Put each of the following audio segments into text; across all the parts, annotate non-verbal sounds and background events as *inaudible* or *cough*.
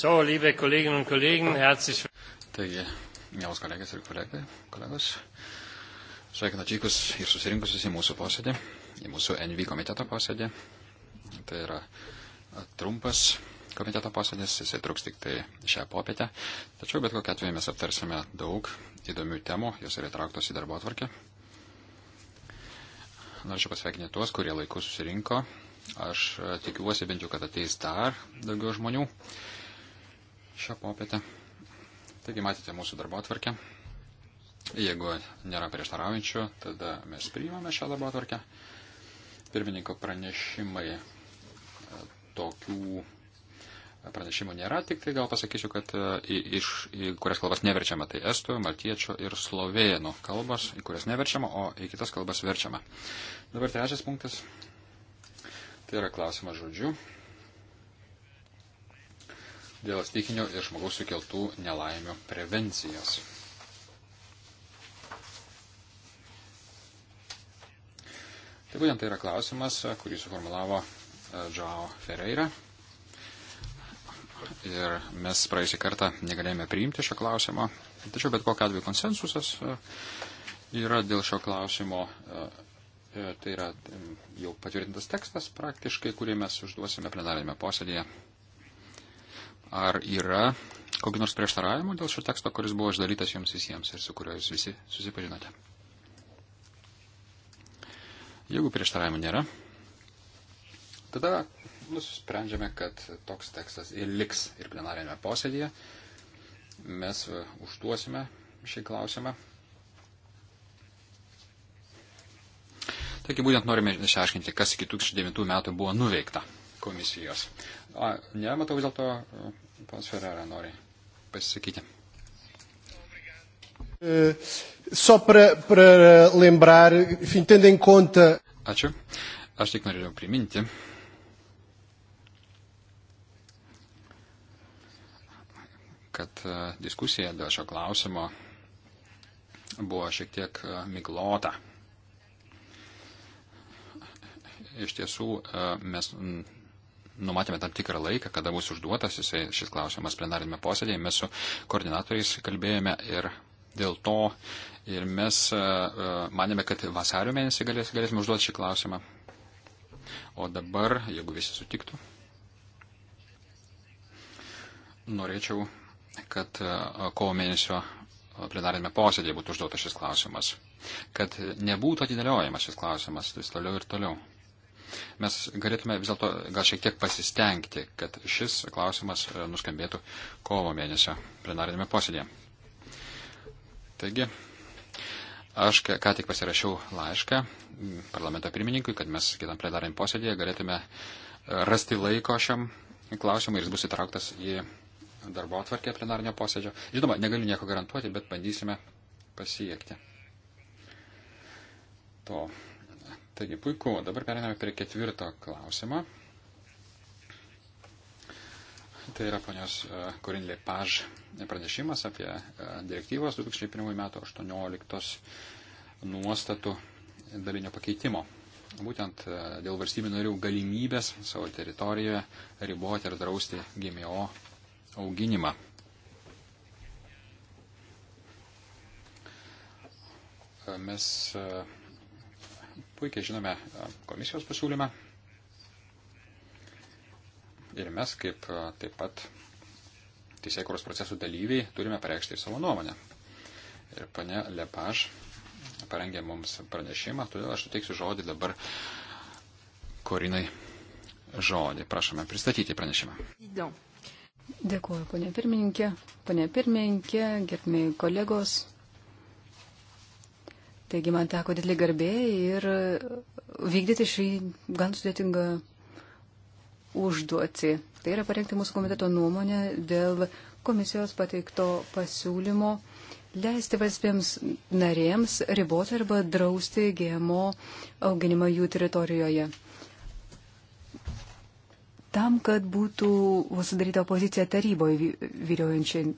So, liebe Kolleginnen und Kollegen, herzlich Taigi, mielos kolegės ir kolegai, kolegos, sveikinu atvykus ir susirinkusius į mūsų posėdį, į mūsų NV komiteto posėdį. Tai yra trumpas komiteto posėdis, jisai truks tik tai šią popietę. Tačiau bet kokia atveju mes aptarsime daug įdomių temų, jos yra įtrauktos į darbo atvarkę. Norėčiau pasveikinti tuos, kurie laiku susirinko. Aš e, tikiuosi bent jau, kad ateis dar daugiau žmonių šią popietę. Taigi matėte mūsų darbo atvarkę. Jeigu nėra prieštaraujančių, tada mes priimame šią darbo atvarkę. Pirmininko pranešimai e, tokių pranešimų nėra, tik tai gal pasakysiu, kad į, e, iš, į kurias kalbas neverčiama, tai estų, maltiečio ir slovėnų kalbas, į kurias neverčiama, o į kitas kalbas verčiama. Dabar trečias punktas, tai yra klausimas žodžiu dėl stikinių ir žmogaus sukeltų nelaimių prevencijos. Tai būtent tai yra klausimas, kurį suformulavo Džao e, Ferreira. Ir mes praėjusį kartą negalėjome priimti šio klausimo. Tačiau bet kokia atveju konsensusas e, yra dėl šio klausimo. E, tai yra jau patvirtintas tekstas praktiškai, kurį mes užduosime plenarinėme posėdėje Ar yra kokiu nors prieštaravimu dėl šio teksto, kuris buvo išdalytas jums visiems ir su kuriuo jūs visi susipažinote? Jeigu prieštaravimų nėra, tada nusprendžiame, kad toks tekstas ir liks ir plenarinėme posėdėje. Mes e, užduosime šį klausimą. Taigi būtent norime išaiškinti, kas iki 2009 metų buvo nuveikta komisijos. A, ne, matau vis dėlto, e, pas Ferrara nori pasisakyti. E, só para, para lembrar, enfim, tendo em conta. Ačiū. Aš tik norėjau priminti, kad e, diskusija dėl šio klausimo buvo šiek tiek miglota. Iš tiesų, mes numatėme tam tikrą laiką, kada bus užduotas jisai, šis klausimas plenarinėme posėdėje. Mes su koordinatoriais kalbėjome ir dėl to ir mes e, e, manėme, kad vasario mėnesį galės, galėsime užduoti šį klausimą. O dabar, jeigu visi sutiktų, norėčiau, kad e, kovo mėnesio plenarinėme posėdėje būtų užduotas šis klausimas. Kad nebūtų atidėliojamas šis klausimas vis toliau ir toliau. Mes galėtume vis dėlto gal šiek tiek pasistengti, kad šis klausimas e, nuskambėtų kovo mėnesio plenarinėme posėdėje. Taigi, aš ką tik pasirašiau laišką parlamento pirmininkui, kad mes kitam plenarinėme posėdėje galėtume e, rasti laiko šiam klausimui ir jis bus įtrauktas į darbo atvarkę plenarinio posėdžio. Žinoma, negaliu nieko garantuoti, bet bandysime pasiekti to. Taigi, puiku. Dabar periname prie ketvirto klausimo. Tai yra ponios Korinlė e, Paž pranešimas apie e, direktyvos 2001 metų 18 nuostatų dalinio pakeitimo. Būtent e, dėl valstybių narių galimybės savo teritorijoje riboti ir drausti GMO auginimą. Mes puikiai žinome komisijos pasiūlymą. Ir mes kaip taip pat teisėkuros procesų dalyviai turime pareikšti ir savo nuomonę. Ir pane Lepaž parengė mums pranešimą, todėl aš suteiksiu žodį dabar Korinai žodį. Prašome pristatyti pranešimą. Dėkuoju, ponė pirmininkė. Ponė pirmininkė, gerbimi kolegos, Taigi man teko didelį garbė ir vykdyti šį gan sudėtingą užduoti. Tai yra parengti mūsų komiteto nuomonę dėl komisijos pateikto pasiūlymo leisti valstybėms narėms riboti arba drausti GMO auginimą jų teritorijoje. Tam, kad būtų sudaryta pozicija taryboje vyriojančiai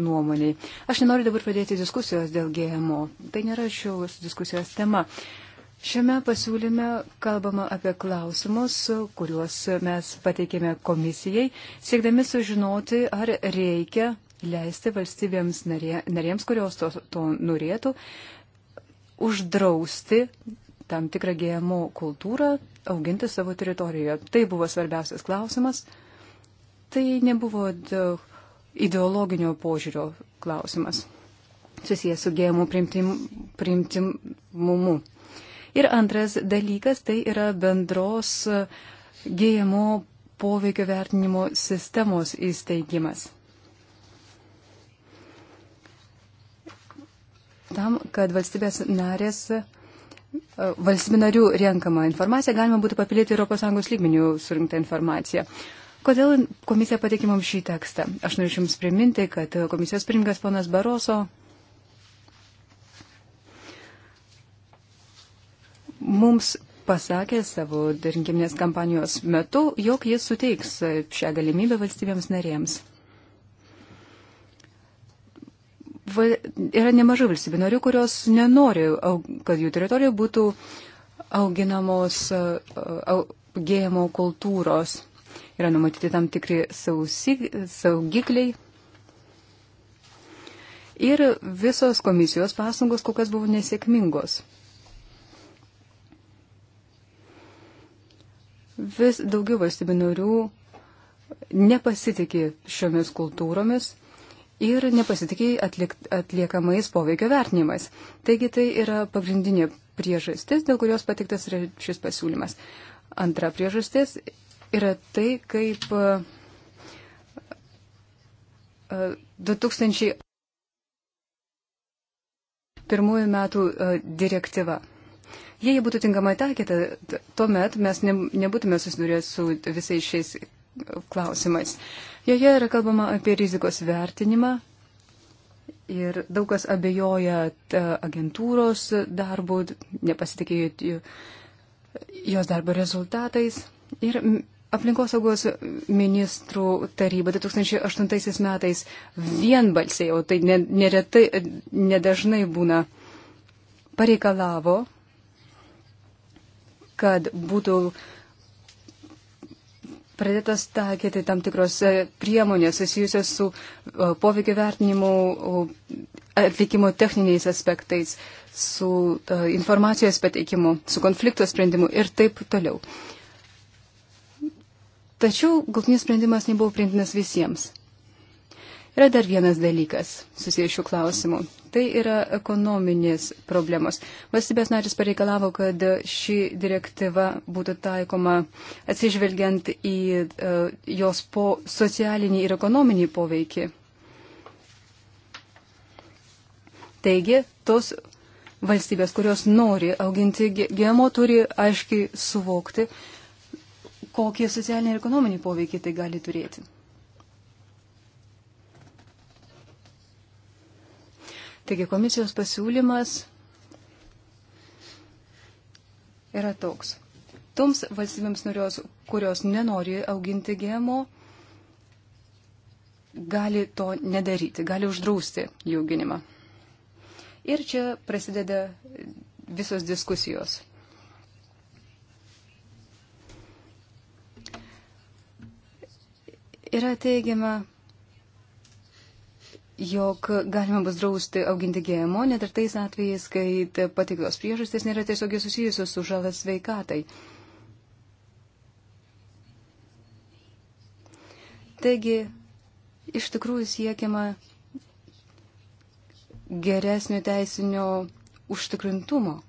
nuomonį. Aš nenoriu dabar pradėti diskusijos dėl GMO. Tai nėra šios diskusijos tema. Šiame pasiūlyme kalbama apie klausimus, kuriuos mes pateikėme komisijai, siekdami sužinoti, ar reikia leisti valstybėms narė, narėms, kurios to, to norėtų, uždrausti tam tikrą GMO kultūrą auginti savo teritorijoje. Tai buvo svarbiausias klausimas. Tai nebuvo ideologinio požiūrio klausimas susijęs su gėjimų primtim, primtimumu. Ir antras dalykas tai yra bendros gėjimo poveikio vertinimo sistemos įsteigimas. Tam, kad valstybės narės valstybių narių renkamą informaciją galima būtų papildyti ES lygmenių surinktą informaciją. Kodėl komisija patikė mums šį tekstą? Aš noriu Jums priminti, kad komisijos pirmininkas ponas Baroso mums pasakė savo rinkiminės kampanijos metu, jog jis suteiks šią galimybę valstybėms narėms. Va, yra nemažai valstybių narių, kurios nenori, kad jų teritorija būtų auginamos au, gėjimo kultūros. Yra numatyti tam tikri sausig, saugikliai. Ir visos komisijos pastangos kol kas buvo nesėkmingos. Vis daugiau valstybių narių nepasitikė šiomis kultūromis ir nepasitikė atlik, atliekamais poveikio vertinimais. Taigi tai yra pagrindinė priežastis, dėl kurios patiktas šis pasiūlymas. Antra priežastis yra tai, kaip 2001 e, e, metų e, direktyva. Jei jie būtų tinkamai taikyta, tuomet mes ne, nebūtume susidūrę su visais šiais klausimais. Joje yra kalbama apie rizikos vertinimą ir daug kas abejoja agentūros darbų, nepasitikėjo jos darbo rezultatais. Ir Aplinkosaugos ministrų taryba 2008 metais vienbalsiai, o tai neretai, nedažnai būna, pareikalavo, kad būtų pradėtas taikyti tam tikros e, priemonės susijusios su e, poveikio vertinimu atlikimo e, techniniais aspektais, su informacijos pateikimu, su konflikto sprendimu ir taip toliau. Uh, Tačiau galtinis sprendimas nebuvo priimtinas visiems. Yra dar vienas dalykas susijęs šių klausimų. Tai yra ekonominės problemos. Valstybės narys pareikalavo, kad ši direktyva būtų taikoma atsižvelgiant į uh, jos po socialinį ir ekonominį poveikį. Taigi, tos valstybės, kurios nori auginti GMO, turi aiškiai suvokti, uh, kokį socialinį ir ekonominį poveikį tai gali turėti. Taigi komisijos pasiūlymas yra toks. Toms valstybėms norios, kurios nenori auginti gėmo, gali to nedaryti, gali uždrausti jų auginimą. Ir čia prasideda visos diskusijos. Yra teigiama, jog galima bus drausti auginti GMO net ir tais atvejais, kai patiktos priežastys nėra tiesiogiai susijusios su žalas sveikatai. Taigi, iš tikrųjų siekiama geresnio teisinio užtikrintumo.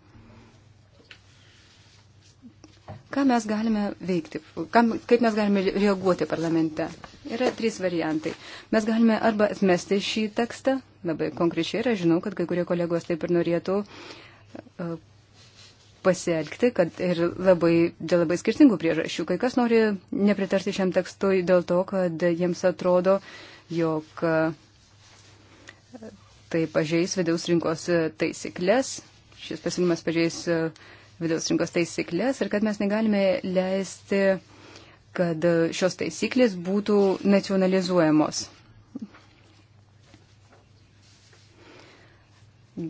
Ką mes galime veikti, kam, kaip mes galime reaguoti parlamente? Yra trys variantai. Mes galime arba atmesti šį tekstą, labai konkrečiai ir aš žinau, kad kai kurie kolegos taip ir norėtų e, pasielgti, kad ir labai, dėl labai skirtingų priežasčių. Kai kas nori nepritarti šiam tekstui dėl to, kad jiems atrodo, jog e, tai pažeis vidaus rinkos e, taisyklės, šis pasiūlymas pažeis vidaus rinkos taisyklės ir kad mes negalime leisti kad e, šios taisyklės būtų nacionalizuojamos.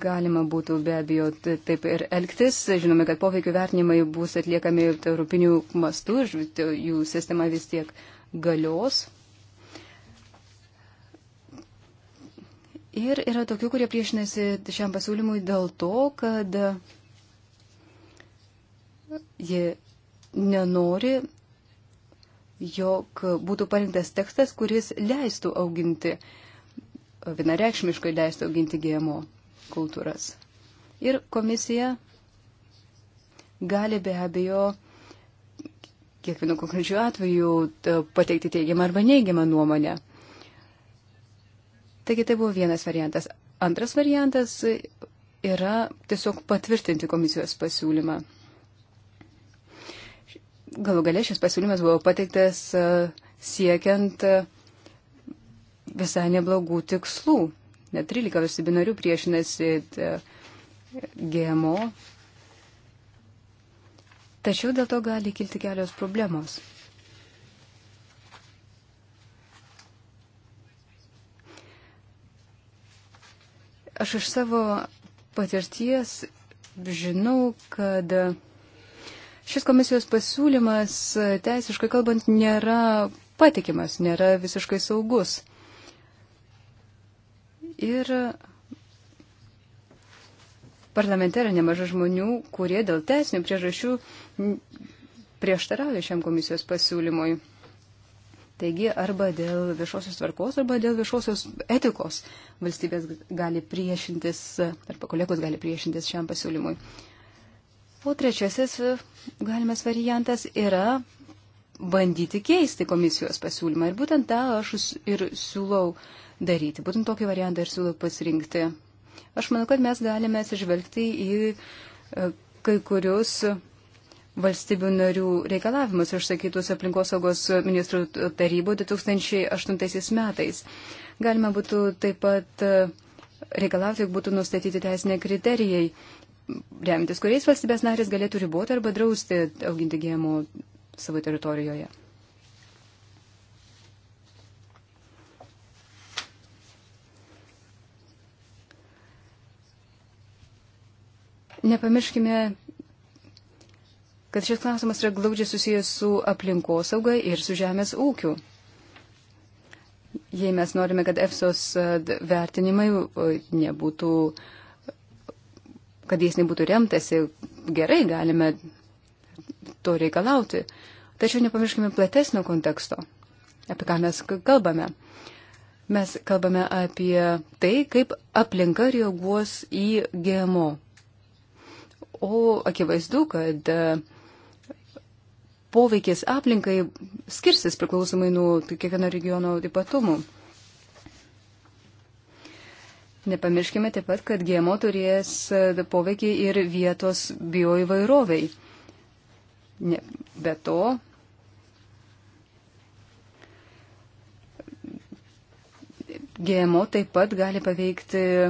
Galima būtų be abejo taip ir elgtis. Žinome, kad poveikio vertinimai bus atliekami europinių mastų ir jų sistema vis tiek galios. Ir yra tokių, kurie priešinasi šiam pasiūlymui dėl to, kad jie nenori jog būtų parinktas tekstas, kuris leistų auginti, vienareikšmiškai leistų auginti GMO kultūras. Ir komisija gali be abejo kiekvienu konkrečiu atveju pateikti teigiamą arba neigiamą nuomonę. Taigi tai buvo vienas variantas. Antras variantas yra tiesiog patvirtinti komisijos pasiūlymą galų galę šis pasiūlymas buvo pateiktas e, siekiant e, visai neblogų tikslų. Net 13 valstybių narių priešinasi e, GMO. Tačiau dėl to gali kilti kelios problemos. Aš iš savo patirties žinau, kad Šis komisijos pasiūlymas e, teisiškai kalbant nėra patikimas, nėra visiškai saugus. Ir parlamente yra nemažai žmonių, kurie dėl teisinių priežasčių prieštarauja šiam komisijos pasiūlymui. Taigi arba dėl viešosios tvarkos, arba dėl viešosios etikos valstybės gali priešintis, arba kolegos gali priešintis šiam pasiūlymui. O trečiasis e, galimas variantas yra bandyti keisti komisijos pasiūlymą. Ir būtent tą aš ir siūlau daryti. Būtent tokį variantą ir siūlau pasirinkti. Aš manau, kad mes galime atsižvelgti į e, kai kurius valstybių narių reikalavimus išsakytus aplinkosaugos ministrų tarybų 2008 metais. Galima būtų taip pat e, reikalauti, jog būtų nustatyti teisinė kriterijai remtis kuriais valstybės narės galėtų riboti arba drausti auginti gėmų savo teritorijoje. Nepamirškime, kad šis klausimas yra glaudžiai susijęs su aplinkosauga ir su žemės ūkiu. Jei mes norime, kad EFSOS e, vertinimai e, nebūtų uh, kad jais nebūtų remtasi, gerai galime to reikalauti. Tačiau nepamirškime platesnio konteksto, apie ką mes kalbame. Mes kalbame apie tai, kaip aplinka reaguos į GMO. O akivaizdu, kad e, poveikis aplinkai skirsis priklausomai nuo kiekvieno regiono ypatumų. Nepamirškime taip pat, kad GMO turės e, poveikį ir vietos bioįvairoviai. Be to, GMO taip pat gali paveikti e,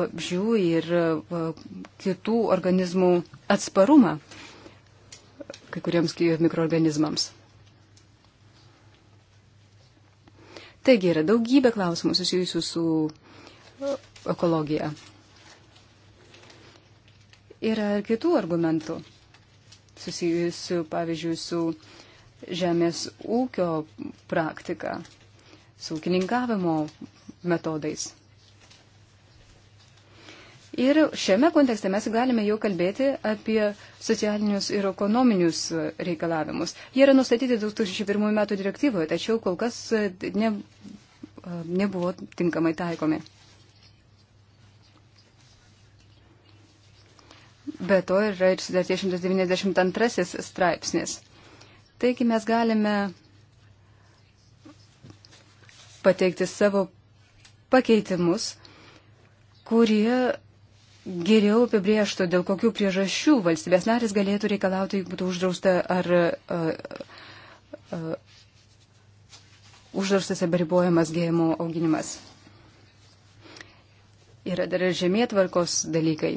vabžių ir e, kitų organizmų atsparumą kai kuriems mikroorganizmams. Taigi yra daugybė klausimų susijusių su uh, ekologija. Yra ir kitų argumentų susijusių, pavyzdžiui, su žemės ūkio praktika, su ūkininkavimo metodais. Ir šiame kontekste mes galime jau kalbėti apie socialinius ir ekonominius reikalavimus. Jie yra nustatyti 2001 metų direktyvoje, tačiau kol kas e, ne, e, nebuvo tinkamai taikomi. Be to yra ir 192 straipsnis. Taigi mes galime pateikti savo pakeitimus, kurie geriau apibrieštų, dėl kokių priežasčių valstybės narės galėtų reikalauti, jeigu būtų uždrausta ar uh, uh, uždraustas arba ribojamas gėjimo auginimas. Yra dar ir žemėtvarkos dalykai.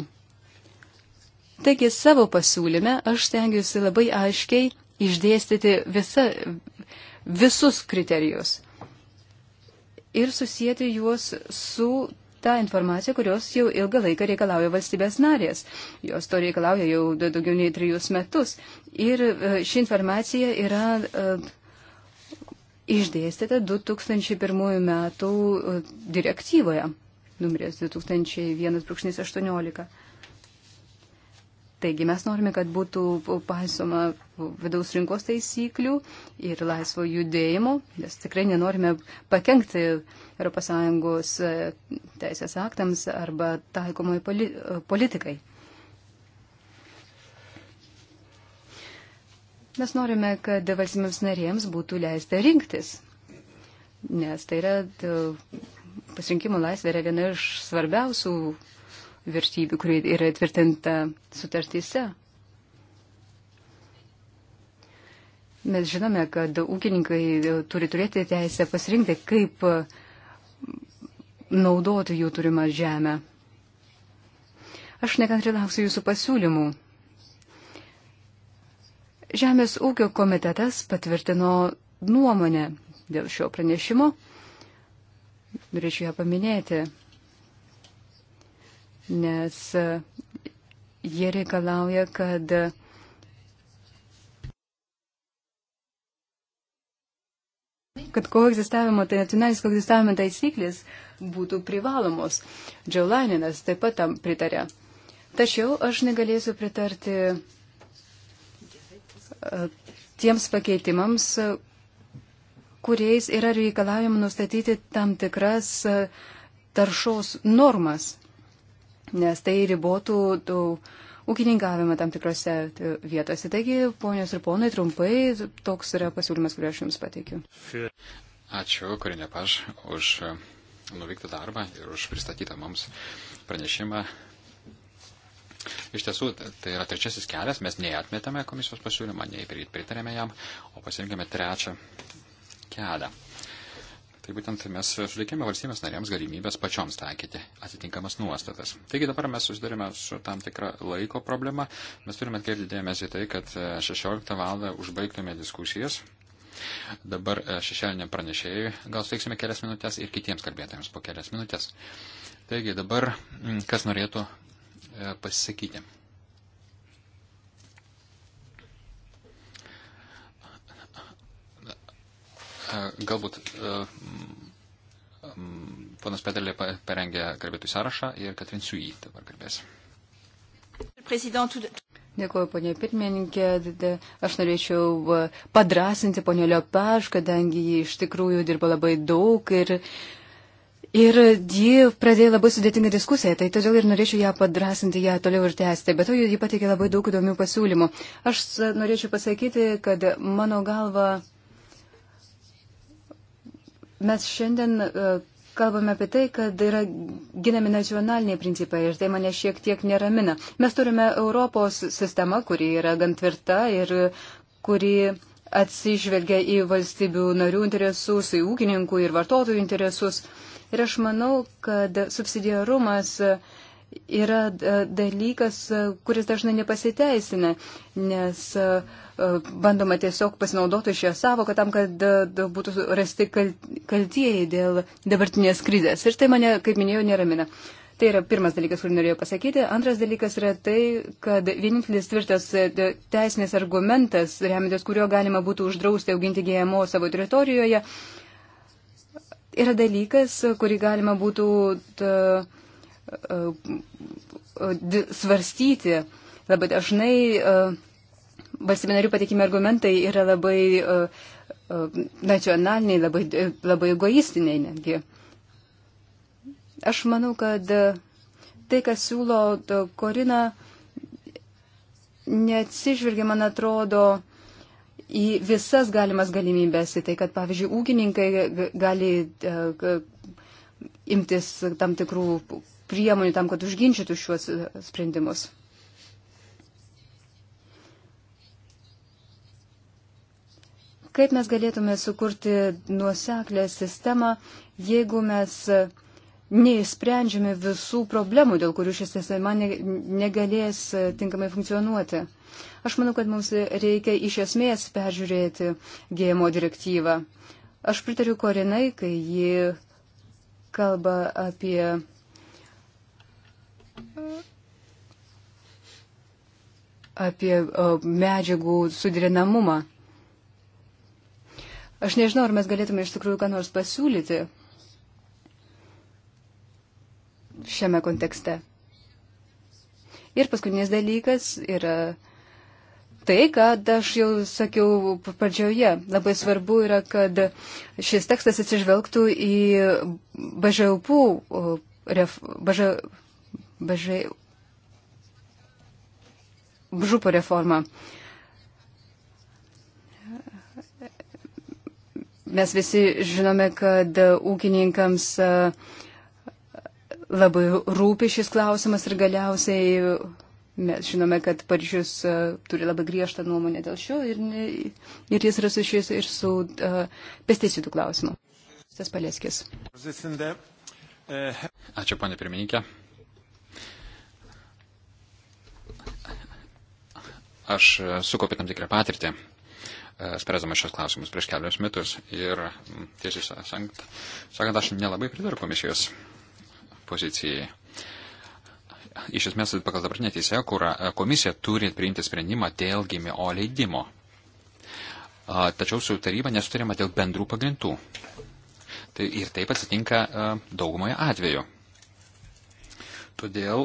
Taigi savo pasiūlyme aš stengiuosi labai aiškiai išdėstyti visa, visus kriterijus ir susijęti juos su tą informaciją, kurios jau ilgą laiką reikalauja valstybės narės. Jos to reikalauja jau daugiau nei trijus metus. Ir e, ši informacija yra e, išdėstyta 2001 metų e, direktyvoje numeris 2001-18. Taigi mes norime, kad būtų paisoma vidaus rinkos taisyklių ir laisvo judėjimo, nes tikrai nenorime pakengti ES teisės aktams arba taikomai politikai. Mes norime, kad valstybėms narėms būtų leista rinktis, nes tai yra e, pasirinkimo laisvė yra viena iš svarbiausių vertybių, kurie yra įtvirtinta sutartyse. Mes žinome, kad ūkininkai turi turėti teisę pasirinkti, kaip naudoti jų turimą žemę. Aš nekantri lauksiu jūsų pasiūlymų. Žemės ūkio komitetas patvirtino nuomonę dėl šio pranešimo. Norėčiau ją paminėti nes e, jie reikalauja, kad e, kad koegzistavimo, tai nacionalinis koegzistavimo taisyklės būtų privalomos. Džiaulaninas taip pat tam pritarė. Tačiau aš negalėsiu pritarti e, tiems pakeitimams, kuriais yra reikalavimų nustatyti tam tikras taršos normas nes tai ribotų ūkininkavimą tam tikrose vietose. Taigi, ponios ir ponai, trumpai toks yra pasiūlymas, kurį aš Jums pateikiu. Ačiū, Korinė Paž, už e, nuveiktą darbą ir už pristatytą mums pranešimą. Iš tiesų, tai yra trečiasis kelias, mes neatmetėme komisijos pasiūlymą, nei pritarėme jam, o pasirinkėme trečią kelią. Tai būtent mes suteikėme valstybės narėms galimybės pačioms taikyti atitinkamas nuostatas. Taigi dabar mes susidurime su tam tikra laiko problema. Mes turime atkreipti dėmesį tai, kad 16 e, val. užbaigtume diskusijas. Dabar e, šešėliniam pranešėjui gal suteiksime kelias minutės ir kitiems kalbėtojams po kelias minutės. Taigi dabar kas norėtų e, pasisakyti. E, galbūt e, ponas Petelė parengė kalbėtų sąrašą ir Katrin Sui dabar kalbės. Dėkuoju, ponė pirmininkė. Aš norėčiau e, padrasinti ponė Liopaš, kadangi ji iš tikrųjų dirba labai daug ir, ir ji pradėjo labai sudėtingą diskusiją, tai todėl ir norėčiau ją padrasinti, ją toliau ir tęsti. Bet to ji pateikė labai daug įdomių pasiūlymų. Aš norėčiau pasakyti, kad mano galva Mes šiandien e, kalbame apie tai, kad yra ginami nacionaliniai principai ir tai mane šiek tiek neramina. Mes turime Europos sistemą, kuri yra gan tvirta ir kuri atsižvelgia į valstybių narių interesus, į ūkininkų ir vartotojų interesus. Ir aš manau, kad subsidiarumas uh, yra e, dalykas, e, kuris dažnai nepasiteisina, nes e, bandoma tiesiog pasinaudoti šią savoką tam, kad būtų rasti kaltieji dėl dabartinės krizės. Ir tai mane, kaip minėjau, neramina. Tai yra pirmas dalykas, kurį norėjau pasakyti. Antras dalykas yra tai, kad vienintelis tvirtas teisinės argumentas, remintis kurio galima būtų uždrausti auginti GMO savo teritorijoje, yra dalykas, kurį galima būtų. Ta, E, e, svarstyti. Labai dažnai e, valstybė narių patikimi argumentai yra labai nacionaliniai, labai, labai egoistiniai netgi. Aš manau, kad tai, kas siūlo Korina, neatsižvelgia, man atrodo, į visas galimas galimybės, į tai, kad, pavyzdžiui, ūkininkai gali imtis tam tikrų priemonių tam, kad užginčytų šiuos e, sprendimus. Kaip mes galėtume sukurti nuoseklę sistemą, jeigu mes e, neįsprendžiame visų problemų, dėl kurių šis sistema negalės e, tinkamai funkcionuoti. Aš manau, kad mums reikia iš esmės peržiūrėti gėjimo direktyvą. Aš pritariu Korinai, kai ji kalba apie apie medžiagų suderinamumą. Aš nežinau, ar mes galėtume iš tikrųjų ką nors pasiūlyti šiame kontekste. Ir paskutinis dalykas yra tai, ką aš jau sakiau pradžioje. Labai svarbu yra, kad šis tekstas atsižvelgtų į BŽUP, BŽUP župo reformą. Mes visi žinome, kad ūkininkams e, labai rūpi šis klausimas ir galiausiai mes žinome, kad Paryžius e, turi labai griežtą nuomonę dėl šio ir, ir jis yra susijęs ir su uh, pesticidų klausimu. Stas Palieskis. Ačiū, ponė pirmininkė. aš e, sukaupiu tam tikrą patirtį, e, spręsdama šios klausimus prieš kelius metus. Ir tiesiai sakant, sakant, aš nelabai pritariu komisijos pozicijai. Iš esmės, pagal dabartinę teisę, kur e, komisija turi priimti sprendimą dėl gimio leidimo. Tačiau su taryba nesutarima dėl bendrų pagrindų. Tai ir taip atsitinka daugumoje atveju. Todėl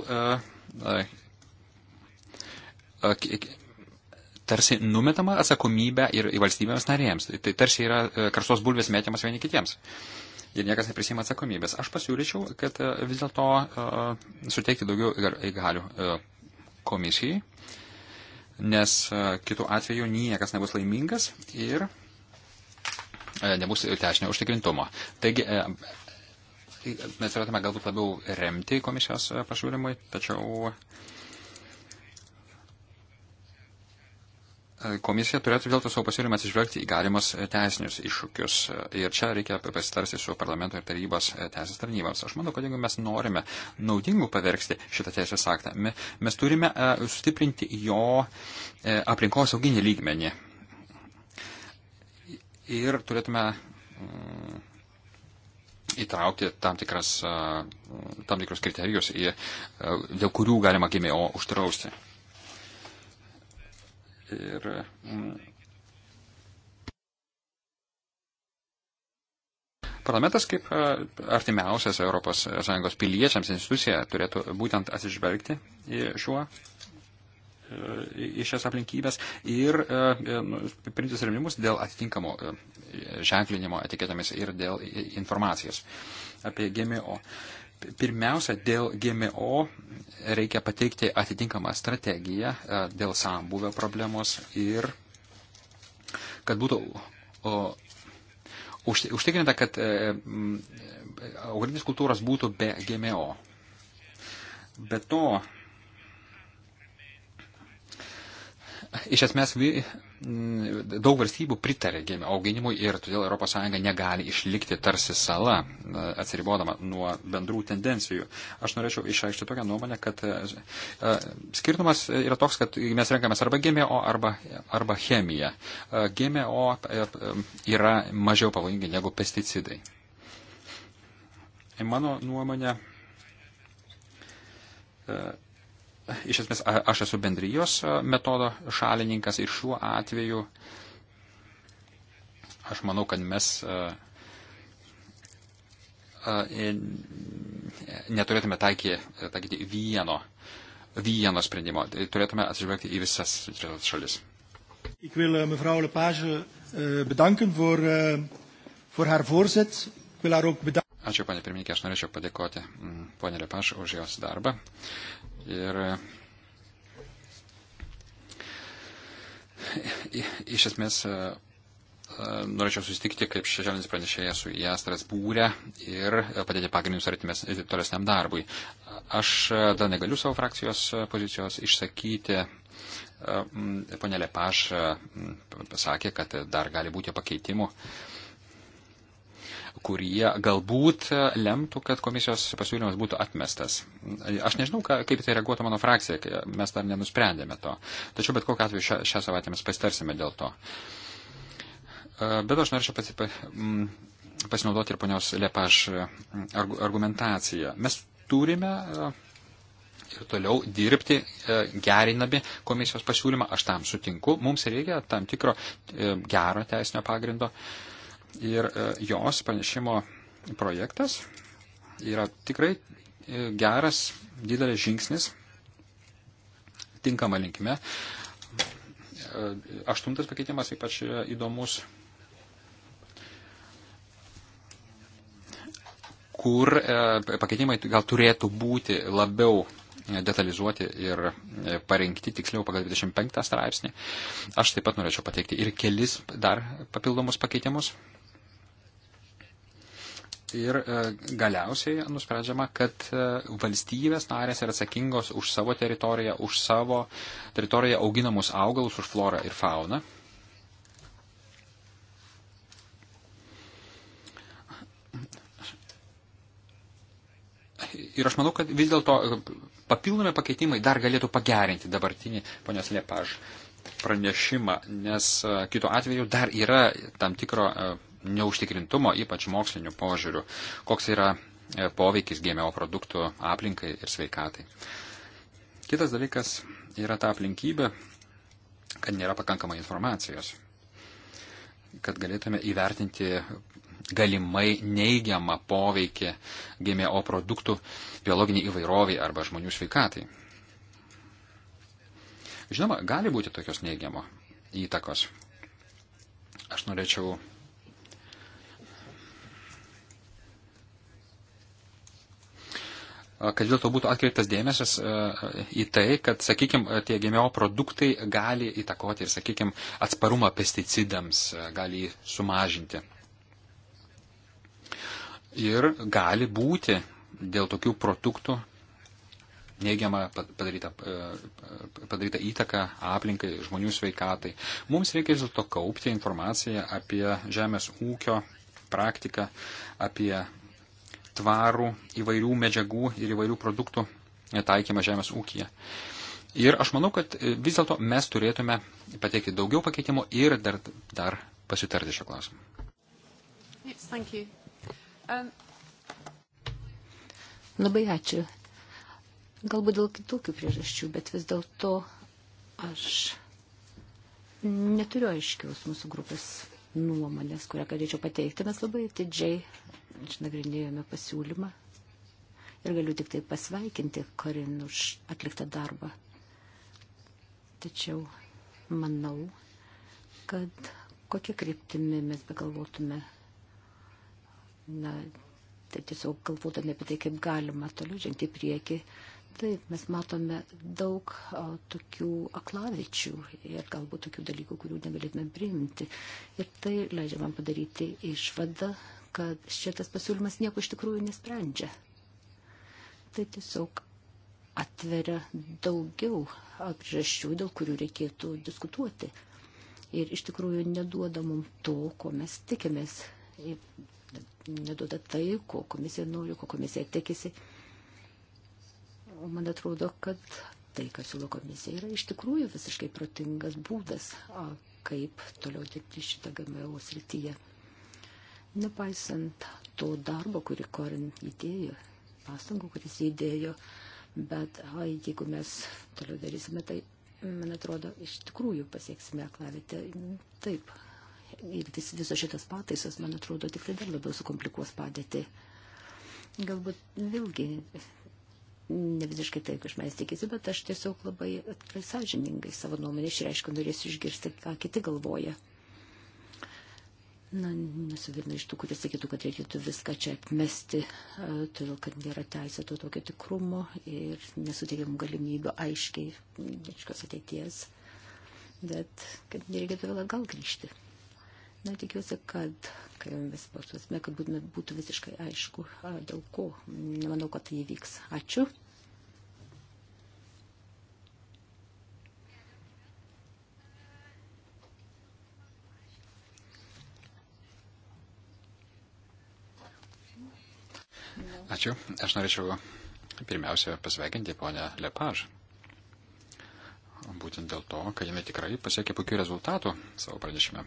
tarsi numetama atsakomybė ir valstybėms narėms. Tai tarsi yra e, karsos bulvės mėtymas vieni kitiems. Ir niekas neprisima atsakomybės. Aš pasiūlyčiau, kad e, vis dėlto uh, suteikti daugiau įgalių uh, komisijai, nes uh, kitų atveju niekas nebus laimingas ir uh, nebus teisinio užtikrintumo. Taigi, uh, mes turėtume galbūt labiau remti komisijos pasiūlymui, tačiau uh, komisija turėtų vėl tą savo pasiūlymą atsižvelgti į galimus e, teisinius iššūkius. E, ir čia reikia pasitarsi su parlamento ir tarybos e, teisės tarnybams. Aš manau, kad jeigu mes norime naudingų pavergsti šitą teisės aktą, mes turime sustiprinti jo aplinkos auginį lygmenį. Ir turėtume mm, įtraukti tam, tikras, tam tikrus kriterijus, į, dėl kurių galima GMO uždrausti. Ir mm, parlamentas kaip e, artimiausias ES piliečiams institucija turėtų būtent atsižvelgti į šiuo e, į šias aplinkybės ir e, nu, priimtis remimus dėl atitinkamo ženklinimo etiketėmis ir dėl informacijos apie GMO. Pirmiausia, dėl GMO reikia pateikti atitinkamą strategiją e, dėl sambuvio problemos ir kad būtų o, užtikrinta, kad e, augalinės kultūros būtų be GMO. Be to, iš esmės Mm, daug valstybių pritarė gėmio auginimui ir todėl ES negali išlikti tarsi sala, e, atsiribodama nuo bendrų tendencijų. Aš norėčiau išreikšti tokią nuomonę, kad e, e, skirtumas yra toks, kad mes renkamės arba GMO, arba, arba chemiją. GMO yra mažiau pavojingi negu pesticidai. Mano nuomonė, iš esmės aš esu bendrijos metodo šalininkas ir šiuo atveju aš manau, kad mes e, neturėtume taikyti, taikyti vieno, vieno sprendimo. Tai turėtume atsižvelgti į visas šalis. Ik wil eh, mevrouw Lepage eh, bedanken voor, eh, voor haar voorzet. Ik wil haar ook bedanken. Ačiū, ponė pirmininkė, aš norėčiau padėkoti mm, ponė Lepaš už jos darbą. Ir iš esmės e, e, norėčiau susitikti kaip šešėlinis pranešėjas su ją Strasbūrė ir e, padėti pagrindinius tolesniam darbui. Aš dar negaliu savo frakcijos pozicijos išsakyti. Ponelė Paš pasakė, kad dar gali būti pakeitimų kurie galbūt lemtų, kad komisijos pasiūlymas būtų atmestas. Aš nežinau, ką, kaip tai reaguotų mano frakcija, mes dar nenusprendėme to. Tačiau bet kokiu atveju šią, šią savaitę mes pasitarsime dėl to. E, bet aš norėčiau pasi, pasinaudoti ir ponios Lepaš argumentaciją. Mes turime e, ir toliau dirbti e, gerinami komisijos pasiūlymą. Aš tam sutinku. Mums reikia tam tikro gero teisinio pagrindo. Uh, Ir e, jos pranešimo projektas yra tikrai e, geras, didelis žingsnis tinkama linkme. E, aštuntas pakeitimas ypač įdomus, kur pakeitimai gal turėtų būti labiau detalizuoti ir parengti tiksliau pagal 25 straipsnį. Aš taip pat norėčiau pateikti ir kelis dar papildomus pakeitimus. Ir e, galiausiai nusprendžiama, kad e, valstybės narės yra atsakingos už savo teritoriją, už savo teritoriją auginamus augalus, už florą ir fauną. Ir aš manau, kad vis dėlto e, papildomi pakeitimai dar galėtų pagerinti dabartinį ponios Lepaž pranešimą, nes kito atveju dar yra tam tikro neužtikrintumo, ypač mokslinių požiūrių, koks yra e, poveikis GMO produktų aplinkai ir sveikatai. Kitas dalykas yra ta aplinkybė, kad nėra pakankamai informacijos, kad galėtume įvertinti galimai neigiamą poveikį GMO produktų biologiniai įvairoviai arba žmonių sveikatai. Žinoma, gali būti tokios neigiamo įtakos. Aš norėčiau kad dėl to būtų atkreiptas dėmesys e, į tai, kad, sakykime, tie GMO produktai gali įtakoti ir, sakykime, atsparumą pesticidams, e, gali jį sumažinti. Ir gali būti dėl tokių produktų neigiamą padarytą, e, padarytą įtaką aplinkai, žmonių sveikatai. Mums reikia vis dėlto kaupti informaciją apie žemės ūkio praktiką, apie tvarų įvairių medžiagų ir įvairių produktų taikymą žemės ūkiją. Ir aš manau, kad e, vis dėlto mes turėtume pateikti daugiau pakeitimų ir dar, dar pasitarti šio klausimu. Yes, um... Labai ačiū. Galbūt dėl kitokių priežasčių, bet vis dėlto aš neturiu aiškiaus mūsų grupės nuomonės, kurią galėčiau pateikti. Mes labai atidžiai išnagrinėjome pasiūlymą ir galiu tik tai pasveikinti Korin už atliktą darbą. Tačiau manau, kad kokie kryptimi mes begalvotume, na, tai tiesiog galvodami apie tai, kaip galima toliau žengti į priekį, taip mes matome daug o, tokių aklavičių ir galbūt tokių dalykų, kurių negalėtume priimti. Ir tai leidžia man padaryti išvadą, kad šitas pasiūlymas nieko iš tikrųjų nesprendžia. Tai tiesiog atveria daugiau priežasčių, dėl kurių reikėtų diskutuoti. Ir iš tikrųjų neduoda mums to, ko mes tikimės. Ir neduoda tai, ko komisija nori, ko komisija tikisi. O man atrodo, kad tai, ką siūlo komisija, yra iš tikrųjų visiškai protingas būdas, kaip toliau dirbti šitą GMO srityje. Nepaisant to darbo, kurį Korin įdėjo, pastangų, kuris įdėjo, bet ai, jeigu mes toliau darysime, tai, man atrodo, iš tikrųjų pasieksime aklavitę. Taip. Ir vis, visos šitas pataisas, man atrodo, tikrai dar labiau sukomplikuos padėtį. Galbūt vėlgi ne visiškai taip, kaip mes tikisi, bet aš tiesiog labai atvirai sąžiningai savo nuomonę išreiškiu, norėsiu išgirsti, ką kiti galvoja. Na, nesu viena iš tų, kurie sakytų, kad reikėtų viską čia atmesti, e, todėl kad nėra teisė to tokio tikrumo ir nesuteikiam galimybių aiškiai, aiškios ateities, bet kad nereikėtų vėl gal grįžti. Na, tikiuosi, kad, kai mes pasvarsime, kad būtume, būtų visiškai aišku, a, dėl ko. Nemanau, kad tai įvyks. Ačiū. Ačiū. Aš norėčiau pirmiausia pasveikinti ponę Lepaž. Būtent dėl to, kad jinai tikrai pasiekė puikių rezultatų savo pranešime.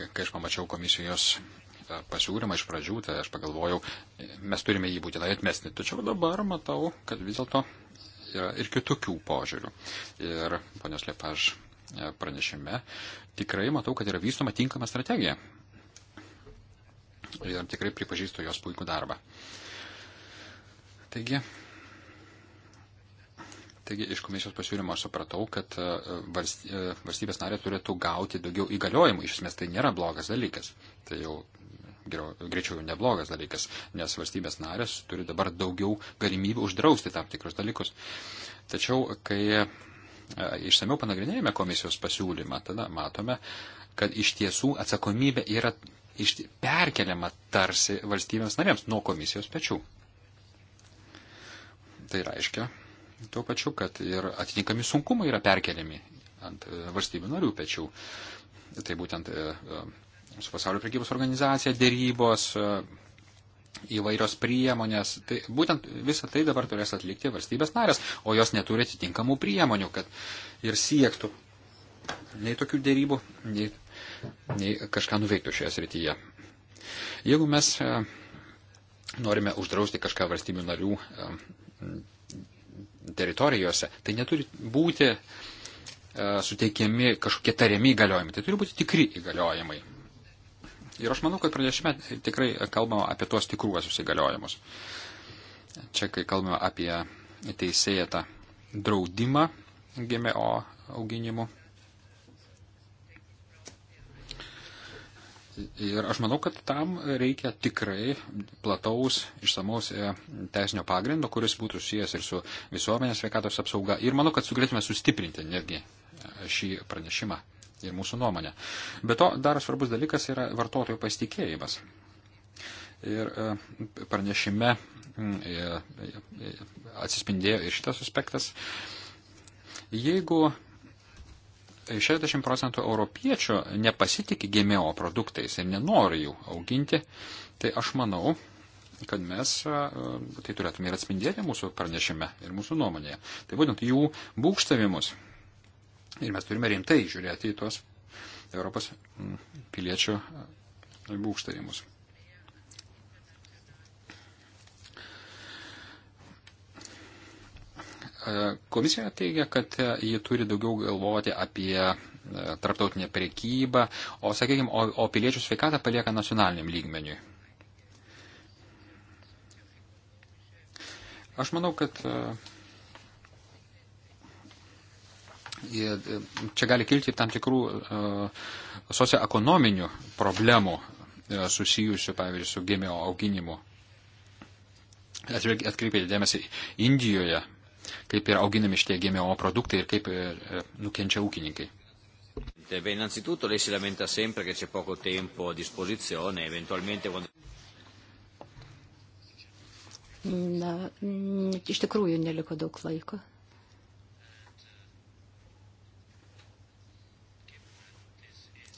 Kai aš pamačiau komisijos e, pasiūlymą iš pradžių, tai aš pagalvojau, mes turime jį būtinai atmesti. Tačiau dabar matau, kad vis dėlto yra ir kitokių požiūrių. Ir ponios Lepaž e, pranešime tikrai matau, kad yra vystoma tinkama strategija ir tikrai pripažįstu jos puikų darbą. Taigi, Taigi iš komisijos pasiūlymo aš supratau, kad e, e, valstybės narė turėtų gauti daugiau įgaliojimų. Iš esmės tai nėra blogas dalykas. Tai jau geriau, greičiau jau neblogas dalykas, nes valstybės narės turi dabar daugiau galimybių uždrausti tam tikrus dalykus. Tačiau, kai e, išsameu panagrinėjame komisijos pasiūlymą, tada matome, kad iš tiesų atsakomybė yra perkeliama tarsi valstybėms narėms nuo komisijos pečių. Tai reiškia tuo pačiu, kad ir atitinkami sunkumai yra perkeliami ant e, valstybių narių pečių. Tai būtent e, e, su pasaulio prekybos organizacija, dėrybos, įvairios priemonės. Tai būtent visą tai dabar turės atlikti valstybės narės, o jos neturi atitinkamų priemonių, kad ir siektų nei tokių dėrybų, nei nei kažką nuveiktų šioje srityje. Jeigu mes e, norime uždrausti kažką valstybių narių e, teritorijose, tai neturi būti e, suteikiami kažkokie tariami įgaliojimai, tai turi būti tikri įgaliojimai. Ir aš manau, kad pranešime tikrai kalbama apie tuos tikruosius įgaliojimus. Čia, kai kalbame apie teisėją tą draudimą GMO auginimu, Ir aš manau, kad tam reikia tikrai plataus, išsamaus e, teisinio pagrindo, kuris būtų susijęs ir su visuomenės sveikatos apsauga. Ir manau, kad sugalėtume sustiprinti netgi e, šį pranešimą ir mūsų nuomonę. Be to, dar svarbus dalykas yra vartotojų pasitikėjimas. Ir e, pranešime atsispindėjo ir šitas aspektas. Jeigu 60 procentų europiečių nepasitikė GMO produktais ir nenori jų auginti, tai aš manau, kad mes e, tai turėtume ir atspindėti mūsų pranešime ir mūsų nuomonėje. Tai būtent jų būkštavimus. Ir mes turime rimtai žiūrėti į tuos Europos piliečių e, būkštavimus. E, komisija teigia, kad e, ji turi daugiau galvoti apie e, tarptautinę priekybą, o, sakykime, o, o piliečių sveikatą palieka nacionaliniam lygmeniui. Aš manau, kad čia gali kilti tam tikrų socioekonominių problemų susijusių, pavyzdžiui, su gimio auginimu. Atkreipėte dėmesį, Indijoje kaip yra auginami šitie GMO produktai ir kaip e, e, nukenčia ūkininkai. Beh, innanzitutto lei si lamenta sempre che c'è poco tempo a disposizione, eventualmente quando... Na, iš tikrųjų neliko daug laiko.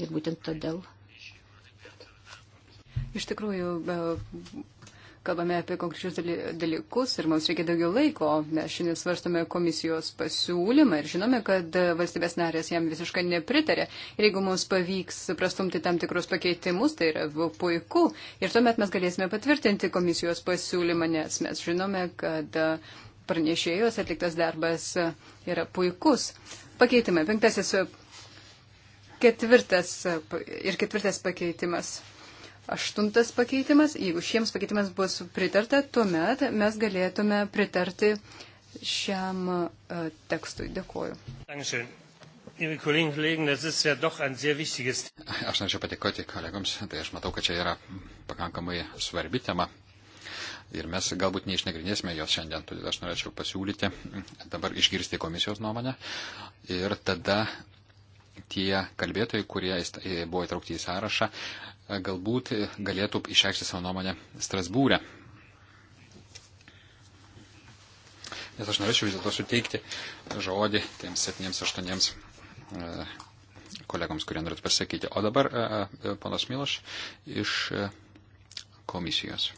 Ir būtent todėl. Iš tikrųjų, e, kalbame apie konkrečius dalykus ir mums reikia daugiau laiko. Mes šiandien svarstame komisijos pasiūlymą ir žinome, kad valstybės narės jam visiškai nepritarė. Ir jeigu mums pavyks prastumti tam tikrus pakeitimus, tai yra puiku. Ir tuomet mes galėsime patvirtinti komisijos pasiūlymą, nes mes žinome, kad pranešėjos atliktas darbas yra puikus. Pakeitimai. Penktasis. Ketvirtas ir ketvirtas pakeitimas. Aštuntas pakeitimas, jeigu šiems pakeitimas bus pritarta, tuomet mes galėtume pritarti šiam uh, tekstui. Dėkuoju. Aš norėčiau patikoti kolegoms, tai aš matau, kad čia yra pakankamai svarbi tema. Ir mes galbūt neišnagrinėsime jos šiandien, todėl aš norėčiau pasiūlyti dabar išgirsti komisijos nuomonę. Ir tada tie kalbėtojai, kurie buvo įtraukti į sąrašą, E, galbūt galėtų išreikšti savo nuomonę Strasbūrę. Nes aš norėčiau vis dėlto suteikti žodį tiems septyniems, aštuoniems e, kolegoms, kurie norėtų pasakyti. O dabar e, panas Miloš iš komisijos.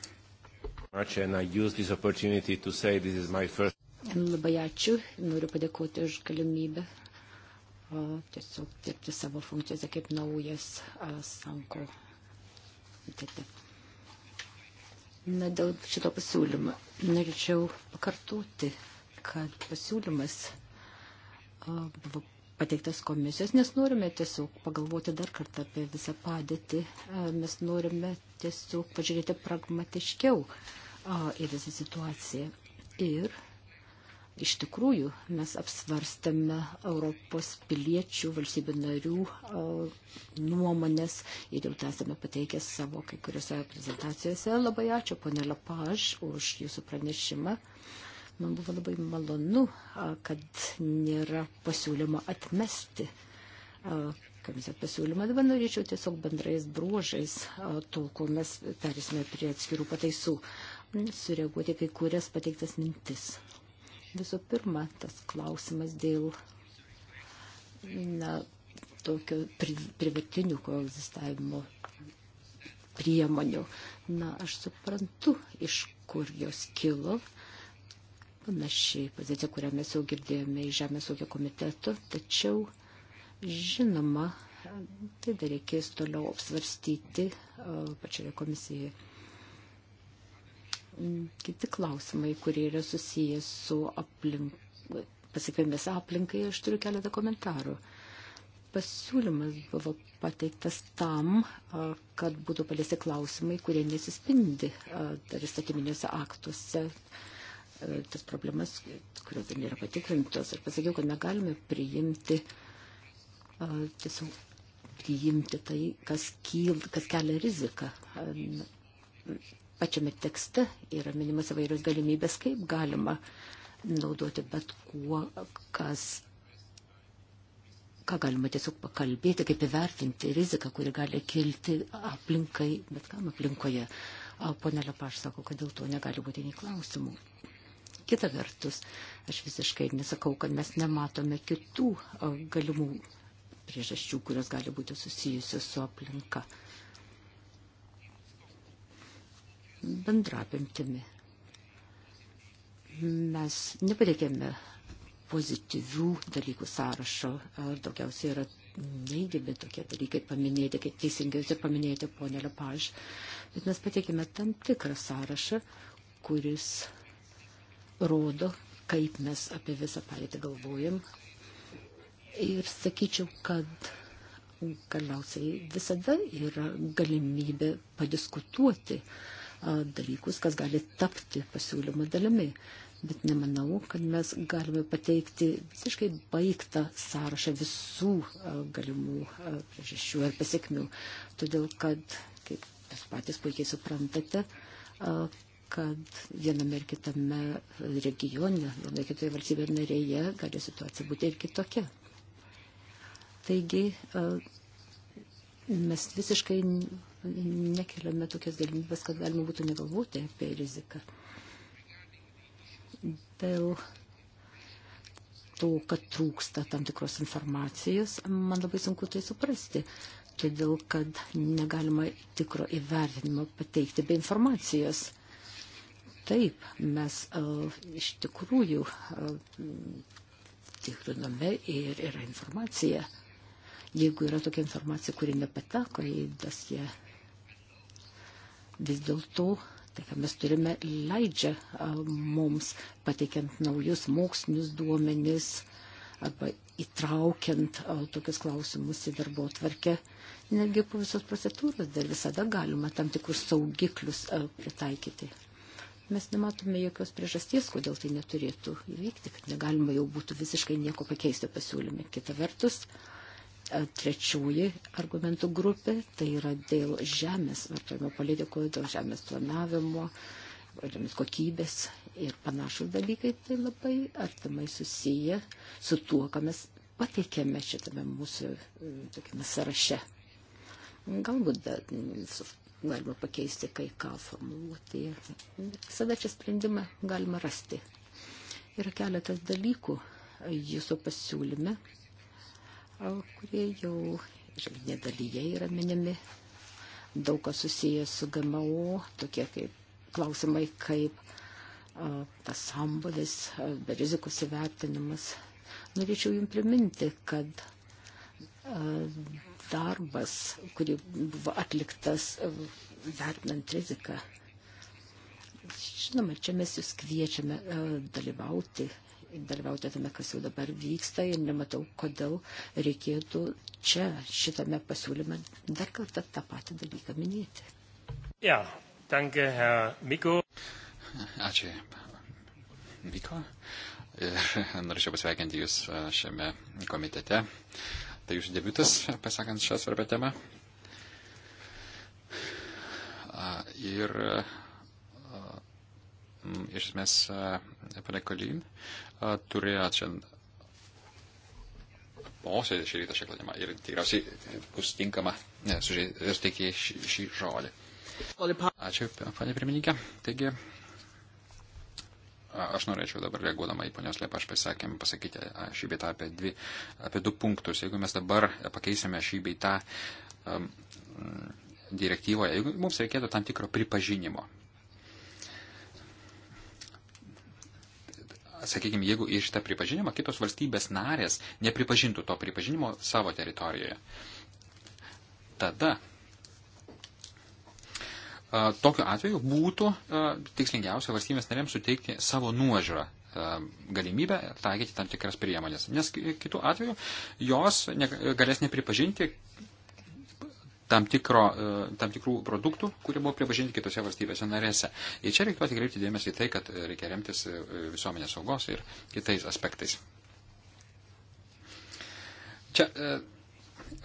Labai ačiū, noriu padėkoti už galimybę tiesiog dirbti savo funkcijose kaip naujas Sanko komitete. Na, dėl šito pasiūlymo norėčiau pakartoti, kad pasiūlymas buvo pateiktas komisijos, nes norime tiesiog pagalvoti dar kartą apie visą padėtį. Mes norime tiesiog pažiūrėti pragmatiškiau į visą situaciją. Ir Iš tikrųjų, mes apsvarstame Europos piliečių, valstybių narių nuomonės ir jau esame pateikę savo kai kuriuose prezentacijose. Labai ačiū, ponė Lapaž, už jūsų pranešimą. Man buvo labai malonu, kad nėra pasiūlymo atmesti komisijos pasiūlymą. Dabar norėčiau tiesiog bendrais bruožais, tol kol mes perėsime prie atskirų pataisų, sureaguoti kai kurias pateiktas mintis. Visų pirma, tas klausimas dėl na, tokio privatinių koegzistavimo priemonių. Na, aš suprantu, iš kur jos kilo. Panašiai pozicija, kurią mes jau girdėjome iš Žemės ūkio komiteto, tačiau žinoma, tai dar reikės toliau apsvarstyti pačioje komisijoje. Mm, kiti klausimai, kurie yra susijęs su aplink, pasikvėmės aplinkai, aš turiu keletą komentarų. Pasiūlymas buvo pateiktas tam, kad būtų paliesti klausimai, kurie nesispindi dar įstatyminiuose aktuose tas problemas, kurios dar nėra patikrintos. Ir pasakiau, kad negalime priimti tiesiog priimti tai, kas, kyl, kas kelia riziką pačiame tekste yra minimas įvairios galimybės, kaip galima naudoti bet kuo, kas, ką galima tiesiog pakalbėti, kaip įvertinti riziką, kuri gali kilti aplinkai, bet kam aplinkoje. Pone Lepaš sako, kad dėl to negali būti nei klausimų. Kita vertus, aš visiškai nesakau, kad mes nematome kitų galimų priežasčių, kurios gali būti susijusios su aplinka. bendrapimtimi. Mes nepateikėme pozityvių dalykų sąrašo, daugiausiai yra neigiami tokie dalykai paminėti, kaip teisingai jūs ir paminėjote, ponė Lepaž, bet mes pateikėme tam tikrą sąrašą, kuris rodo, kaip mes apie visą padėtį galvojam. Ir sakyčiau, kad galiausiai visada yra galimybė padiskutuoti. Uh, dalykus, kas gali tapti pasiūlymo dalimi. Bet nemanau, kad mes galime pateikti visiškai baigtą sąrašą visų galimų priežasčių ar pasiekmių. Todėl, kad, kaip jūs patys puikiai suprantate, kad viename ir kitame regione, vienoje kitoje valstybėje narėje gali situacija būti ir kitokia. Taigi mes visiškai nekeliame tokias galimybės, kad galima būtų negalvoti apie riziką. Dėl to, kad trūksta tam tikros informacijos, man labai sunku tai suprasti, todėl kad negalima tikro įvertinimo pateikti be informacijos. Taip, mes uh, iš tikrųjų uh, tikriname ir yra informacija. Jeigu yra tokia informacija, kuri nepateko į dosje, vis dėlto tai, ką mes turime, leidžia mums pateikiant naujus mokslinius duomenis arba įtraukiant tokius klausimus į darbo tvarkę. Netgi po visos procedūros dar visada galima tam tikrus saugiklius pritaikyti. Mes nematome jokios priežasties, kodėl tai neturėtų įvykti, kad negalima jau būtų visiškai nieko pakeisti pasiūlyme. Kita vertus, uh, trečioji argumentų grupė, tai yra dėl žemės vartojimo politikų, dėl žemės planavimo, žemės kokybės ir panašus dalykai, tai labai artimai susiję su tuo, ką mes pateikėme šitame mūsų e, tokiame sąraše. Galbūt galima pakeisti kai ką formuluoti. Visada čia sprendimą galima rasti. Yra keletas dalykų e, jūsų pasiūlyme, kurie jau žalinė dalyje yra minimi. Daug kas susijęs su GMO, tokie kaip klausimai kaip tas sambulis, rizikos įvertinimas. Norėčiau jums priminti, kad darbas, kurį buvo atliktas vertinant riziką, žinoma, čia mes jūs kviečiame dalyvauti dalyvauti tame, kas jau dabar vyksta ir nematau, kodėl reikėtų čia šitame pasiūlyme dar kartą tą patį dalyką minėti. Ja, danke, Herr Miko. Ačiū, Miko. Ir norėčiau pasveikinti Jūs e, šiame komitete. Tai Jūsų debutas, pasakant šią svarbę temą. Ir Mm, iš esmės e, pane Kolin e, turėjo čia posėdį šį rytą šią klausimą ir tikriausiai bus tinkama suteikti šį, šį žodį. Ačiū, panė pirmininkė. Taigi, aš norėčiau dabar reaguodama į ponios Liepą, aš pasakėm pasakyti šį beitą apie, dvi, apie du punktus. Jeigu mes dabar pakeisime šį beitą um, direktyvoje, jeigu mums reikėtų tam tikro pripažinimo, sakykime, jeigu į šitą pripažinimą kitos valstybės narės nepripažintų to pripažinimo savo teritorijoje, tada tokiu atveju būtų tikslingiausia valstybės narėms suteikti savo nuožiūrą galimybę taikyti tam tikras priemonės. Nes kitų atveju jos galės nepripažinti tam, tikro, e, tam tikrų produktų, kurie buvo pripažinti kitose valstybėse narėse. Ir čia reikėtų atkreipti dėmesį į tai, kad e, reikia remtis e, visuomenės saugos ir kitais aspektais. Čia,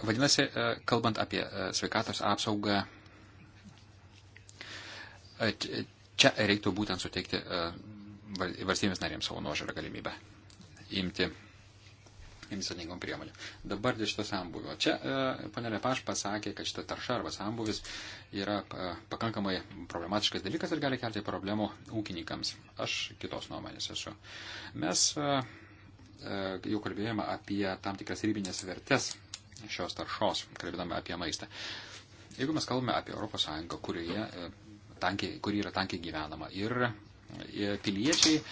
vadinasi, kalbant apie sveikatos apsaugą, čia reiktų būtent suteikti valstybės narėms savo nuožiūrą galimybę imti nemisliningom priemonėm. Dabar dėl šito sambuvio. Čia e, panelė Paš pasakė, kad šita tarša arba sambuvis yra e, pakankamai problematiškas dalykas ir gali kelti problemų ūkininkams. Aš kitos nuomonės esu. Mes e, jau kalbėjome apie tam tikras rybinės vertės šios taršos, kalbėdami apie maistą. Jeigu mes kalbame apie ES, kurioje tankiai, kur yra tankiai gyvenama ir E, piliečiai e,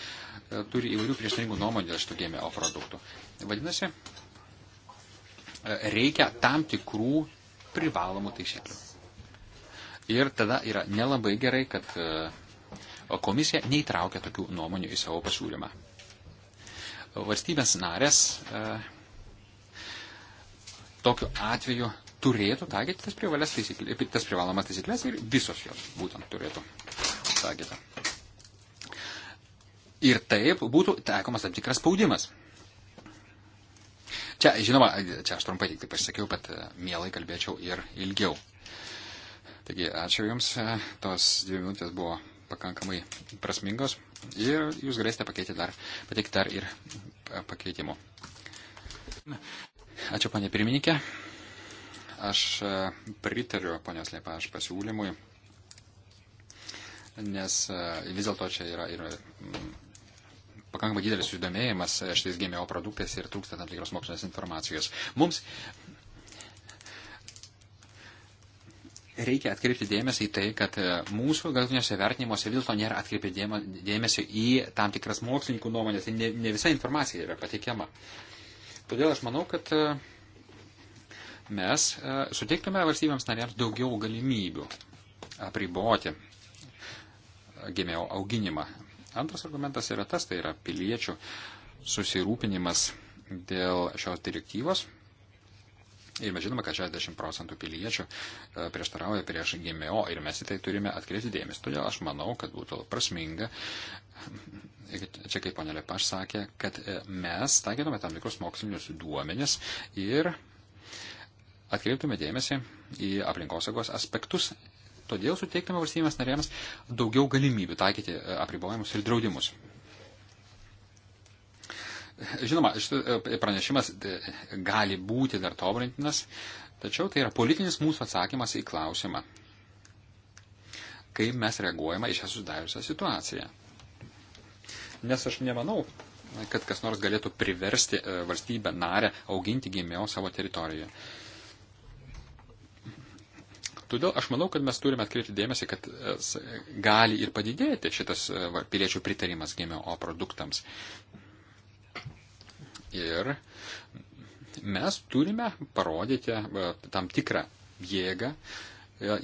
turi įvairių prieštaringų nuomonių dėl šitų GMO produktų. Vadinasi, e, reikia tam tikrų privalomų taisyklių. Ir tada yra nelabai gerai, kad komisija neįtraukia tokių nuomonių į savo pasiūlymą. Valstybės narės tokiu atveju turėtų taikyti tas, tas privalomas taisyklės ir visos jos būtent turėtų taikyti. Ir taip būtų taikomas tam tikras spaudimas. Čia, žinoma, čia aš trumpai tik tai pasakiau, bet e, mielai kalbėčiau ir ilgiau. Taigi, ačiū Jums, e, tos dvi minutės buvo pakankamai prasmingos ir Jūs galėsite pakeiti dar, pateikti dar ir e, pakeitimų. Ačiū, panė pirmininkė. Aš pritariu ponios Lepaš pasiūlymui, nes vis dėlto čia yra ir pakankamai didelis susidomėjimas e, šitais GMO produktais ir trūksta tam tikros mokslinės informacijos. Mums reikia atkreipti dėmesį į tai, kad e, mūsų galutiniuose vertinimuose vis dėlto nėra atkreipti dėmesio į tam tikras mokslininkų nuomonės, tai ne, ne visa informacija yra pateikiama. Todėl aš manau, kad e, mes suteiktume valstybėms narėms daugiau galimybių apriboti gimėjo auginimą Antras argumentas yra tas, tai yra piliečių susirūpinimas dėl šios direktyvos. Ir mes žinome, kad 60 procentų piliečių e, prieštarauja prieš GMO ir mes į tai turime atkreipti dėmesį. Todėl aš manau, kad būtų prasminga, *laughs* čia kaip ponelė Paš sakė, kad e, mes taikytume tam tikrus mokslinius duomenis ir atkreiptume dėmesį į aplinkosaugos aspektus Todėl suteiktume valstybėms narėms daugiau galimybių taikyti e, apribojimus ir draudimus. Žinoma, šis e, pranešimas e, gali būti dar tobulintinas, tačiau tai yra politinis mūsų atsakymas į klausimą, kaip mes reaguojame į šią susidariusią situaciją. Nes aš nemanau, kad kas nors galėtų priversti valstybę narę auginti gimiau savo teritorijoje. Todėl aš manau, kad mes turime atkreipti dėmesį, kad e, gali ir padidėti šitas e, va, piliečių pritarimas GMO produktams. Ir mes turime parodyti e, tam tikrą jėgą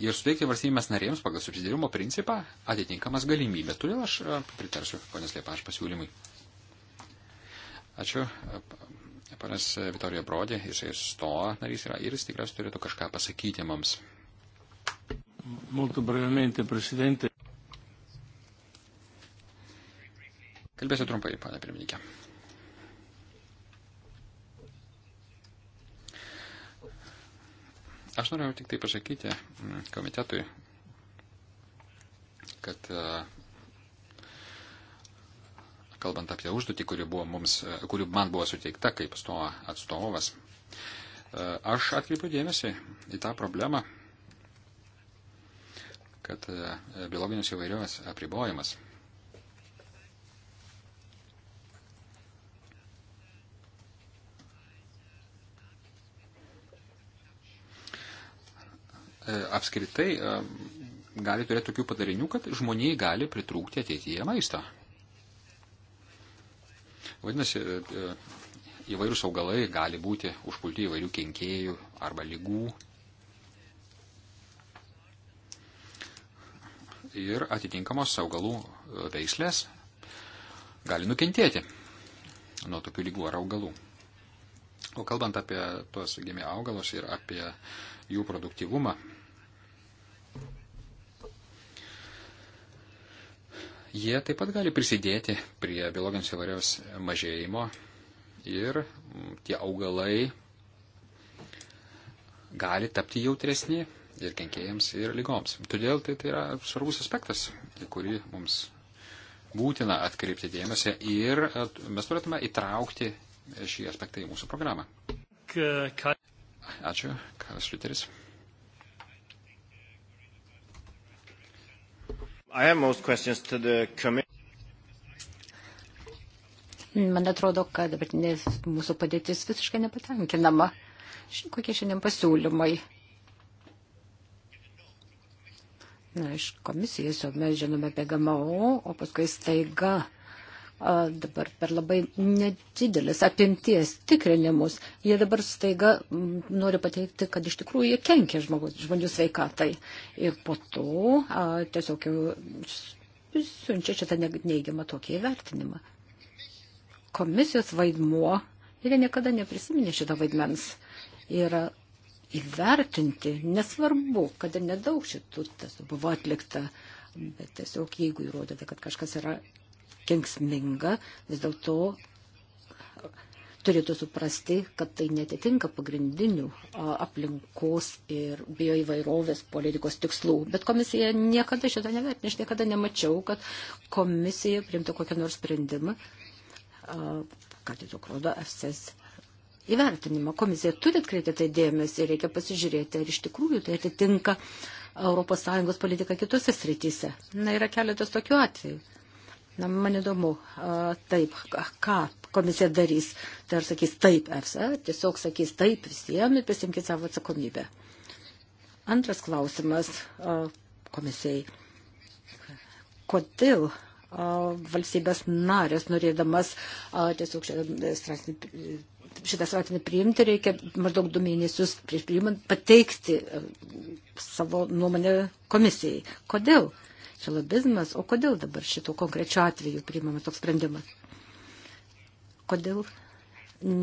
ir suteikti valstybėms narėms pagal subsidiarumo principą atitinkamas galimybės. Todėl aš pritarsiu ponės Liepaš pasiūlymui. Ačiū. Panas Vitorija Brodė, jisai sto narys yra ir jis tikriausiai turėtų kažką pasakyti mums. Molto brevemente, prezidente. Kalbėsiu trumpai, pane pirmininkė. Aš norėjau tik tai pasakyti mm, komitetui, kad e, kalbant apie užduotį, kuri, buvo mums, e, kuri man buvo suteikta kaip sto atstovas, e, aš atkreipiu dėmesį į tą problemą, kad e, biologinės įvairios apribojimas e, apskritai e, gali turėti tokių padarinių, kad žmoniai gali pritrūkti ateityje maisto. Vadinasi, įvairūs augalai gali būti užpulti įvairių kenkėjų arba lygų. ir atitinkamos augalų e, veislės gali nukentėti nuo tokių lygų ar augalų. O kalbant apie tuos gimė augalus ir apie jų produktyvumą, jie taip pat gali prisidėti prie biologinės įvairios mažėjimo ir tie augalai gali tapti jautresni ir kenkėjams, ir lygoms. Todėl tai, tai yra svarbus aspektas, į kurį mums būtina atkreipti dėmesį ir e, mes turėtume įtraukti šį aspektą į mūsų programą. Ačiū, Karas Liuteris. Man atrodo, kad dabartinė mūsų padėtis visiškai nepatenkinama. Kokie šiandien pasiūlymai? Na, iš komisijos jau mes žinome apie GMO, o paskui staiga a, dabar per labai nedidelis apimties tikrinimus, jie dabar staiga m, nori pateikti, kad iš tikrųjų jie kenkia žmogus, žmonių sveikatai. Ir po to a, tiesiog jau siunčia šitą neigiamą tokį įvertinimą. Komisijos vaidmuo, jie niekada neprisiminė šito vaidmens, yra įvertinti, nesvarbu, kada nedaug šitų testų buvo atlikta, bet tiesiog jeigu įrodėte, kad kažkas yra kenksminga, vis dėlto turėtų suprasti, kad tai netitinka pagrindinių aplinkos ir bioįvairovės politikos tikslų. Bet komisija niekada šito nevertina. Aš niekada nemačiau, kad komisija priimtų kokią nors sprendimą, ką tiesiog rodo FSS įvertinimą. Komisija turi atkreipti tai dėmesį ir reikia pasižiūrėti, ar iš tikrųjų tai atitinka ES politiką kitose srityse. Na, yra keletas tokių atvejų. Na, man įdomu, a, taip, ką komisija darys. Tai ar sakys taip, EFSA, tiesiog sakys taip visiems ir prisimkit savo atsakomybę. Antras klausimas a, komisijai. Kodėl valstybės narės, norėdamas tiesiog e, straipsnį šitą svetainę priimti, reikia maždaug du mėnesius prieš priimant pateikti e, savo nuomonę komisijai. Kodėl? Čia lobizmas, o kodėl dabar šito konkrečio atveju priimamas toks sprendimas? Kodėl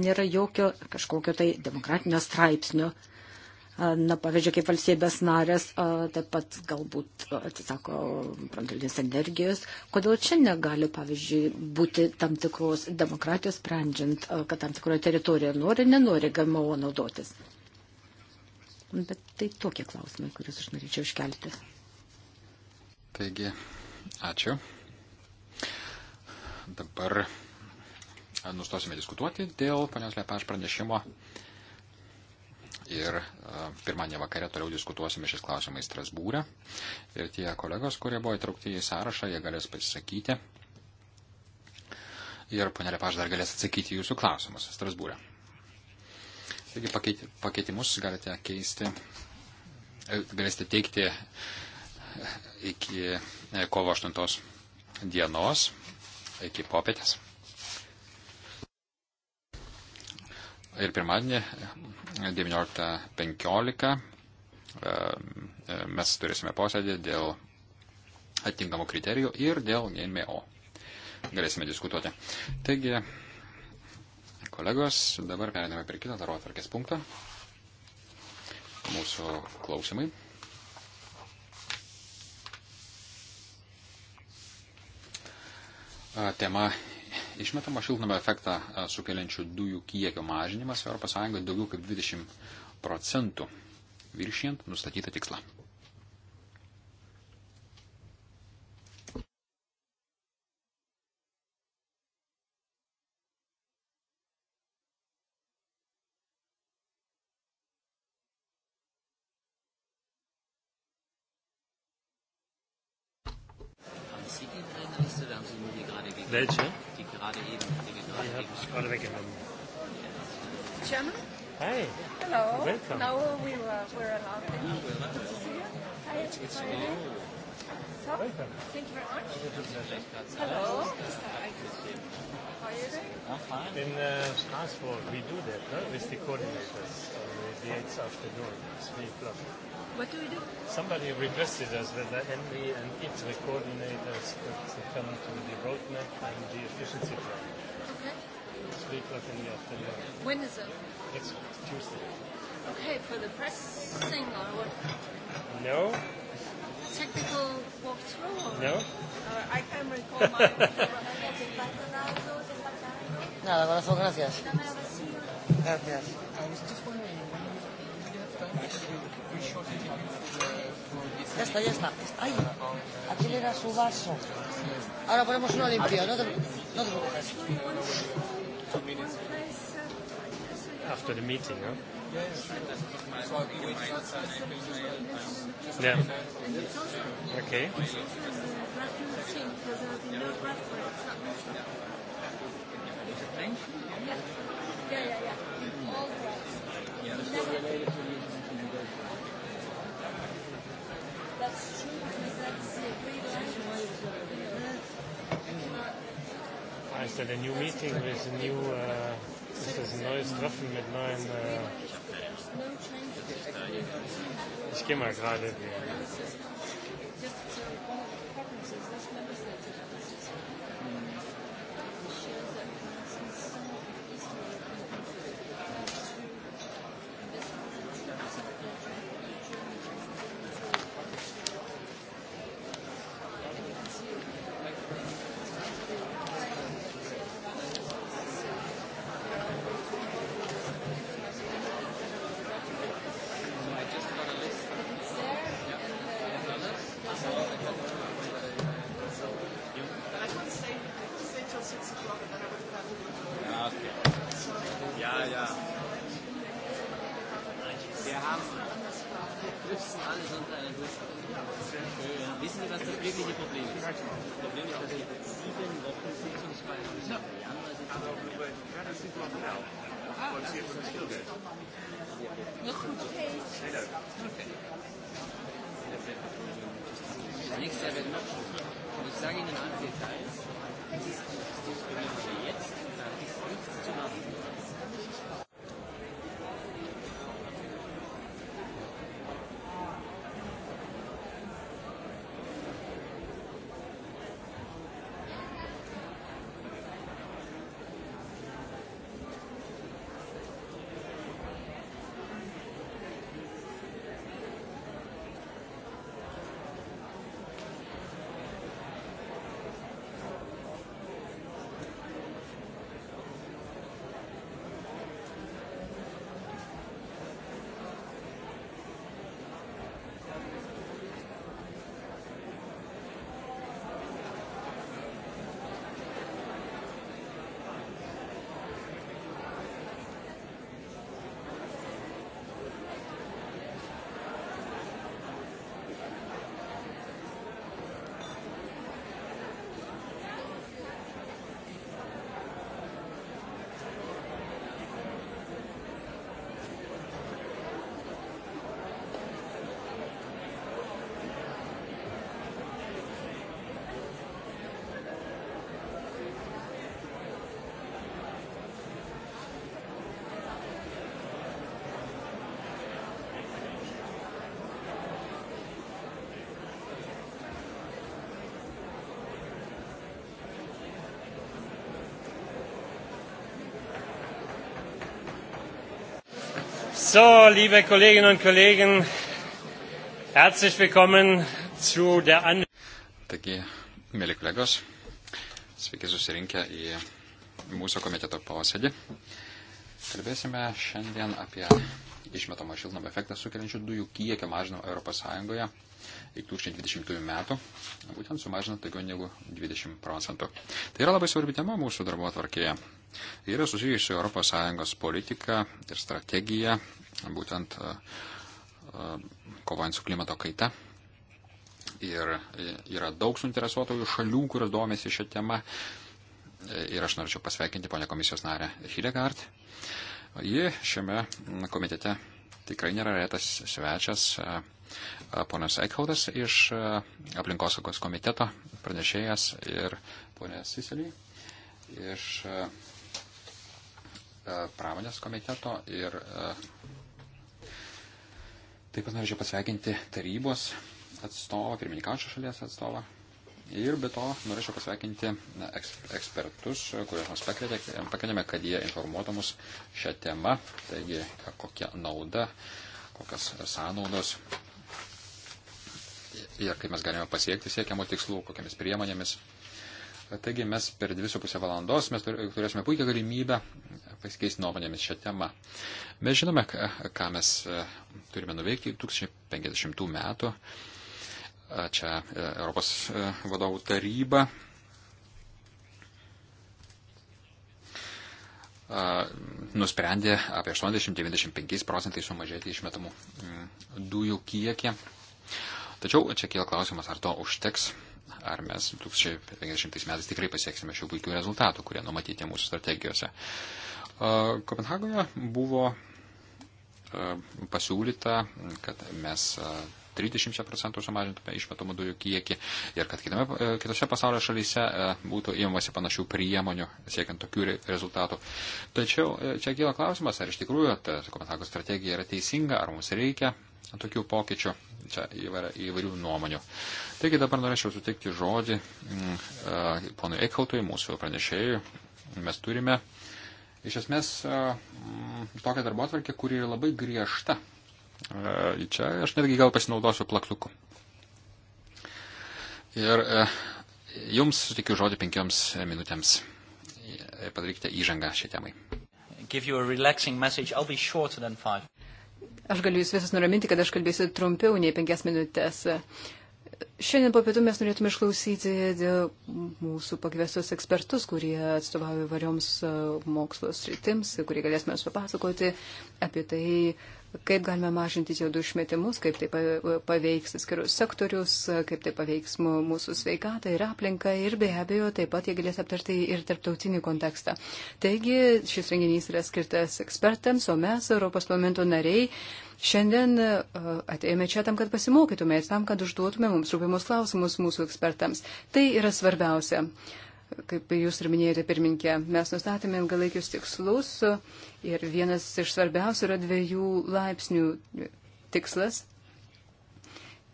nėra jokio kažkokio tai demokratinio straipsnio na, pavyzdžiui, kaip valstybės narės taip pat galbūt atsisako branduolinės energijos. Kodėl čia negali, pavyzdžiui, būti tam tikros demokratijos sprendžiant, kad tam tikroje teritorijoje nori, nenori GMO naudotis? Bet tai tokie klausimai, kuriuos aš norėčiau iškelti. Taigi, ačiū. Dabar nustosime diskutuoti dėl panios Lepaš pranešimo ir pirmąją vakarę toliau diskutuosime šis klausimai Strasbūrė. Ir tie kolegos, kurie buvo įtraukti į sąrašą, jie galės pasisakyti. Ir ponė Lepaš dar galės atsakyti jūsų klausimus Strasbūrė. Taigi pakeitimus galite keisti, e, galėsite teikti e, iki e, kovo 8 dienos, iki popietės. ir pirmadienį 19.15 e, e, e, mes turėsime posėdį dėl atitinkamų kriterijų ir dėl NMO. Galėsime diskutuoti. Taigi, kolegos, dabar perėdame prie kitą darbo atvarkės punktą. Mūsų klausimai. Tema Išmetamo šiltnamio efektą e, sukeliančių dujų kiekio mažinimas ES daugiau kaip 20 procentų viršijant nustatytą tikslą. Welche? Welcome. Thank you very much. Hello. How are you doing? I'm fine. In uh, Strasbourg, we do that huh? with the coordinators on uh, the 8th afternoon, 3 o'clock. What do we do? Somebody requested us that the MV e and ITRE coordinators could come to the roadmap and the efficiency plan. Okay. 3 o'clock in the afternoon. When is it? It's Tuesday. Okay, for the press thing or what? No, technical walkthrough? No. Uh, I can recall my. *laughs* Nada, corazón, gracias. Gracias. I was just wondering, when you have time to be short Ya está, ya está. Ay, aquel era su vaso. Ahora ponemos uno limpio, no te, no te preocupes. After the meeting, ¿no? Huh? Yeah. Okay. Yeah, yeah, yeah. All yeah. That's true because that's the agreed language. Ah, ist ja der new meeting, das ist ein new, äh, uh, ist das ein neues Treffen mit neuen äh, Ich gehe mal gerade. Hier. So, liebe Kolleginnen und Kollegen, herzlich willkommen zu der An Taigi, mėly kolegos, sveiki susirinkę į mūsų komiteto posėdį. Kalbėsime šiandien apie išmetamą šiltnamą efektą sukeliančių dujų kiekio mažinimą ES iki 2020 metų, būtent sumažinant daugiau negu 20 procentų. Tai yra labai svarbi tema mūsų darbo atvarkėje. Yra susijusi su ES politika ir strategija būtent e, e, kovojant su klimato kaita. Ir yra daug suinteresuotojų šalių, kurios domėsi šią temą. Ir aš norėčiau pasveikinti ponę komisijos narę Hilegard. Ji šiame komitete tikrai nėra retas svečias. E, ponas Eichhaudas iš aplinkosaugos komiteto pranešėjas ir ponė Siselį iš pramonės komiteto ir Taip pat norėčiau pasveikinti tarybos atstovą, pirmininkaučio šalies atstovą. Ir be to norėčiau pasveikinti ekspertus, kuriuos mes pakvietėme, kad jie informuotų mus šią temą. Taigi, kokia nauda, kokios sąnaudos ir kaip mes galime pasiekti siekiamo tikslų, kokiamis priemonėmis. Taigi mes per 2,5 valandos mes turėsime puikią galimybę pasikeisti nuomonėmis šią temą. Mes žinome, ką mes e, turime nuveikti 2050 metų. Čia e, Europos e, vadovų taryba. nusprendė apie 80-95 procentai sumažėti išmetamų dujų kiekį. Tačiau čia kyla klausimas, ar to užteks ar mes 2050 metais tikrai pasieksime šių puikių rezultatų, kurie numatyti mūsų strategijose. Kopenhagoje buvo pasiūlyta, kad mes 30 procentų sumažintume išmetamų dujų kiekį ir kad kitame, e, kitose pasaulio šalyse e, būtų įmamasi panašių priemonių siekiant tokių rezultatų. Tačiau e, čia kyla klausimas, ar iš tikrųjų ta Kopenhagos strategija yra teisinga, ar mums reikia tokių pokyčių, čia įvairių nuomonių. Taigi dabar norėčiau sutikti žodį mm, ponui Eikautui, mūsų pranešėjui. Mes turime iš esmės mm, tokią darbo atvarkę, kuri yra labai griežta Čia aš netgi gal pasinaudosiu plaktuku. Ir e, jums sutikiu žodį penkioms minutėms. E, padarykite įžangą šią temai. Aš galiu jūs visus nuraminti, kad aš kalbėsiu trumpiau nei penkias minutės. Šiandien po pietų mes norėtume išklausyti mūsų pakviestus ekspertus, kurie atstovauja varioms mokslo sritims, kurie galės mes papasakoti apie tai, kaip galime mažinti CO2 išmetimus, kaip tai paveiks skirius sektorius, kaip tai paveiks mūsų sveikatą ir aplinką ir be abejo taip pat jie galės aptarti ir tarptautinį kontekstą. Taigi šis renginys yra skirtas ekspertams, o mes, Europos parlamento nariai, Šiandien uh, atėjome čia tam, kad pasimokytume ir tam, kad užduotume mums rūpimus klausimus mūsų ekspertams. Tai yra svarbiausia kaip jūs ir minėjote pirminkė, mes nustatėme ilgalaikius tikslus ir vienas iš svarbiausių yra dviejų laipsnių tikslas.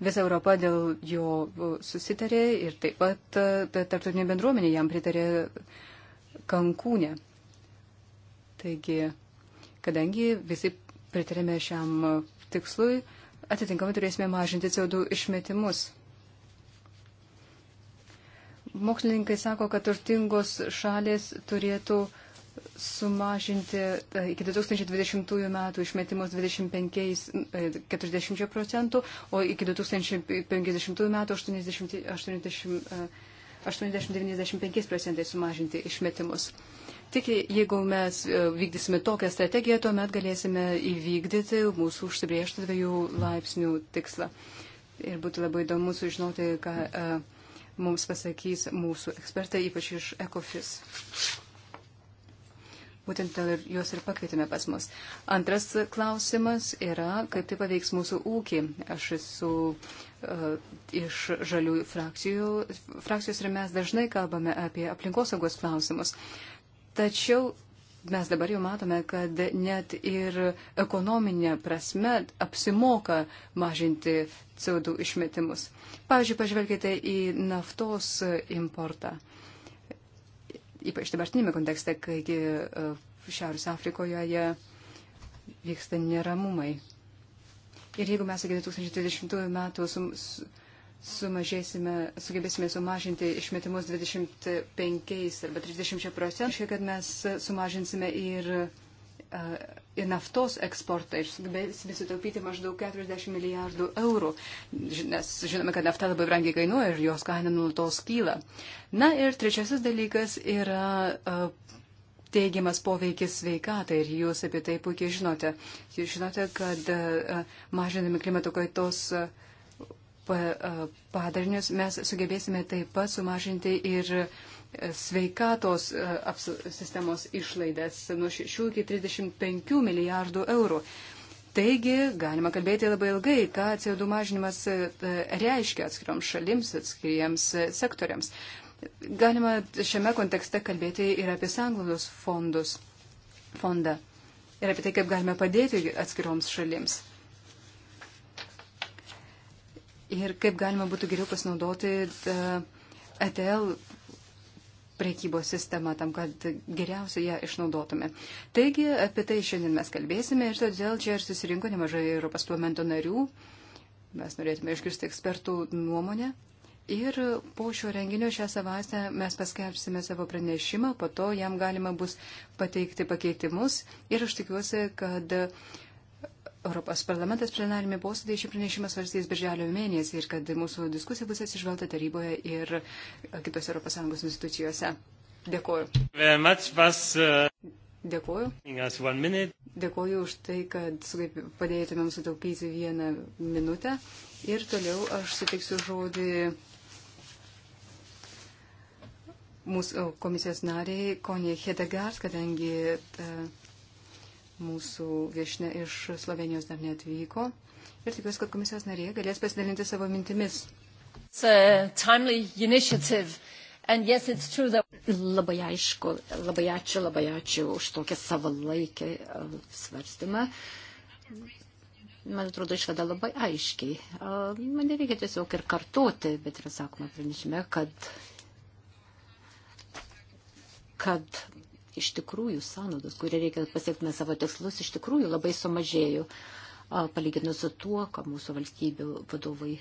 Visa Europa dėl jo susitarė ir taip pat tarptautinė bendruomenė jam pritarė Kankūne. Taigi, kadangi visi pritarėme šiam tikslui, atitinkamai turėsime mažinti CO2 išmetimus. Mokslininkai sako, kad turtingos šalės turėtų sumažinti e, iki 2020 metų išmetimus 25-40 e, procentų, o iki 2050 metų 80-95 e, procentai sumažinti išmetimus. Tik jeigu mes vykdysime tokią strategiją, tuomet galėsime įvykdyti mūsų užsibriežtą dviejų laipsnių tikslą. Ir būtų labai įdomu sužinoti, ką. Uh, mums pasakys mūsų ekspertai, ypač iš ECOFIS. Būtent dėl juos ir pakvietėme pas mus. Antras klausimas yra, kaip tai paveiks mūsų ūkį. Aš esu uh, iš žalių frakcijų, frakcijos ir mes dažnai kalbame apie aplinkosaugos klausimus. Tačiau mes dabar jau matome, kad net ir ekonominė prasme apsimoka mažinti CO2 išmetimus. Pavyzdžiui, pažvelkite į naftos importą. Ypač dabartinėme kontekste, kai e, Šiaurės Afrikoje vyksta neramumai. Ir jeigu mes iki 2030 metų sugebėsime sumažinti išmetimus 25 arba 30 procentų, reiškia, kad mes sumažinsime ir, ir naftos eksportą ir sugebėsime sutaupyti maždaug 40 milijardų eurų, nes žinome, kad nafta labai brangiai kainuoja ir jos kaina nulatos kyla. Na ir trečiasis dalykas yra teigiamas poveikis sveikatai ir jūs apie tai puikiai žinote. Jūs žinote, kad mažinami klimato kaitos uh, padarinius, mes sugebėsime taip pat sumažinti ir e, sveikatos e, sistemos išlaidas nuo 6 iki 35 milijardų eurų. Taigi, galima kalbėti labai ilgai, ką CO2 mažinimas e, reiškia atskirioms šalims, atskiriems sektoriams. Galima šiame kontekste kalbėti ir apie sanglaudos fondus, fondą ir apie tai, kaip galime padėti atskiroms šalims ir kaip galima būtų geriau pasinaudoti ETL e prekybos sistemą tam, kad geriausiai ją išnaudotume. Taigi apie tai šiandien mes kalbėsime ir todėl čia ir susirinko nemažai Europos parlamento narių. Mes norėtume išgirsti ekspertų nuomonę. Ir po šio renginio šią savaitę mes paskelbsime savo pranešimą, po to jam galima bus pateikti pakeitimus ir aš tikiuosi, kad Europos parlamentas plenarinėme posėdėje šį pranešimą svarstys birželio mėnesį ir kad mūsų diskusija bus atsižvelgta taryboje ir kitose ES institucijose. Dėkuoju. Uh, Dėkuoju. Dėkuoju už tai, kad padėjote mums sutaupyti vieną minutę. Ir toliau aš suteiksiu žodį mūsų komisijos nariai Konė Hedegars, kadangi ta, Mūsų viešne iš Slovenijos dar neatvyko. Ir tikiuosi, kad komisijos narė galės pasidalinti savo mintimis. Yes, that... Labai aišku, labai ačiū, labai ačiū už tokią savalaikę uh, svarstymą. Man atrodo, išvada labai aiškiai. Uh, man nereikia tiesiog ir kartuoti, bet yra sakoma pranešime, kad, kad iš tikrųjų sąnaudos, kurie reikia pasiektume savo tikslus, iš tikrųjų labai sumažėjo, palyginus su tuo, ką mūsų valstybių vadovai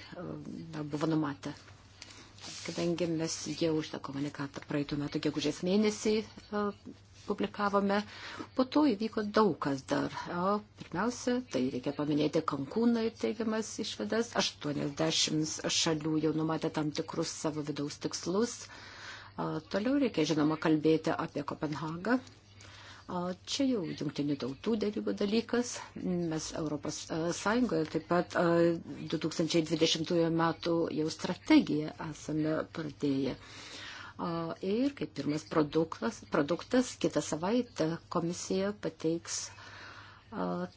buvo numatę. Kadangi mes jau už tą komunikatą praeitų metų gegužės mėnesį publikavome. Po to įvyko daug kas dar. O, pirmiausia, tai reikia paminėti Kankūną ir teigiamas išvadas. 80 šalių jau numatė tam tikrus savo vidaus tikslus. Toliau reikia, žinoma, kalbėti apie Kopenhagą. Čia jau jungtinių tautų dėrybų dalykas. Mes Europos Sąjungoje taip pat 2020 metų jau strategiją esame pradėję. Ir kaip pirmas produktas, produktas kitą savaitę komisija pateiks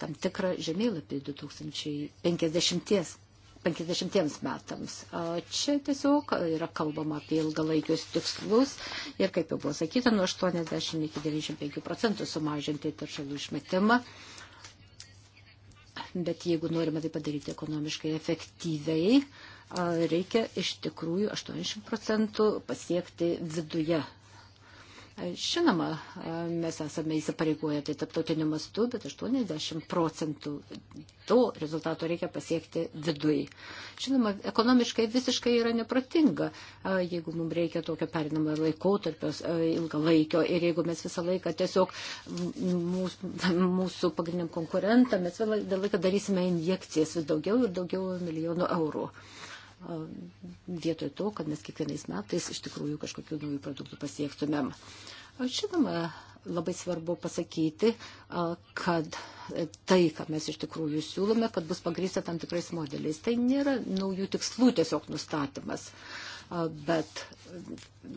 tam tikrą žemėlapį 2050 50 metams. Čia tiesiog yra kalbama apie ilgalaikius tikslus ir, kaip jau buvo sakyta, nuo 80 iki 95 procentų sumažinti teršalų išmetimą. Bet jeigu norime tai padaryti ekonomiškai efektyviai, reikia iš tikrųjų 80 procentų pasiekti viduje Žinoma, mes esame įsipareigoję tai taptautiniu mastu, bet 80 procentų to rezultato reikia pasiekti vidui. Žinoma, ekonomiškai visiškai yra nepratinga, jeigu mums reikia tokio perinamo laikotarpio ilgalaikio ir jeigu mes visą laiką tiesiog mūsų, mūsų pagrindiniam konkurentam, mes visą laiką darysime injekcijas vis daugiau ir daugiau milijonų eurų vietoj to, kad mes kiekvienais metais iš tikrųjų kažkokių naujų produktų pasiektumėm. Žinoma, labai svarbu pasakyti, kad tai, ką mes iš tikrųjų siūlome, kad bus pagrįsta tam tikrais modeliais. Tai nėra naujų tikslų tiesiog nustatymas. Uh, bet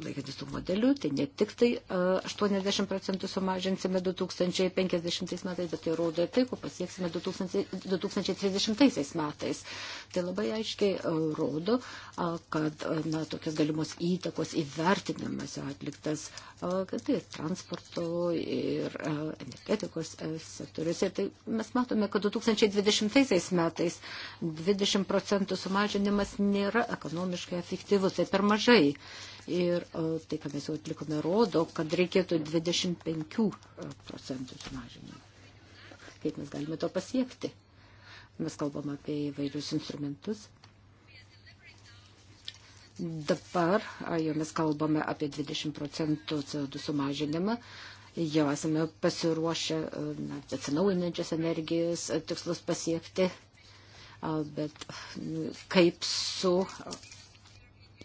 laikantis tų modelių, tai ne tik tai 80 procentų sumažinsime 2050 metais, bet tai rodo ir tai, ko pasieksime 2030 metais. Tai labai aiškiai rodo, kad na, tokios galimos įtakos įvertinimas jau atliktas, kad tai ir transporto, ir energetikos e, sektoriuose. Tai mes matome, kad 2020 metais 20 procentų sumažinimas nėra ekonomiškai efektyvus. Tai situacija per mažai. Ir e, tai, ką mes jau atlikome, rodo, kad reikėtų 25 e, procentų sumažinimo. Kaip mes galime to pasiekti? Mes kalbam apie įvairius instrumentus. Dabar e, jau mes kalbame apie 20 procentų CO2 sumažinimą jau esame pasiruošę na, atsinaujinančios energijos tikslus pasiekti, bet nu, kaip su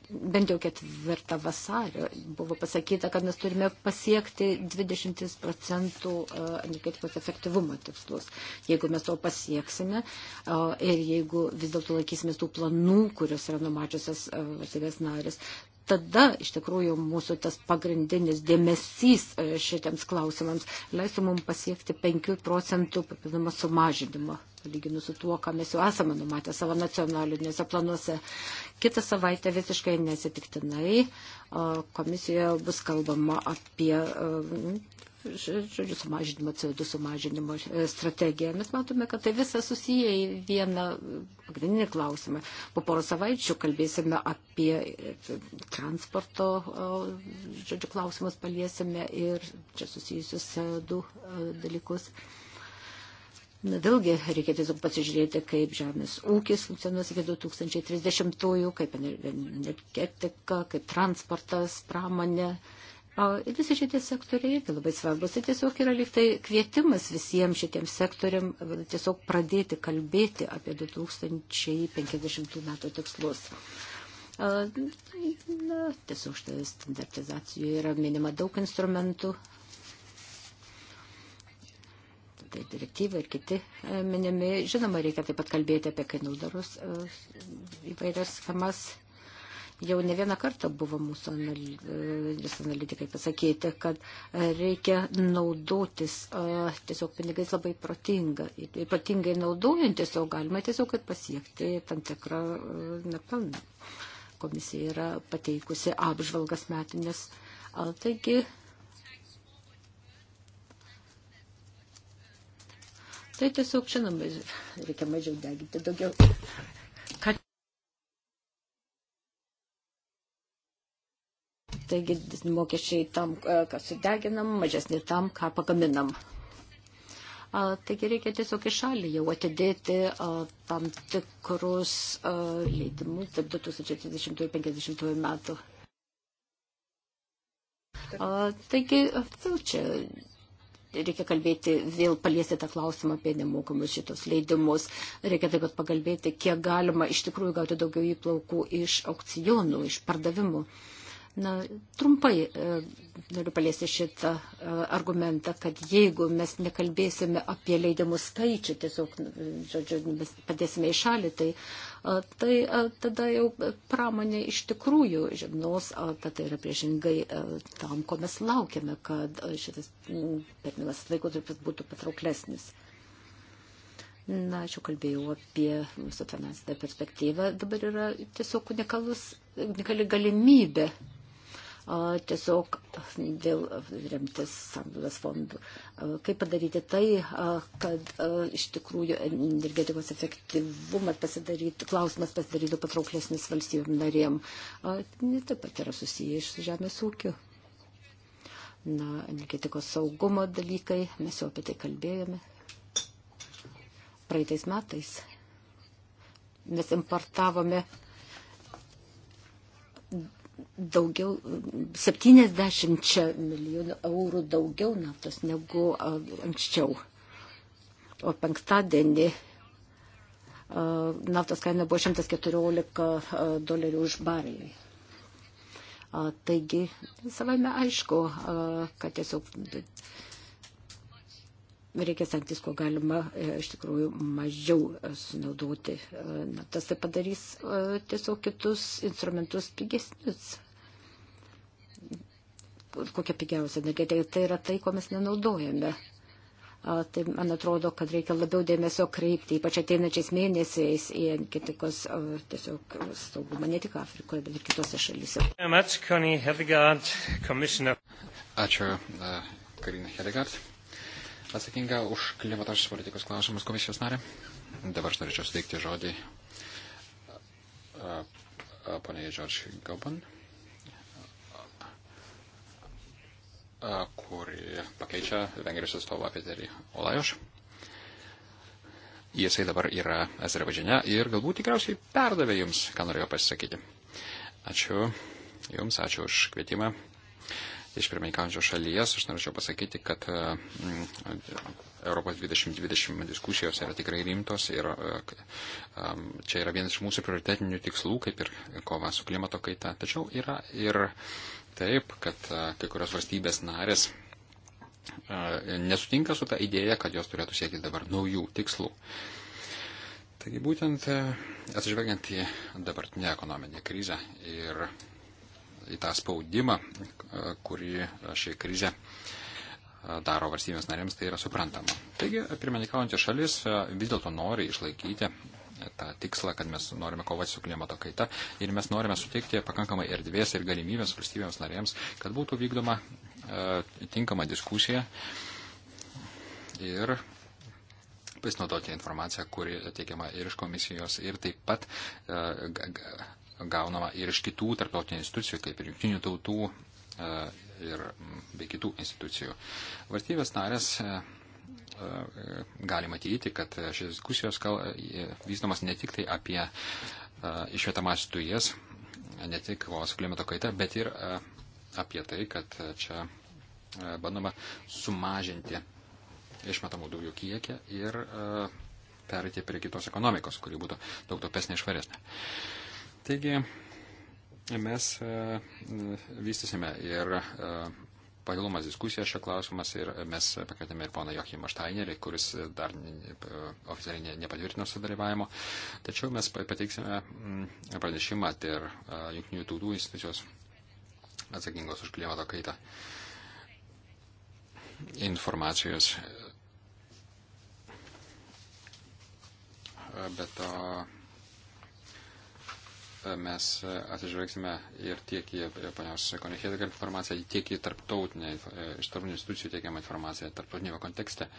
bent jau ketvirtą vasario buvo pasakyta, kad mes turime pasiekti 20 procentų e, energetikos efektyvumo tikslus. Jeigu mes to pasieksime e, ir jeigu vis dėlto laikysimės tų planų, kurios yra numačiusios e, valstybės narės, tada iš tikrųjų mūsų tas pagrindinis dėmesys e, šitiems klausimams leisų mums pasiekti 5 procentų papildomą sumažinimą, lyginus su tuo, ką mes jau esame numatę savo nacionalinėse planuose. Kitą savaitę visiškai nesitiktinai komisijoje bus kalbama apie e, žodžiu, sumažinimo CO2 sumažinimo e, strategiją. Mes matome, kad tai visa susiję į vieną pagrindinį klausimą. Po poro savaičių kalbėsime apie e, transporto, žodžiu, klausimus paliesime ir čia susijusius CO2 e, dalykus. Na, vėlgi reikia tiesiog pasižiūrėti, kaip žemės ūkis funkcionuos iki 2030-ųjų, kaip energetika, kaip transportas, pramonė. Visi šitie sektoriai tai labai svarbus. Tai tiesiog yra liktai kvietimas visiems šitiems sektoriam tiesiog pradėti kalbėti apie 2050 metų tikslus. Na, tiesiog šitoje standartizacijoje yra minima daug instrumentų. Tai direktyva ir kiti e, minimi. Žinoma, reikia taip pat kalbėti apie kainodarus e, įvairias schemas Jau ne vieną kartą buvo mūsų e, analitikai pasakyti, kad e, reikia naudotis e, tiesiog pinigais labai protinga. Ypatingai naudojantis, o galima tiesiog pasiekti tam tikrą nepelną. Komisija yra pateikusi apžvalgas metinės. Taigi, Tai tiesiog, žinoma, reikia mažiau deginti, daugiau Taigi mokesčiai tam, e, ką sudeginam, mažesni tam, ką pagaminam. Taigi reikia tiesiog į šalį jau atidėti tam tikrus leidimus tarp 2030 ir 50 metų. Taigi, vėl čia reikia kalbėti, vėl paliesti tą klausimą apie nemokamus šitos leidimus. Reikia taip pat pagalbėti, kiek galima iš tikrųjų gauti daugiau įplaukų iš aukcijonų, iš pardavimų. Uh, Na, trumpai e, noriu paliesti šitą e, argumentą, kad jeigu mes nekalbėsime apie leidimų skaičių, tiesiog, e, žodžiu, mes padėsime į šalį, tai, tai tada jau pramonė iš tikrųjų žemnos, tad tai yra priešingai tam, ko mes laukiame, kad šitas terminas laikotarpis būtų patrauklesnis. Na, aš jau kalbėjau apie mūsų finansinę perspektyvą. Dabar yra tiesiog unikalus, unikali galimybė tiesiog dėl remtis sandudas fondų. Kaip padaryti tai, kad iš tikrųjų energetikos efektyvumas pasidarytų, klausimas pasidarytų patrauklesnis valstybėm narėm. Taip pat yra susiję iš žemės ūkio. Na, energetikos saugumo dalykai, mes jau apie tai kalbėjome. Praeitais metais mes importavome daugiau 70 milijonų eurų daugiau naftos negu anksčiau. O penktadienį naftos kaina buvo 114 dolerių už barelį. Taigi, savai aišku, kad tiesiog reikia stengtis, kuo galima e, iš tikrųjų mažiau e, sunaudoti. E, na, tas tai padarys tiesiog kitus instrumentus pigesnius. Kokia pigiausia energetika, tai yra tai, ko mes nenaudojame. Tai man atrodo, kad reikia labiau dėmesio kreipti, ypač ateinačiais mėnesiais į energetikos tiesiog saugumą ne tik Afrikoje, bet ir kitose šalyse. Ačiū, Karina Hedegard atsakinga už klimatos politikos klausimus komisijos narė. Dabar aš norėčiau suteikti žodį poniai George Goban, kuri pakeičia Vengrijos atstovą Peterį Olajoš. Jisai dabar yra Azerbaidžiane ir galbūt tikriausiai perdavė jums, ką norėjo pasisakyti. Ačiū Jums, ačiū už kvietimą iš pirmininkaujančios šalies, aš norėčiau pasakyti, kad mm, Europos 2020 diskusijos yra tikrai rimtos ir e, e, čia yra vienas iš mūsų prioritetinių tikslų, kaip ir kova su klimato kaita. Tačiau yra ir taip, kad e, kai kurios valstybės narės nesutinka su ta idėja, kad jos turėtų siekti dabar naujų tikslų. Taigi būtent atsižvelgiant į dabartinę ekonominę krizę ir į tą spaudimą, kurį ši krize daro valstybės narėms, tai yra suprantama. Taigi, pirmininkaujantys šalis e, vis dėlto nori išlaikyti tą tikslą, kad mes norime kovoti su klimato kaita ir mes norime suteikti pakankamai erdvės ir galimybės valstybėms narėms, kad būtų vykdoma e, tinkama diskusija ir pasinaudoti informaciją, kuri teikiama ir iš komisijos ir taip pat e, gaunama ir iš kitų tarptautinių institucijų, kaip ir jungtinių tautų e, ir bei kitų institucijų. Valstybės narės e, e, gali matyti, kad šis diskusijos kal... vystomas ne tik tai apie išvietamąsias dujas, ne tik kovos klimato kaita, bet ir apie tai, kad čia bandoma sumažinti išmetamų dujų kiekį ir perėti prie kitos ekonomikos, kuri būtų daug taupesnė ir švaresnė. Taigi mes e, vystysime ir e, pagilumas diskusiją šio klausimas ir mes pakvietėme ir poną Jochimą Štainerį, kuris dar oficialiai nepatvirtino sudalyvavimo. Tačiau mes pateiksime mm, pranešimą ir e, Junktinių tautų institucijos atsakingos už klimato kaitą informacijos. Bet to mes atsižvelgsime ir tiek į ponios Konechėdą informaciją, tiek į tarptautinę, e, iš tarptautinių institucijų teikiamą informaciją tarptautinėme kontekste.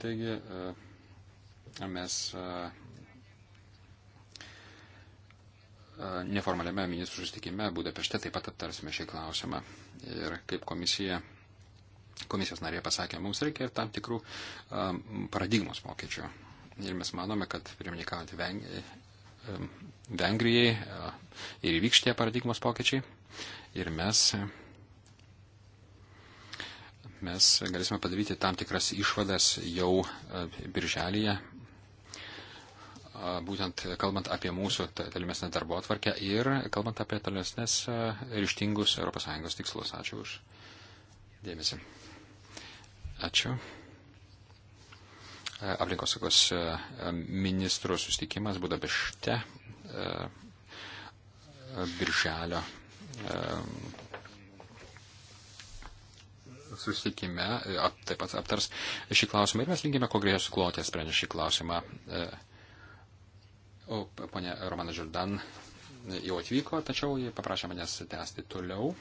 Taigi e, mes e, neformaliame ministrų susitikime Budapešte taip pat aptarsime šį klausimą. Ir kaip komisija, komisijos narė pasakė, mums reikia ir tam tikrų um, paradigmos pokyčių. Ir mes manome, kad pirmininkaujant Vengrijai e, ir įvyks tie paradigmos pokyčiai. Ir mes, mes galėsime padaryti tam tikras išvadas jau e, birželėje, būtent kalbant apie mūsų tolimesnę darbo atvarkę ir kalbant apie tolimesnės e, ryštingus ES tikslus. Ačiū už dėmesį. Ačiū aplinkosaugos e, ministrų susitikimas Budapešte e, birželio e, susitikime ap, taip pat aptars šį klausimą ir mes linkime, kuo greičiau klotės sprendžia šį klausimą. O ponė Romana Žurdan jau atvyko, tačiau jie paprašė manęs tęsti toliau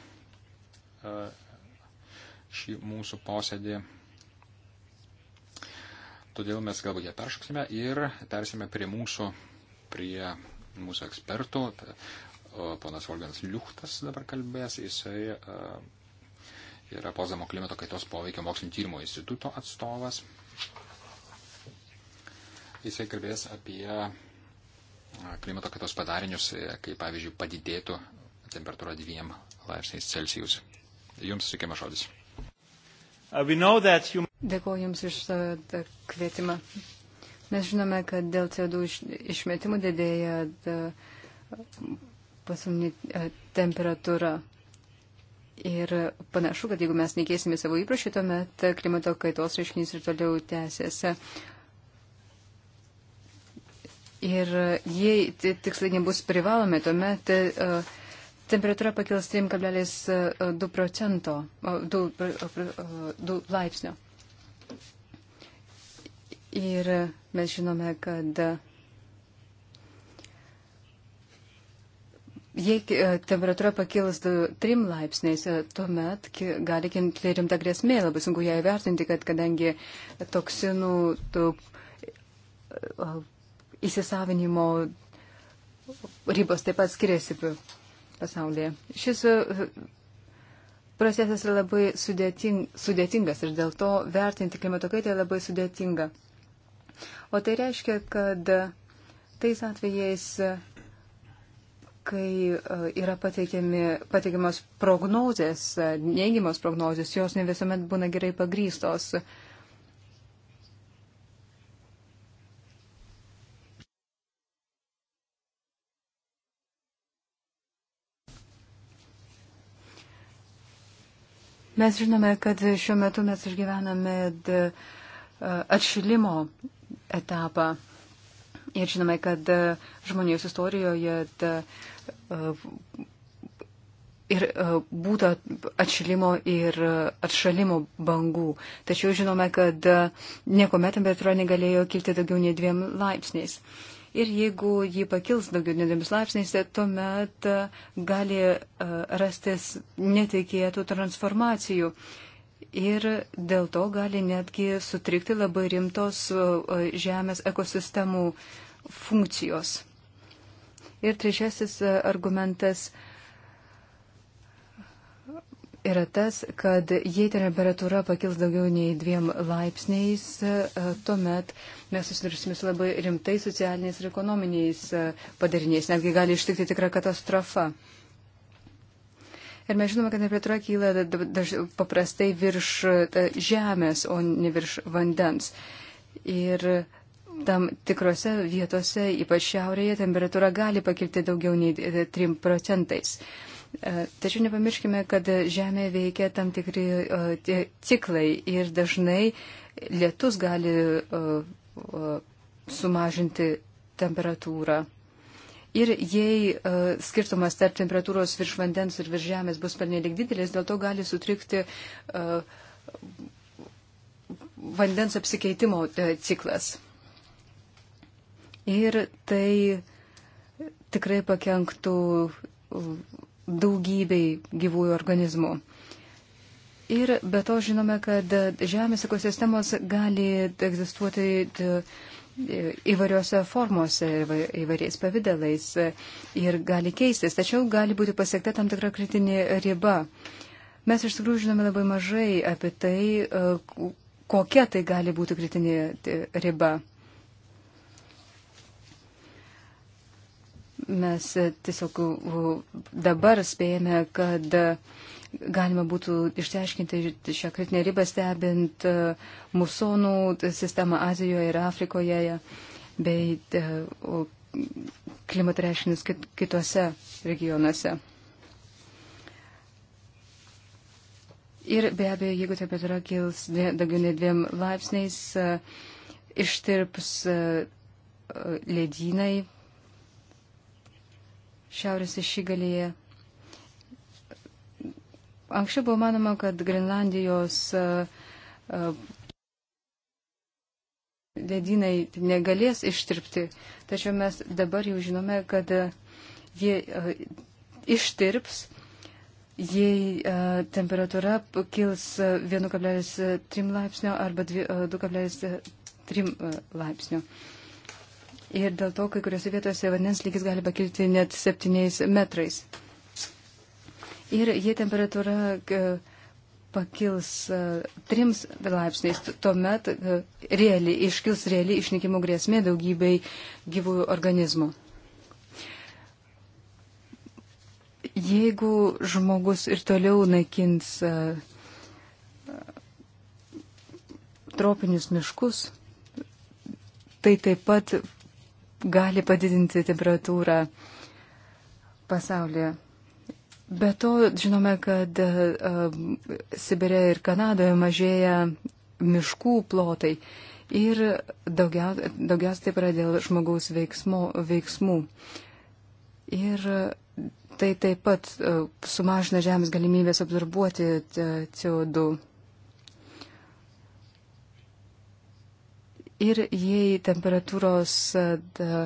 šį mūsų posėdį. Todėl mes galbūt ją peršoksime ir persime prie mūsų, prie mūsų ekspertų. Ponas Volganas Liuchtas dabar kalbės, jisai e, yra Potsdamo klimato kaitos poveikio mokslinio tyrimo instituto atstovas. Jisai kalbės apie e, klimato kaitos padarinius, e, kai pavyzdžiui padidėtų temperatūra dviem laipsniais Celsijaus. Jums sutikimas žodis. Uh, you... Dėkuoju Jums iš kvietimą. Mes žinome, kad dėl CO2 išmetimų didėja pasaulinė temperatūra. Ir panašu, kad jeigu mes nekeisime savo įpročių, tuomet klimato kaitos reiškinys ir toliau tęsiasi. Ir jei tikslai nebus privalomi, tuomet uh, temperatūra pakils 3,2 procento, 2, 2 laipsnio. Ir mes žinome, kad Jei e, temperatūra pakils 3 laipsniais, e, tuomet gali kinti rimta grėsmė, labai sunku ją įvertinti, kad kadangi toksinų tų, e, įsisavinimo ribos taip pat skiriasi pasaulyje. Šis procesas yra labai sudėting, sudėtingas ir dėl to vertinti klimato kaitą labai sudėtinga. O tai reiškia, kad tais atvejais, kai e, yra pateikiamos prognozės, neigiamos prognozės, jos ne visuomet būna gerai pagrystos. Mes žinome, kad šiuo metu mes išgyvename e, atšilimo etapą. Ir žinome, kad e, žmonijos istorijoje ta, e, ir e, būta atšilimo ir atšalimo bangų. Tačiau žinome, kad niekuomet temperatūra negalėjo kilti daugiau nei dviem laipsniais. Ir jeigu ji pakils daugiau nei dviem laipsniais, tai tuomet gali rastis netikėtų transformacijų ir dėl to gali netgi sutrikti labai rimtos e, e, žemės ekosistemų funkcijos. Ir trečiasis e, argumentas yra tas, kad jei temperatūra pakils daugiau nei dviem laipsniais, tuomet mes susidursime su labai rimtais socialiniais ir ekonominiais padariniais, netgi gali ištikti tikra katastrofa. Ir mes žinome, kad plėtra kyla daž, paprastai virš žemės, o ne virš vandens. Ir tam tikrose vietose, ypač šiaurėje, temperatūra gali pakilti daugiau nei 3 e, procentais. E, tačiau nepamirškime, kad Žemėje veikia tam tikri uh, ciklai ir dažnai lietus gali uh, uh, sumažinti temperatūrą. Ir jei uh, skirtumas tarp temperatūros virš vandens ir virš žemės bus pernelik didelis, dėl to gali sutrikti uh, vandens apsikeitimo uh, ciklas. Ir tai tikrai pakenktų daugybei gyvųjų organizmų. Ir be to žinome, kad žemės ekosistemos gali egzistuoti. Uh, įvairiuose formuose, įvairiais pavydalais e, ir gali keistis, tačiau gali būti pasiekta tam tikra kritinė riba. Mes iš tikrųjų žinome labai mažai apie tai, e, kokia tai gali būti kritinė e, riba. Mes tiesiog dabar spėjame, kad galima būtų išsiaiškinti šią kritinę ribą stebint e, musonų sistemą Azijoje ir Afrikoje bei e, klimato reiškinius kitose regionuose. Ir be abejo, jeigu temperatūra kils daugiau nei dviem laipsniais, e, ištirps ledynai šiaurės išigalėje. Anksčiau buvo manoma, kad Grenlandijos e, e, ledynai negalės ištirpti, tačiau mes dabar jau žinome, kad e, jie ištirps, jei temperatūra kils 1,3 laipsnio arba 2,3 laipsnio. Ir dėl to kai kuriuose vietose vandens lygis gali pakilti net 7 metrais ir jei temperatūra e, pakils e, trims laipsniais, tuomet e, reali, iškils reali išnykimo grėsmė daugybei gyvųjų organizmų. Jeigu žmogus ir toliau naikins tropinius miškus, tai taip pat gali padidinti temperatūrą pasaulyje. Be to, žinome, kad uh, e, Sibirė ir Kanadoje mažėja miškų plotai ir daugiausiai daugiaus taip yra dėl žmogaus veiksmo, veiksmų. Ir tai taip pat uh, sumažina žemės galimybės absorbuoti e, CO2. Ir jei temperatūros uh,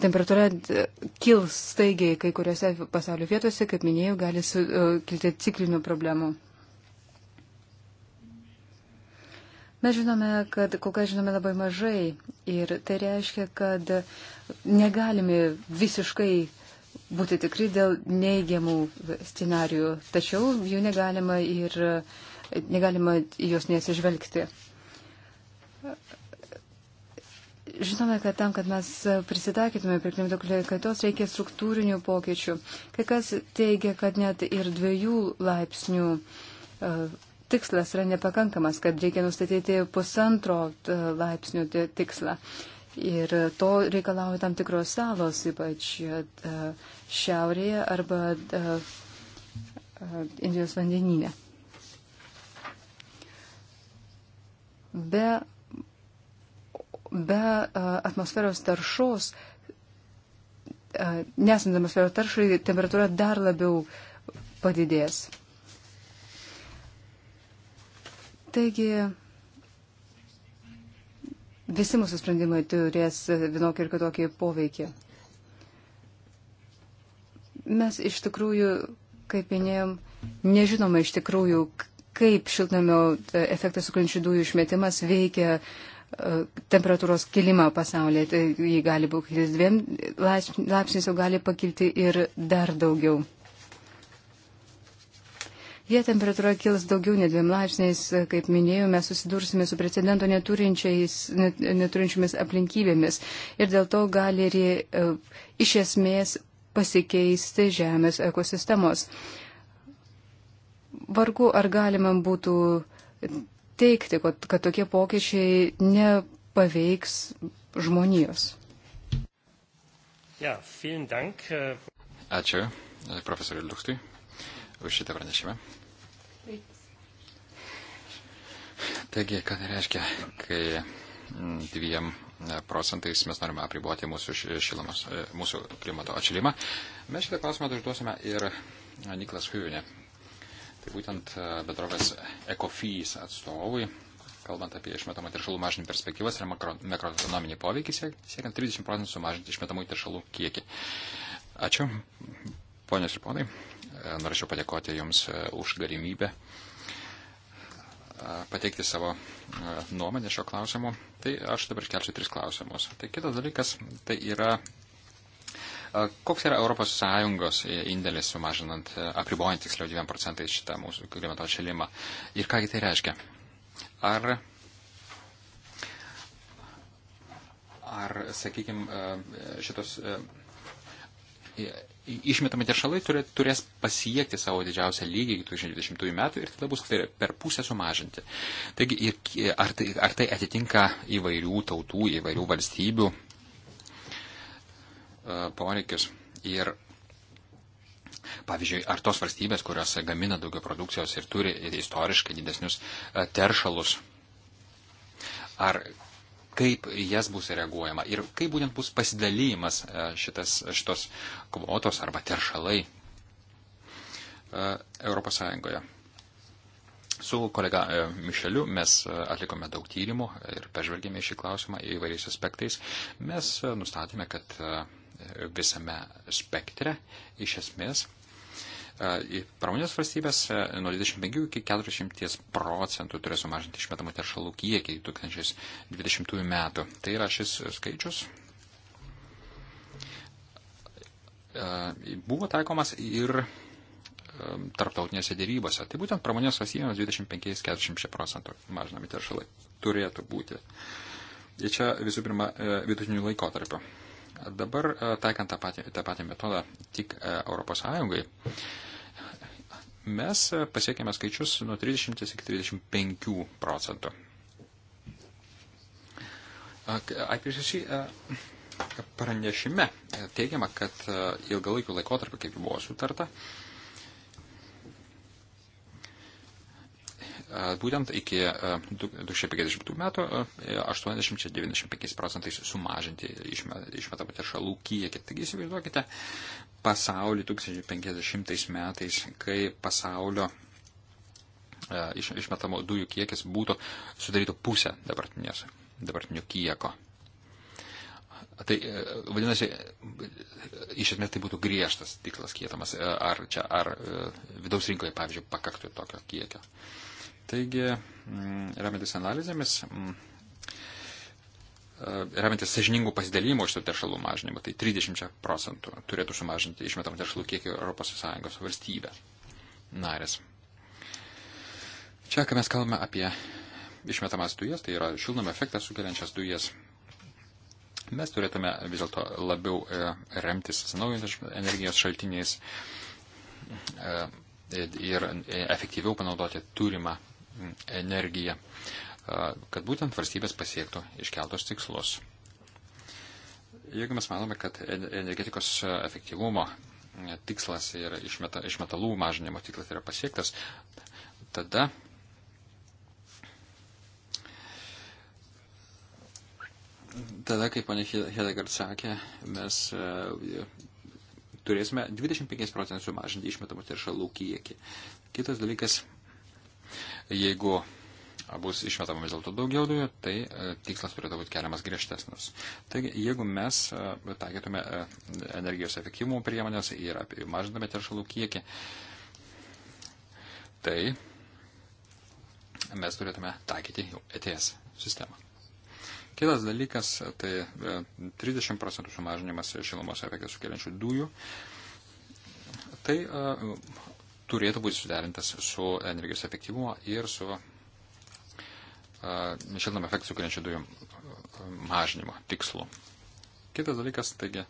Temperatūra kils staigiai kai kuriuose pasaulio vietose, kaip minėjau, gali su, uh, kilti ciklinių problemų. Mes žinome, kad kol kas žinome labai mažai ir tai reiškia, kad negalime visiškai būti tikri dėl neigiamų scenarių, tačiau jų negalima ir negalima jos nesižvelgti žinome, kad tam, kad mes prisitaikytume prie klimato kaitos, reikia struktūrinių pokyčių. Kai kas teigia, kad net ir dviejų laipsnių e, tikslas yra nepakankamas, kad reikia nustatyti pusantro e, laipsnių tikslą. Ir to reikalauja tam tikros salos, ypač e, šiaurėje arba Indijos vandenyne. Be be e, atmosferos taršos, e, nesant atmosferos taršai, temperatūra dar labiau padidės. Taigi visi mūsų sprendimai turės vienokį ir kitokį poveikį. Mes iš tikrųjų, kaip minėjom, nežinome iš tikrųjų, kaip šiltnamio e, efektą sukrančių dujų išmetimas veikia temperatūros kilimą pasaulyje. Tai jį gali būti dviem laipsniais, o gali pakilti ir dar daugiau. Jei temperatūra kils daugiau nei dviem laipsniais, kaip minėjau, mes susidursime su precedento neturinčiomis aplinkybėmis ir dėl to gali ir e, iš esmės pasikeisti Žemės ekosistemos. Vargu ar galima būtų teikti, kad, kad tokie pokyčiai nepaveiks žmonijos. Ja, dank. Äh, Ačiū e, profesoriui Liuktui už šitą pranešimą. Taigi, ką tai reiškia, kai dviem e, procentais mes norime apriboti mūsų, šilamos, e, mūsų klimato atšilimą. Mes šitą klausimą užduosime ir Niklas Huvinė, Tai būtent e, bendrovės EcoFees atstovui, kalbant apie išmetamų teršalų mažinimo perspektyvas ir makroekonominį poveikį, siekiant 30 procentų sumažinti išmetamų teršalų kiekį. Ačiū, ponios ir ponai. E, norėčiau padėkoti Jums e, už galimybę pateikti savo nuomonę šio klausimu. Tai aš dabar iškelsiu tris klausimus. Tai kitas dalykas, tai yra Koks yra ES e, indėlis sumažinant, e, apribojant tiksliau 2 procentais šitą mūsų klimato atšilimą? Ir kągi tai reiškia? Ar, ar sakykime, šitos e, išmetami teršalai turės pasiekti savo didžiausią lygį iki 2020 metų ir tada bus per pusę sumažinti. Taigi, ir, ar, tai, ar tai atitinka įvairių tautų, įvairių valstybių E, poreikis. Ir pavyzdžiui, ar tos valstybės, kurios gamina daugiau produkcijos ir turi istoriškai didesnius e, teršalus, ar kaip jas bus reaguojama ir kaip būtent bus pasidalymas e, šitas, šitos kvotos arba teršalai Europos Sąjungoje. Su kolega Mišeliu mes atlikome daug tyrimų ir peržvelgėme šį klausimą įvairiais aspektais. Mes nustatėme, kad visame spektre iš esmės. E, pramonės valstybės e, nuo 25 iki 40 procentų turės sumažinti išmetamų teršalų kiekį 2020 metų. Tai yra šis skaičius. E, buvo taikomas ir tarptautinėse dėrybose. Tai būtent pramonės valstybėms 25-40 procentų mažinami teršalai turėtų būti. Ir čia visų pirma vidutinių laikotarpių. Dabar, e, taikant tą patį, tą patį metodą tik ES, mes e, pasiekėme skaičius nuo 30 iki 35 procentų. IPCC e, pranešime teigiama, kad ilgalaikiu laikotarpiu, kaip buvo sutarta, būtent iki 250 e, metų 80-95 e, procentais sumažinti išmetamų teršalų kiekį. Taigi įsivaizduokite pasaulį 2050 metais, kai pasaulio e, iš, išmetamo dujų kiekis būtų sudarytų pusę dabartinio kiekio. Tai vadinasi, iš esmės tai būtų griežtas tikslas kietamas, ar, čia, ar vidaus rinkoje, pavyzdžiui, pakaktų tokio kiekio. Uh, Taigi, mm, remiantis analizėmis, mm, e, remiantis sažiningų pasidalymų šitų teršalų mažinimą, tai 30 procentų turėtų sumažinti išmetamų teršalų kiekį ES valstybė narės. Čia, kai mes kalbame apie išmetamas dujas, tai yra šiltnamio efektą sukeliančias dujas, mes turėtume vis dėlto labiau e, remtis atsinaujinančiais energijos šaltiniais e, ir efektyviau panaudoti turimą energiją, kad būtent valstybės pasiektų iškeltos tikslus. Jeigu mes manome, kad energetikos efektyvumo tikslas ir išmeta, išmetalų mažinimo tikslas yra pasiektas, tada tada, kaip ponė Hedegard sakė, mes e, turėsime 25 procentų sumažinti išmetamų teršalų kiekį. Kitas dalykas Jeigu bus išmetama vis dėlto daugiau dujų, tai e, tikslas turėtų būti keliamas griežtesnis. Taigi, jeigu mes e, taikytume e, energijos efektyvumo priemonės ir mažiname teršalų kiekį, tai mes turėtume taikyti jau ETS sistemą. Kitas dalykas, tai 30 procentų sumažinimas šilumos efektą sukeliančių dujų. Tai turėtų būti suderintas su energijos efektyvumo ir su šiltnamio efektą sukeliančių dujų mažinimo tikslu. Kitas dalykas, taigi,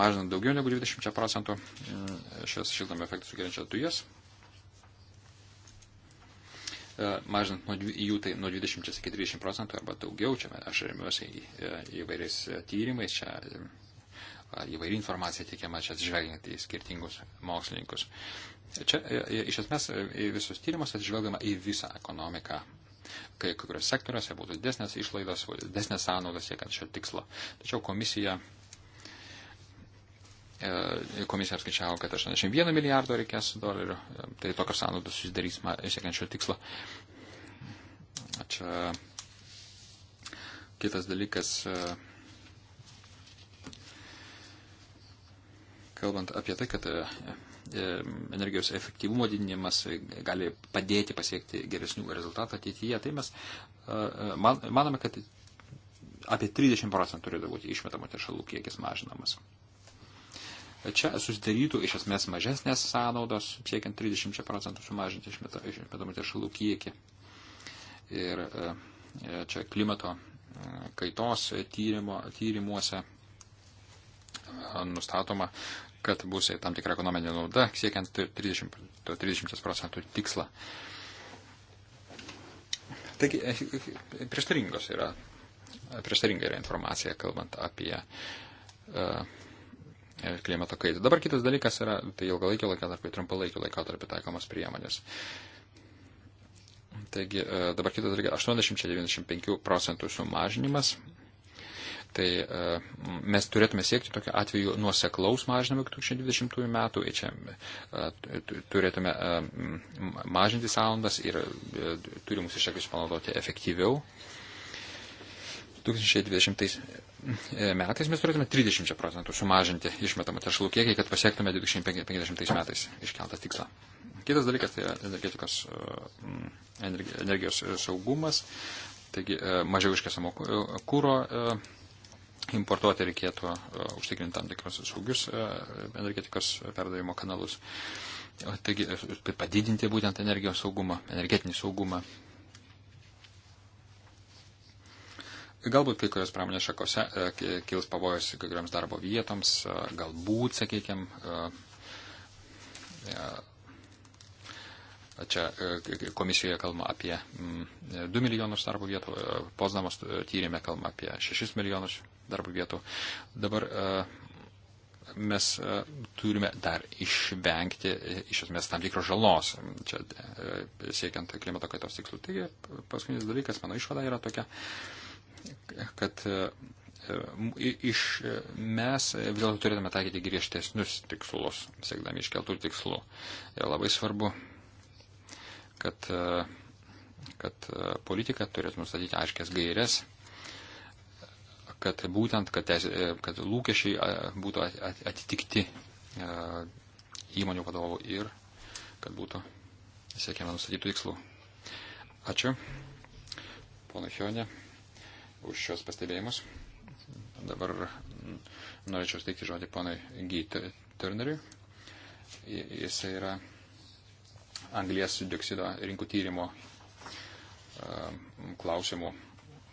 mažinant daugiau negu 20 procentų mm, šias šiltnamio efektą sukeliančias dujas, mažinant nuo, jų tai nuo 20 iki 30 procentų arba daugiau, čia aš remiuosi įvairiais tyrimais, čia įvairi informacija teikiama čia atsižvelgiant į skirtingus mokslininkus. Čia e, e, iš esmės e, visus tyrimus atsižvelgiama į visą ekonomiką. Kai kurios sektoriuose būtų didesnės išlaidos, didesnės sąnaudos siekiant šio tikslo. Tačiau komisija komisija apskaičiavo, kad 81 milijardo reikės dolerių, tai tokios sąnaudos susidarys siekiančio tikslo. Čia kitas dalykas, kalbant apie tai, kad e, e, energijos efektyvumo didinimas e, gali padėti pasiekti geresnių rezultatų ateityje, tai mes man, manome, kad apie 30 procentų turėtų būti išmetamo teršalų kiekis mažinamas. Čia susidarytų iš esmės mažesnės sąnaudos, siekiant 30 procentų sumažinti išmetamų teršalų kiekį. Ir čia klimato kaitos tyrimo, tyrimuose nustatoma kad bus tam tikra ekonominė nauda, siekiant 30, 30 procentų tikslą. Taigi, eh, eh, prieštaringos yra, prieštaringa yra informacija, kalbant apie uh, klimato kaitą. Dabar kitas dalykas yra, tai ilgalaikio laikotarpio, trumpalaikio laikotarpio taikomas priemonės. Taigi, uh, dabar kitas dalykas, 80-95 procentų sumažinimas Tai e, mes turėtume siekti tokiu atveju nuoseklaus mažinimo iki 2020 metų, ir čia e, turėtume e, mažinti sąnaudas ir turimus išteklius panaudoti efektyviau. 2020 metais mes turėtume 30 procentų sumažinti išmetamą teršalų kiekį, kad pasiektume 2050 metais iškeltą tikslą. Kitas dalykas tai yra energetikos, energijos saugumas, taigi mažiau iškesamo kūro importuoti reikėtų e, užtikrinti tam tikrus saugius e, energetikos perdavimo kanalus. Taigi, e, padidinti būtent energijos saugumą, energetinį saugumą. Galbūt kai kurios pramonės šakose kils pavojus kai kuriams darbo vietoms, galbūt, sakykime, čia komisijoje kalba apie 2 mm, milijonus darbo vietų, Poznamas tyrimė kalba apie 6 milijonus darbo vietų. Dabar e, mes e, turime dar išvengti e, iš esmės tam tikros žalos, čia siekiant klimato kaitos tikslų. Taigi, paskutinis dalykas, mano išvada yra tokia, kad iš, mes vis dėlto turėtume taikyti griežtesnius tikslus, siekdami iškeltų tikslų. Ir labai svarbu, kad, kad politika turėtų nustatyti aiškias gairias kad būtent, kad, e, kad lūkesčiai būtų atitikti e, įmonių vadovų ir kad būtų siekiama nustatytų tikslų. Ačiū, ponai Fionė, už šios pastebėjimus. Dabar norėčiau steikti žodį ponai G. Turneriui. Jis yra anglės dioksido rinkų tyrimo e, klausimų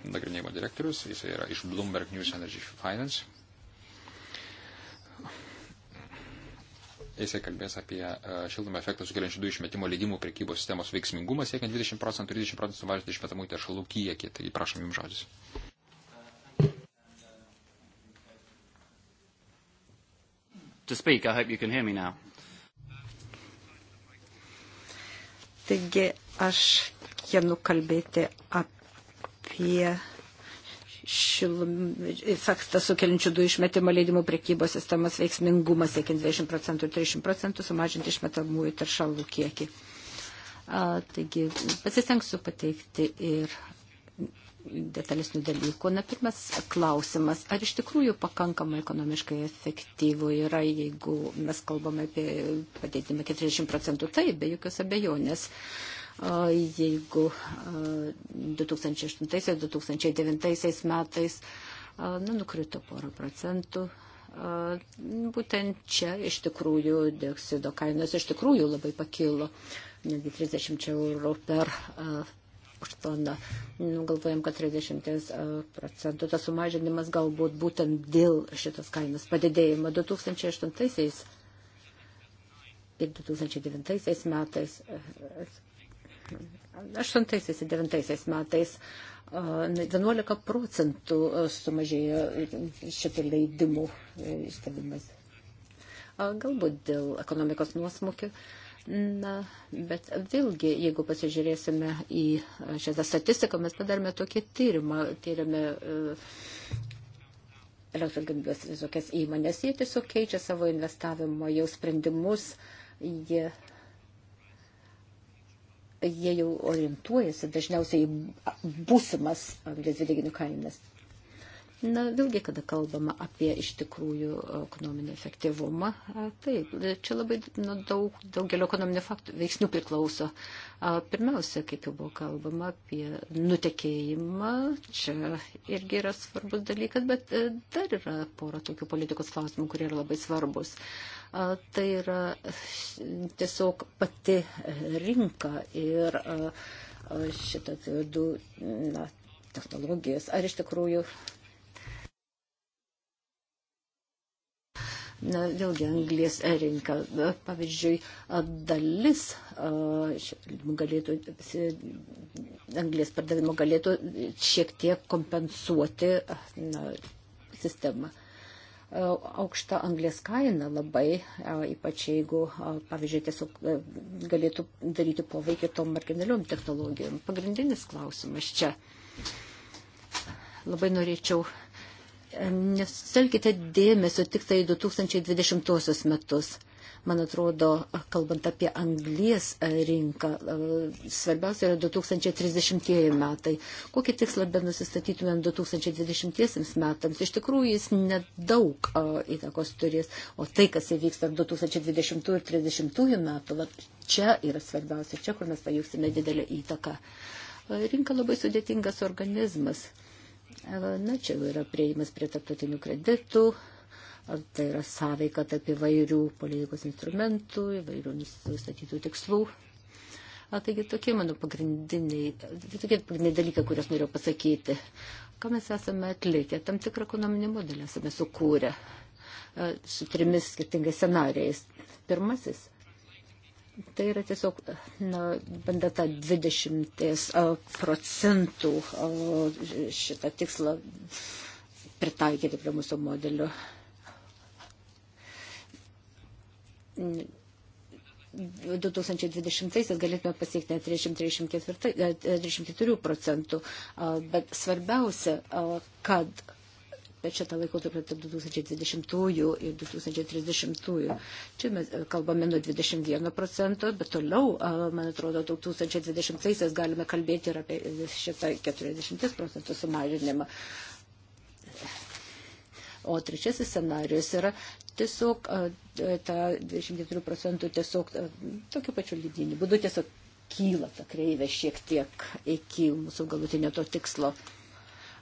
nagrinėjimo direktorius, jis yra iš Bloomberg News Energy Finance. Jisai kalbės apie e, šildomą efektą sukeliančių dujų išmetimo leidimų prekybos sistemos veiksmingumą, siekiant 20 procentų, 30 procentų sumažinti išmetamų teršalų kiekį. Taigi prašom jums žodis. to speak. I hope you can hear me now. Taigi aš kienu kalbėti apie apie efektą sukeliančių dujų išmetimo leidimų priekybos sistemos veiksmingumą siekiant 20 procentų ir 30 procentų sumažinti išmetamųjų teršalų kiekį. A, taigi pasistengsiu pateikti ir detalesnių dalykų. Na, pirmas klausimas, ar iš tikrųjų pakankamai ekonomiškai efektyvų yra, jeigu mes kalbame apie padėtimą 40 procentų, tai be jokios abejonės. Uh, jeigu 2008-2009 metais nu, nukrito porą procentų. Būtent čia iš tikrųjų dioksido kainos iš tikrųjų labai pakilo, netgi 30 eurų per už toną. Nu, galvojam, kad 30 procentų tas sumažinimas galbūt būtent dėl šitos kainos padidėjimo 2008 ir 2009 metais aštuntaisiais ir devintaisiais metais 11 procentų sumažėjo šitų leidimų e, išdavimas. Galbūt dėl ekonomikos nuosmukių. Na, bet vėlgi, jeigu pasižiūrėsime į šią statistiką, mes padarėme tokį tyrimą, tyrėme e, elektros gamybos visokias įmonės, jie tiesiog keičia savo investavimo jau sprendimus, jie jie jau orientuojasi dažniausiai į būsimas anglės dvideginio kainas. Na, vėlgi, kada kalbama apie iš tikrųjų ekonominį efektyvumą, taip, čia labai nu, daug, daugelio ekonominių faktų, veiksnių priklauso. Pirmiausia, kaip jau buvo kalbama apie nutekėjimą, čia irgi yra svarbus dalykas, bet e, dar yra pora tokių politikos klausimų, kurie yra labai svarbus. Tai yra tiesiog pati rinka ir šitą CO2 technologijas, ar iš tikrųjų Na, vėlgi anglės rinka. Pavyzdžiui, dalis galėtų, anglės pardavimo galėtų šiek tiek kompensuoti na, sistemą aukšta anglės kaina labai, ypač jeigu, pavyzdžiui, tiesiog galėtų daryti poveikį tom marginaliom technologijom. Pagrindinis klausimas čia. Labai norėčiau nesutelkite dėmesio tik tai 2020 metus. Man atrodo, kalbant apie anglies rinką, svarbiausia yra 2030 metai. Kokį tikslą be nusistatytumėm 2020 metams, iš tikrųjų jis nedaug įtakos turės, o tai, kas įvyks tarp 2020 ir 2030 metų, va, čia yra svarbiausia, čia, kur mes pajusime didelę įtaką. Rinka labai sudėtingas organizmas E, na, čia yra prieimas prie tarptautinių kreditų, ar e, tai yra sąveika tarp įvairių politikos instrumentų, įvairių nustatytų tikslų. A, e, taigi tokie mano pagrindiniai, tokie pagrindiniai dalykai, kuriuos norėjau pasakyti. Ką mes esame atlikę, tam tikrą ekonominį modelį esame sukūrę su trimis skirtingais scenarijais. Pirmasis Tai yra tiesiog na, bandata 20 procentų šitą tikslą pritaikyti prie mūsų modelio. N 2020-aisiais galėtume pasiekti 334 e, procentų, bet svarbiausia, kad per šitą laikotarpį tarp 2020 ir 2030. Čia mes e, kalbame nuo 21 procento, bet toliau, man atrodo, 2020 galime kalbėti ir apie e, šitą 40 procentų sumažinimą. O trečiasis scenarius yra tiesiog tą 24 procentų tiesiog tokiu pačiu lydinį būdu tiesiog kyla ta kreivė šiek tiek iki mūsų galutinio to tikslo.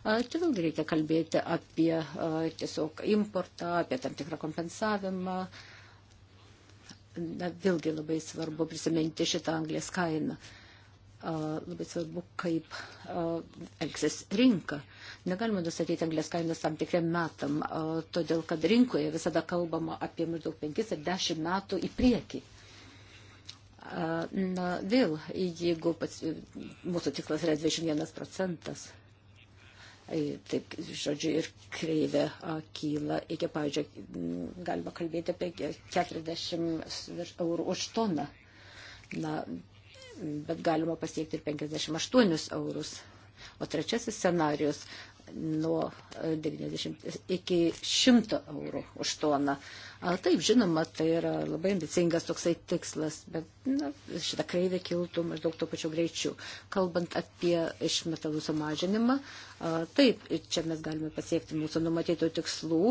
Čia vėlgi reikia kalbėti apie tiesiog importą, apie tam tikrą kompensavimą. Na, vėlgi labai svarbu prisiminti šitą anglės kainą labai svarbu, kaip elgsis rinka. Negalima nustatyti anglės kainos tam tikriam metam, todėl kad rinkoje visada kalbama apie maždaug 5 ar 10 metų į priekį. Na, vėl, jeigu pats, mūsų tikslas yra 21 procentas, Taip, žodžiu, ir kreivė kyla iki, pavyzdžiui, galima kalbėti apie 40 eurų už toną. Na, bet galima pasiekti ir 58 eurus. O trečiasis scenarius nuo 90 e, iki 100 eurų už toną. Taip, žinoma, tai yra labai ambicingas toksai tikslas, bet na, šitą kreivę kiltų maždaug to pačiu greičiu. Kalbant apie išmetalų sumažinimą, taip, čia mes galime pasiekti mūsų numatytų tikslų,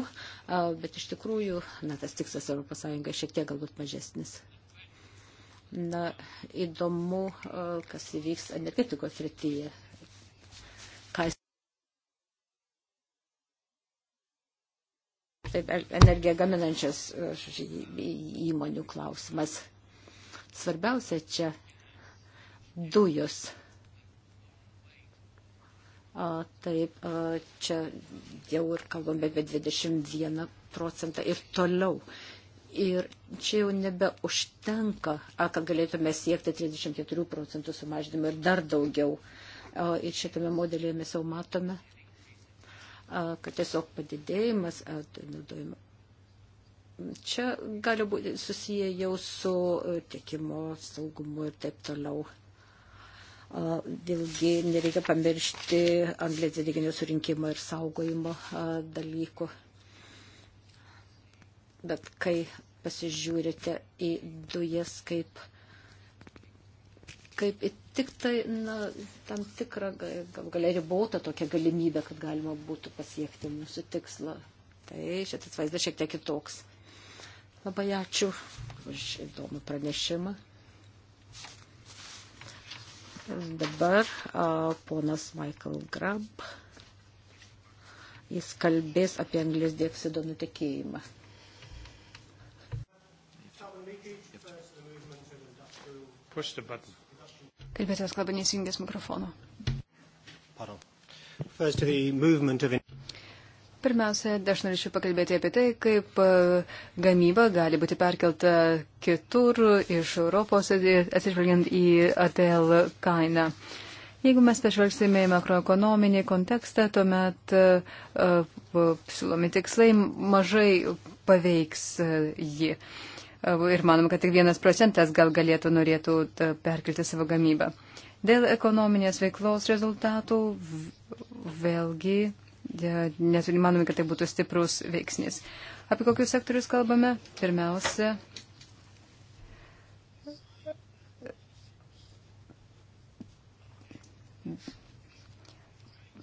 bet iš tikrųjų, na, tas tikslas ES šiek tiek galbūt mažesnis. Na, įdomu, kas įvyks energetikos rytyje taip energiją gaminančios e, įmonių klausimas. Svarbiausia čia dujos. A, taip, a, čia jau ir kalbam apie 21 procentą ir toliau. Ir čia jau nebeužtenka, a, kad galėtume siekti 34 procentų sumažinimą ir dar daugiau. A, ir šitame modelėje mes jau matome, kad tiesiog padidėjimas tai naudojimo. Čia gali būti susiję jau su tiekimo saugumu ir taip toliau. Vėlgi nereikia pamiršti anglės dvideginio surinkimo ir saugojimo dalykų. Bet kai pasižiūrite į dujas kaip kaip tik tai na, tam tikrą, gal galia ribota tokia galimybė, kad galima būtų pasiekti mūsų tikslą. Tai šitas vaizdas šiek tiek kitoks. Labai ačiū už įdomų pranešimą. Dabar a, ponas Michael Grab. Jis kalbės apie anglės dioksido nutekėjimą. Push the button. Kalbėtės kalba nesijungęs mikrofono. Pirmiausia, aš norėčiau pakalbėti apie tai, kaip e, gamyba gali būti perkelta kitur iš Europos, e, atsižvelgiant į ATL kainą. Jeigu mes pažvelgsime į makroekonominį kontekstą, tuomet e, siūlomi tikslai mažai paveiks jį. Uh, ir manom, kad tik vienas procentas gal galėtų norėtų e, perkelti savo gamybą. Dėl ekonominės veiklos rezultatų vėlgi e, nemanome, kad tai būtų stiprus veiksnis. Apie kokius sektorius kalbame? Pirmiausia,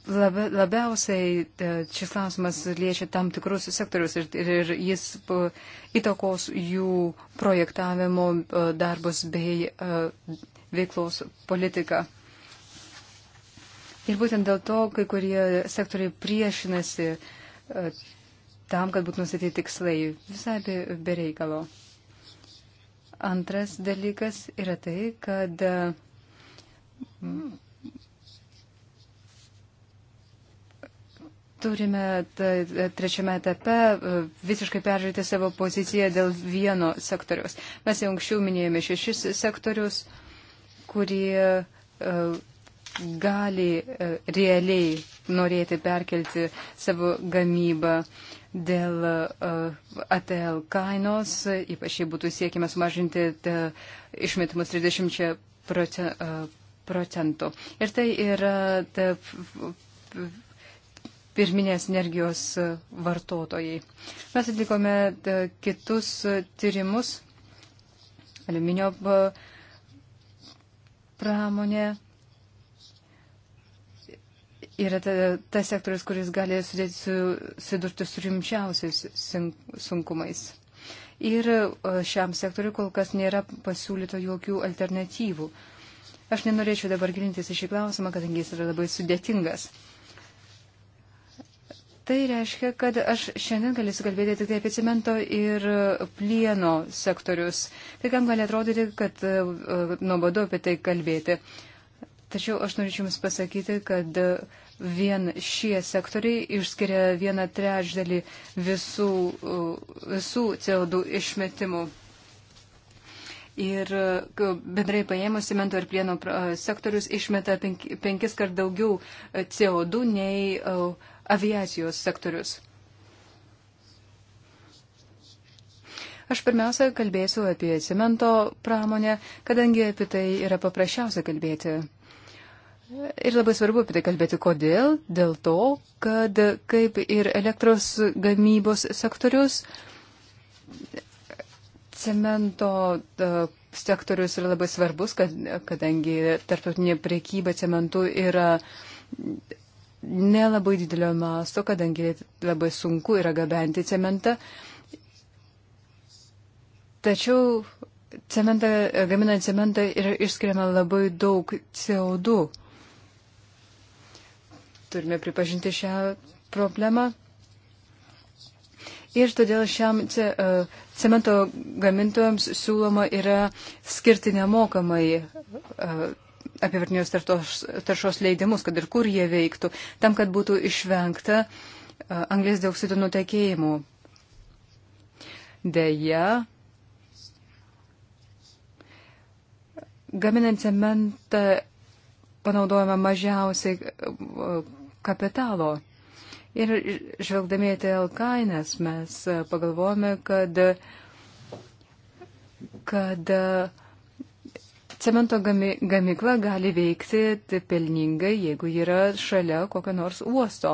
Labai, labiausiai e, šis klausimas liečia tam tikrus sektorius ir, ir, ir jis e, įtakos jų projektavimo e, darbus bei veiklos politiką. Ir būtent dėl to kai kurie sektoriai priešinasi tam, kad būtų nustatyti tikslai visai be, be reikalo. Antras dalykas yra tai, kad turime e, trečiame etape e, visiškai peržiūrėti savo poziciją dėl vieno sektoriaus. Mes jau anksčiau minėjome šešis sektorius, kurie e, gali realiai norėti perkelti savo gamybą dėl ATL kainos, ypač jei būtų siekime sumažinti išmetimus 30 procentų. Ir tai yra ta pirminės energijos e, vartotojai. Mes atlikome e, kitus e, tyrimus, aliuminio pramonė. Yra tas ta sektorius, kuris gali susidurti su rimčiausiais sunkumais. Ir šiam sektoriu kol kas nėra pasiūlyta jokių alternatyvų. Aš nenorėčiau dabar gilintis į šį klausimą, kadangi jis yra labai sudėtingas. Tai reiškia, kad aš šiandien galėsiu kalbėti tik tai apie cemento ir plieno sektorius. Kai kam gali atrodyti, kad e, e, nuobodu apie tai kalbėti. Tačiau aš norėčiau Jums pasakyti, kad vien šie sektoriai išskiria vieną trečdalį visų, e, visų CO2 išmetimų. Ir bendrai paėmus cemento ir plieno sektorius išmeta penkis kart daugiau CO2 nei uh, aviacijos sektorius. Aš pirmiausia kalbėsiu apie cemento pramonę, kadangi apie tai yra paprasčiausia kalbėti. Ir labai svarbu apie tai kalbėti. Kodėl? Dėl to, kad kaip ir elektros gamybos sektorius, cemento sektorius yra labai svarbus, kad, kadangi tarptautinė priekyba cementu yra nelabai didelio masto, kadangi labai sunku yra gabenti cementą. Tačiau cementą, gaminant cementą yra išskiriama labai daug CO2. Turime pripažinti šią problemą. Ir todėl šiam ce, e, cemento gamintojams siūloma yra skirti nemokamai e, apivartinius taršos, taršos leidimus, kad ir kur jie veiktų, tam, kad būtų išvengta anglės dioksido nutekėjimų. Deja, gaminant cementą panaudojama mažiausiai kapitalo. Ir žvelgdami į TL kainas mes pagalvojame, kad, kad cemento gami, gamikla gali veikti pelningai, jeigu yra šalia kokio nors uosto.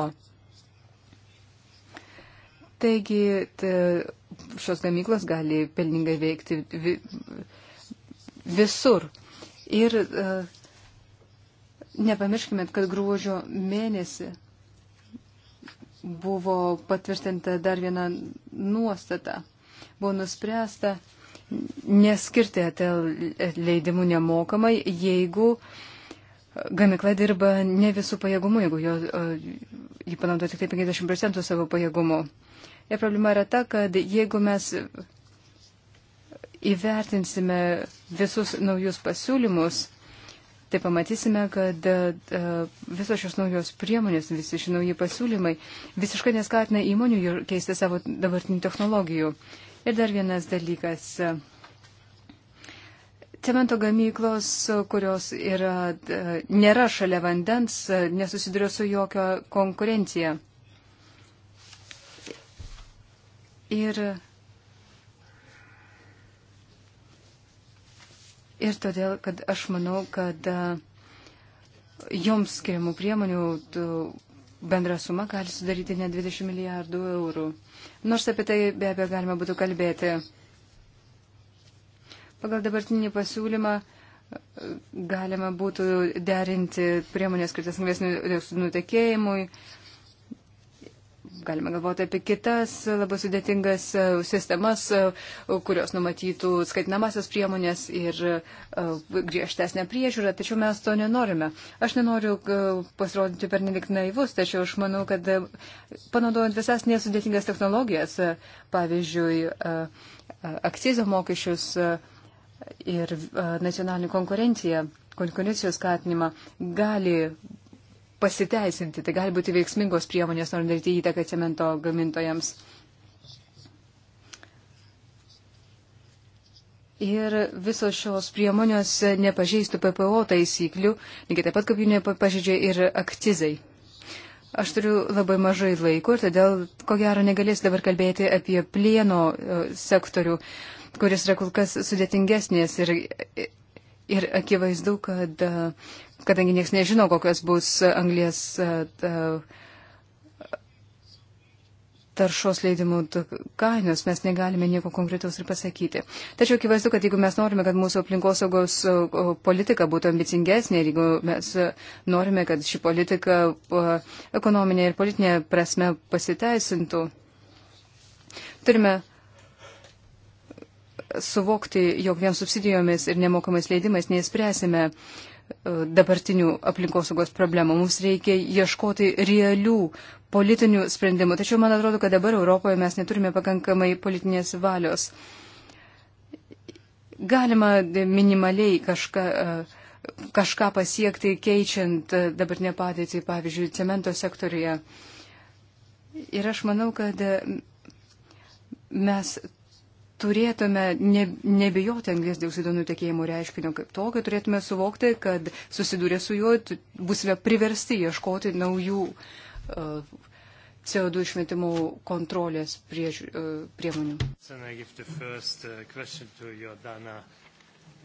Taigi ta, šios gamyklos gali pelningai veikti vi, visur. Ir uh, nepamirškime, kad gruodžio mėnesį buvo patvirtinta dar viena nuostata. Buvo nuspręsta, uh, neskirti atleidimų nemokamai, jeigu gamikla dirba ne visų pajėgumų, jeigu jo, jį panaudoja tik tai 50 procentų savo pajėgumų. Ir problema yra ta, kad jeigu mes įvertinsime visus naujus pasiūlymus, tai pamatysime, kad e, e, visos šios naujos priemonės, visi šie nauji pasiūlymai visiškai neskatina įmonių keisti savo dabartinių technologijų. Ir dar vienas dalykas. Cemento gamyklos, kurios yra, nėra šalia vandens, nesusiduria su jokio konkurencija. Ir, ir todėl, kad aš manau, kad joms skiriamų priemonių bendra suma gali sudaryti ne 20 milijardų eurų. Nors apie tai be abejo galima būtų kalbėti. Pagal dabartinį pasiūlymą e, galima būtų derinti priemonės skirtas anglės nutekėjimui, Galima galvoti apie kitas labai sudėtingas e, sistemas, e, kurios numatytų skaitinamasias priemonės ir e, griežtesnę priežiūrą, tačiau mes to nenorime. Aš nenoriu pasirodyti per nelik naivus, tačiau aš manau, kad panaudojant visas nesudėtingas technologijas, pavyzdžiui, akcizo mokesčius ir nacionalinį konkurenciją, konkurencijos skatinimą, gali pasiteisinti. Tai gali būti veiksmingos priemonės, norint daryti įtaką cemento gamintojams. Ir visos šios priemonės nepažeistų PPO taisyklių, lygiai taip pat kaip jų nepažeidžia ir akcizai. Aš turiu labai mažai laiko ir todėl, ko gero, negalėsiu dabar kalbėti apie plieno e, sektorių, kuris yra kol kas sudėtingesnės ir, ir akivaizdu, kad e, kadangi niekas nežino, kokios bus anglės e, e, taršos leidimų kainos, mes negalime nieko konkretaus ir pasakyti. Tačiau akivaizdu, kad jeigu mes norime, kad mūsų aplinkosaugos politika būtų ambicingesnė ir jeigu mes e, norime, kad ši politika ekonominė ir politinė prasme pasiteisintų, turime suvokti, jog vien subsidijomis ir nemokamais leidimais neįspręsime dabartinių aplinkosaugos problemų. Mums reikia ieškoti realių politinių sprendimų. Tačiau man atrodo, kad dabar Europoje mes neturime pakankamai politinės valios. Galima minimaliai kažką, kažką pasiekti, keičiant dabartinę padėtį, pavyzdžiui, cemento sektorija. Ir aš manau, kad mes turėtume ne, nebijoti anglės dioksido nutekėjimo reiškinio kaip to, kad turėtume suvokti, kad susidūrė su juo, busime priversti ieškoti naujų uh, e, CO2 išmetimo kontrolės prieš, e, uh, priemonių.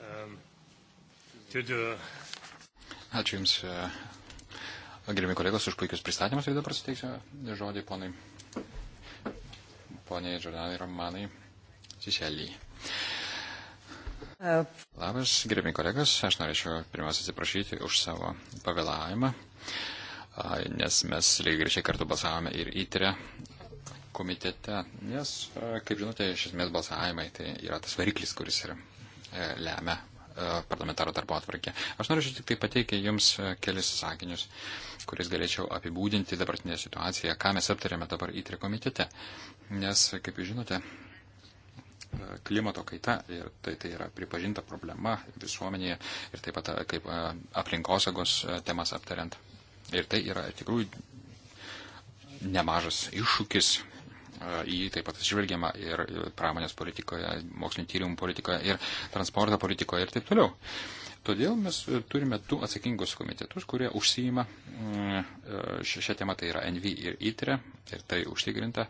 Um, Ačiū Jums, e, gerbimi kolegos, už puikius pristatymus. Dabar suteiksiu žodį ponai. Poniai Džordanai Romanai. Čišelį. Uh, Labas, gerbimi kolegos, aš norėčiau pirmiausia atsiprašyti už savo pavėlavimą, nes mes lygiai greičiai kartu balsavome ir įtrė komitete, nes, kaip žinote, iš esmės balsavimai tai yra tas variklis, kuris ir e, lemia e, parlamentaro darbo atvarkė. Aš norėčiau tik tai pateikti jums e, kelis sakinius, kuris galėčiau apibūdinti dabartinę situaciją, ką mes aptarėme dabar įtrė komitete, nes, kaip jūs žinote, E, klimato kaita ir tai, tai yra pripažinta problema visuomenėje ir taip pat e, kaip e, aplinkosaugos temas aptariant. Ir tai yra iš tikrųjų nemažas iššūkis. Į jį taip pat atsižvelgiama ir pramonės politikoje, mokslinio tyrimų politikoje ir transporto politikoje ir taip toliau. Todėl mes turime du atsakingus komitetus, kurie užsijima mm, šią temą, tai yra NV ir ITRE, ir tai užtikrinta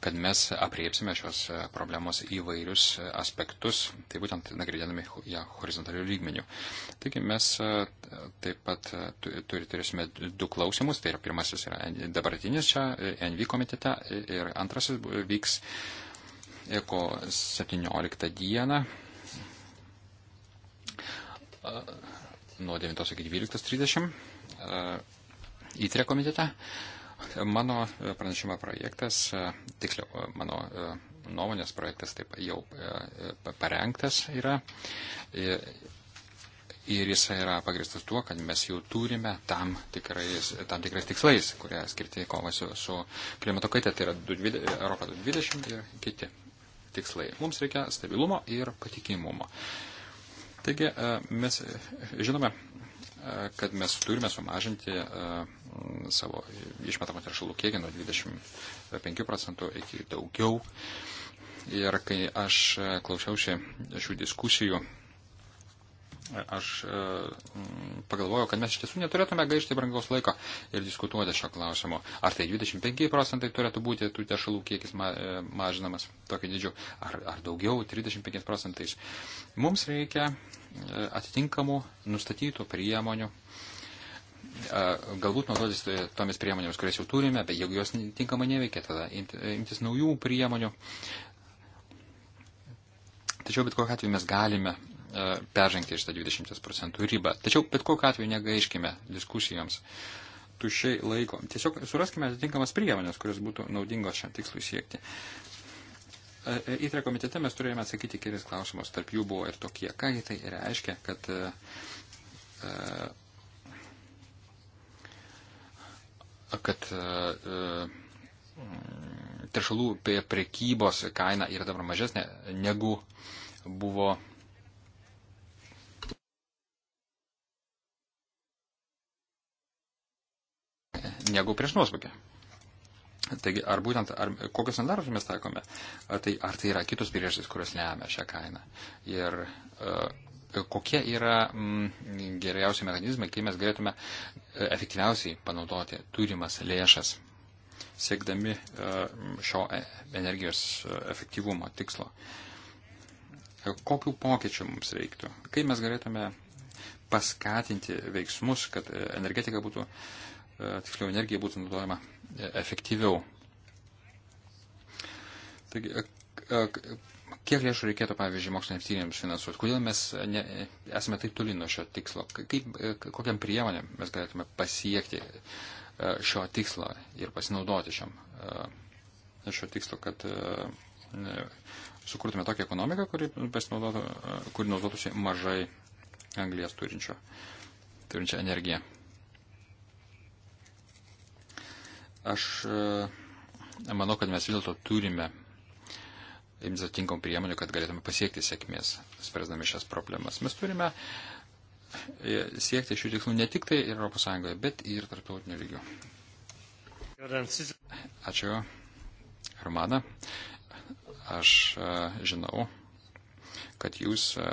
kad mes apriepsime šios e, problemos įvairius e, aspektus, tai būtent nagrinėdami ją horizontalių lygmenių. Taigi mes e, taip pat turėsime du klausimus, tai yra pirmasis yra dabartinis čia NV komitete ir antrasis vyks ECO 17 dieną nuo 9 iki 12.30 įtrė komitete. Mano e, pranešimo projektas, e, tiksliau, e, mano nuomonės projektas taip jau parengtas yra. Ir jis yra pagristas tuo, kad mes jau turime tam tikrais, tam tikrais tikslais, kurie skirti kovai su, su klimato kaita. Tai yra 20, Europa 2020 ir kiti tikslai. Mums reikia stabilumo ir patikimumo. Taigi mes žinome, kad mes turime sumažinti savo išmetamą teršalų kiekį nuo 25 procentų iki daugiau. Ir kai aš e, klausiausi šių diskusijų, e, aš e, pagalvojau, kad mes iš tiesų neturėtume gaišti brangaus laiko ir diskutuoti šio klausimo. Ar tai 25 procentai turėtų būti tų teršalų kiekis mažinamas tokiu dydžiu, ar, ar daugiau 35 procentais. Mums reikia atitinkamų nustatytų priemonių, galbūt naudotis e, tomis priemonėmis, kurias jau turime, bet jeigu jos tinkamai neveikia, tada e, imtis naujų priemonių. Tačiau bet kokiu atveju mes galime e, peržengti šitą 20 procentų ribą. Tačiau bet kokiu atveju negaiškime diskusijoms tušiai laiko. Tiesiog suraskime atitinkamas priemonės, kurios būtų naudingos šiam tikslui siekti. Įtre komitete mes turėjome atsakyti kelis klausimus, tarp jų buvo ir tokie, ką tai reiškia, kad kad e, e, teršalų priekybos kaina yra dabar mažesnė negu buvo. negu prieš nuosmukį. Taigi, ar būtent, ar, kokius standartus mes taikome, tai ar tai yra kitos priežastys, kurios lemia šią kainą. Ir uh, kokie yra mm, geriausi mechanizmai, kai mes galėtume e, efektyviausiai panaudoti turimas lėšas, siekdami e, šio e, energijos efektyvumo tikslo. Kokių pokyčių mums reiktų? Kaip mes galėtume paskatinti veiksmus, kad energetika būtų, tiksliau, energija būtų naudojama efektyviau. Taigi, Kiek lėšų reikėtų, pavyzdžiui, moksliniams tyrimams finansuoti? Kodėl mes ne, esame taip toli nuo šio tikslo? Kaip, e, kokiam priemonėm mes galėtume pasiekti e, šio tikslo ir pasinaudoti šiam, e, šio tikslo, kad sukurtume tokią ekonomiką, kuri, kuri naudotųsi mažai anglijas turinčio, turinčią energiją. Aš manau, kad mes vis dėlto turime imtis atitinkamų priemonių, kad galėtume pasiekti sėkmės, spręsdami šias problemas. Mes turime e, siekti šių tikslų ne tik tai ES, bet ir tarptautiniu lygiu. Ačiū, Romana. Aš e, žinau, kad jūs e,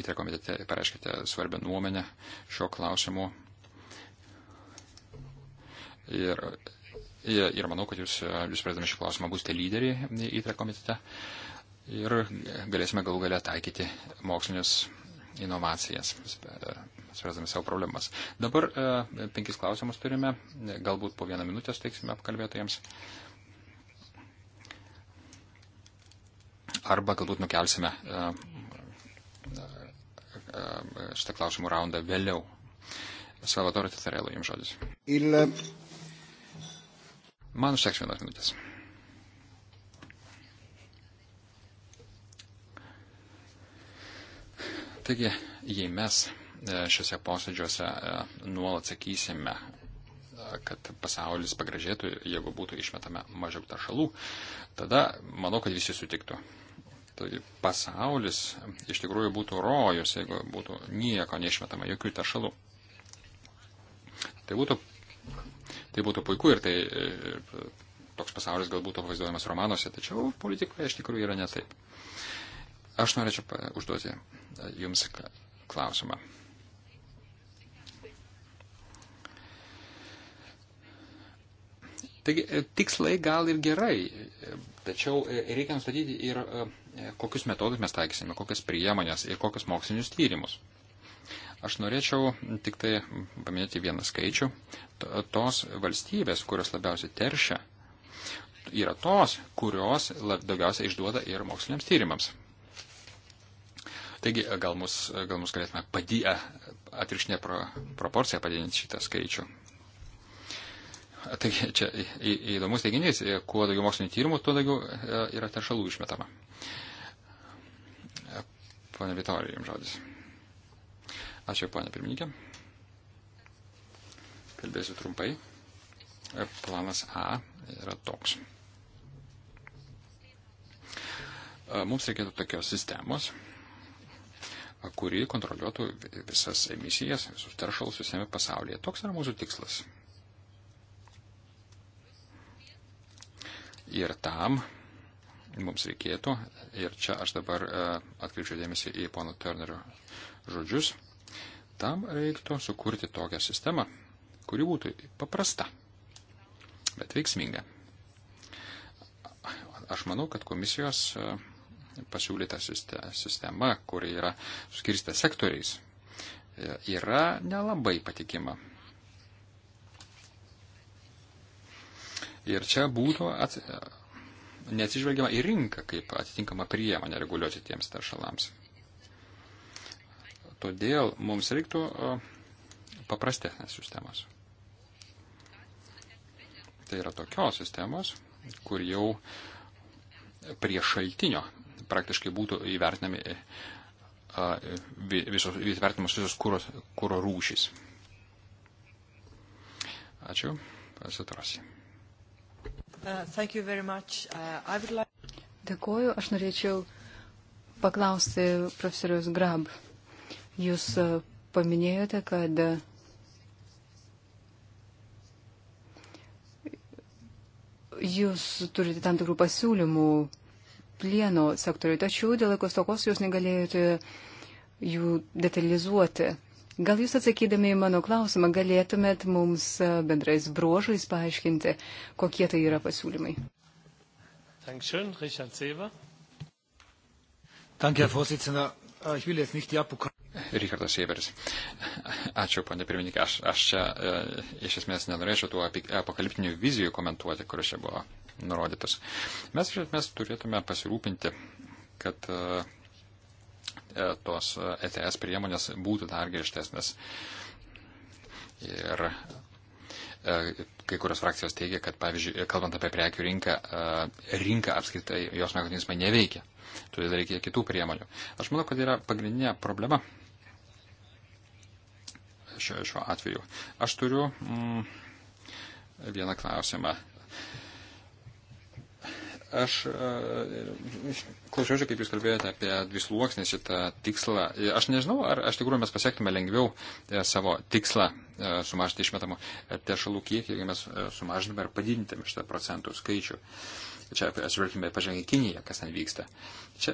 įtre komitete pareiškite svarbią nuomenę šio klausimu. Ir Ir, ir manau, kad jūs, e, jūs spręsdami šį klausimą, būsite lyderiai įtre komitete ir galėsime galų galę taikyti mokslinės inovacijas, e, spręsdami savo problemas. Dabar e, penkis klausimus turime, galbūt po vieną minutę steiksime apkalbėtojams. Arba galbūt nukelsime e, e, e, šitą klausimų raundą vėliau. Salvatore Tatarelo, jums žodis. Il Man užteks vienos minutės. Taigi, jei mes e, šiuose posėdžiuose e, nuolat sakysime, e, kad pasaulis pagražėtų, jeigu būtų išmetama mažiau taršalų, tada manau, kad visi sutiktų. Taigi, pasaulis iš tikrųjų būtų rojus, jeigu būtų nieko neišmetama, jokių taršalų. Tai būtų Tai būtų puiku ir tai e, toks pasaulis galbūt vaizduojamas romanuose, tačiau politikoje iš tikrųjų yra ne taip. Aš norėčiau užduoti e, Jums klausimą. Taigi, e, tikslai gal ir gerai, tačiau reikia nustatyti ir kokius metodus mes taikysime, kokias priemonės ir kokius mokslinius tyrimus. Aš norėčiau tik tai paminėti vieną skaičių. Tos valstybės, kurios labiausiai teršia, yra tos, kurios daugiausiai išduoda ir moksliniams tyrimams. Taigi, gal mus, gal mus galėtume padį, atvirkštinę pro, proporciją padidinti šitą skaičių. Taigi, čia į, įdomus teiginys, kuo daugiau mokslinio tyrimų, tuo daugiau e, yra teršalų išmetama. Pane Vitorijai, jums žodis. Ačiū, ponė pirmininkė. Kalbėsiu trumpai. E, planas A yra toks. E, mums reikėtų tokios sistemos, e, kuri kontroliuotų visas emisijas, visus teršalus visame pasaulyje. Toks yra mūsų tikslas. Ir tam mums reikėtų, ir čia aš dabar atkreipčiau dėmesį į pono Turnerio žodžius, Tam reiktų sukurti tokią sistemą, kuri būtų paprasta, bet veiksminga. Aš manau, kad komisijos e, pasiūlyta sistema, kuri yra skirsta sektoriais, e, yra nelabai patikima. Ir čia būtų at... E, neatsižvelgiama į rinką kaip atitinkama priemonė reguliuoti tiems taršalams. Todėl mums reiktų paprastesnės sistemos. Tai yra tokios sistemos, kur jau prie šaltinio praktiškai būtų įvertinami visos, įvertinamas visos kūro, kūro rūšys. Ačiū, pasitarasi. Uh, uh, like... Dėkuoju, aš norėčiau paklausti profesorius Grab. Uh, Jūs e, paminėjote, kad e, jūs turite tam tikrų pasiūlymų plieno sektoriui, tačiau dėl laikos tokos jūs negalėjote jų detalizuoti. Gal jūs atsakydami į mano klausimą galėtumėt mums e, bendrais bruožais paaiškinti, kokie tai yra pasiūlymai? Dankeschön, Richard Seber. Danke, Herr Vorsitzender. Äh, ich will jetzt nicht die Apokalypse. Richardas Sieveris. Ačiū, ponė pirmininkė. Aš, aš čia e, iš esmės nenorėčiau tų apokaliptinių vizijų komentuoti, kurios čia buvo nurodytos. Mes iš esmės turėtume pasirūpinti, kad e, e tos ETS e priemonės būtų dar griežtesnės. Ir e, kai kurios frakcijos teigia, kad, pavyzdžiui, kalbant apie prekių rinką, rinka apskritai, jos mechanizmai neveikia. Todėl reikia kitų priemonių. Aš manau, kad yra pagrindinė problema šio, šio atveju. Aš turiu mm, vieną klausimą. Aš e, klausiausi, kaip Jūs kalbėjote apie dvisluoksnį šitą tikslą. Aš nežinau, ar aš tikrųjų mes pasiektume lengviau e, savo tikslą e, sumažinti išmetamų teršalų kiekį, jeigu mes sumažintume ar padidintume šitą procentų skaičių. Čia atsižvelgime pažengę Kiniją, kas ten vyksta. Čia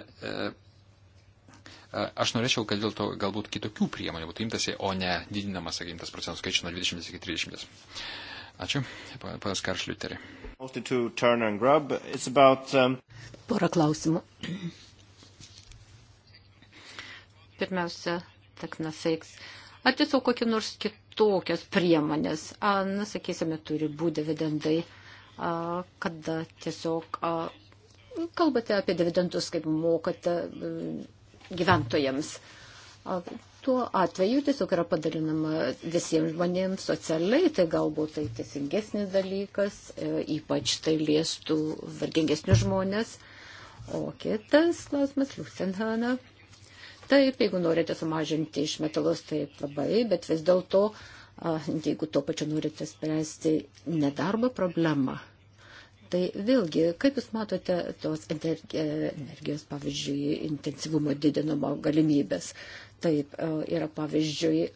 Aš norėčiau, kad dėl to galbūt kitokių priemonių būtų imtasi, o ne didinamas, sakykime, tas procentų skaičius nuo 20 iki 30. Ačiū, panas Karšliuterį. Um, Porą klausimų. Pirmiausia, teknafeiks. Ar tiesiog kokie nors kitokios priemonės, a, na, sakysime, turi būti dividendai, a, kada tiesiog a, kalbate apie dividendus, kaip mokate. A, gyventojams. Tuo atveju tiesiog yra padalinama visiems žmonėms socialiai, tai galbūt tai teisingesnis dalykas, e, ypač tai liestų vargingesnius žmonės. O kitas klausimas, Lusenhana. Taip, jeigu norite sumažinti išmetalus, taip labai, bet vis dėlto, jeigu tuo pačiu norite spręsti nedarbo problemą, Tai vėlgi, kaip Jūs matote tos energijos, pavyzdžiui, intensyvumo didinimo galimybės? Taip, e, yra pavyzdžiui,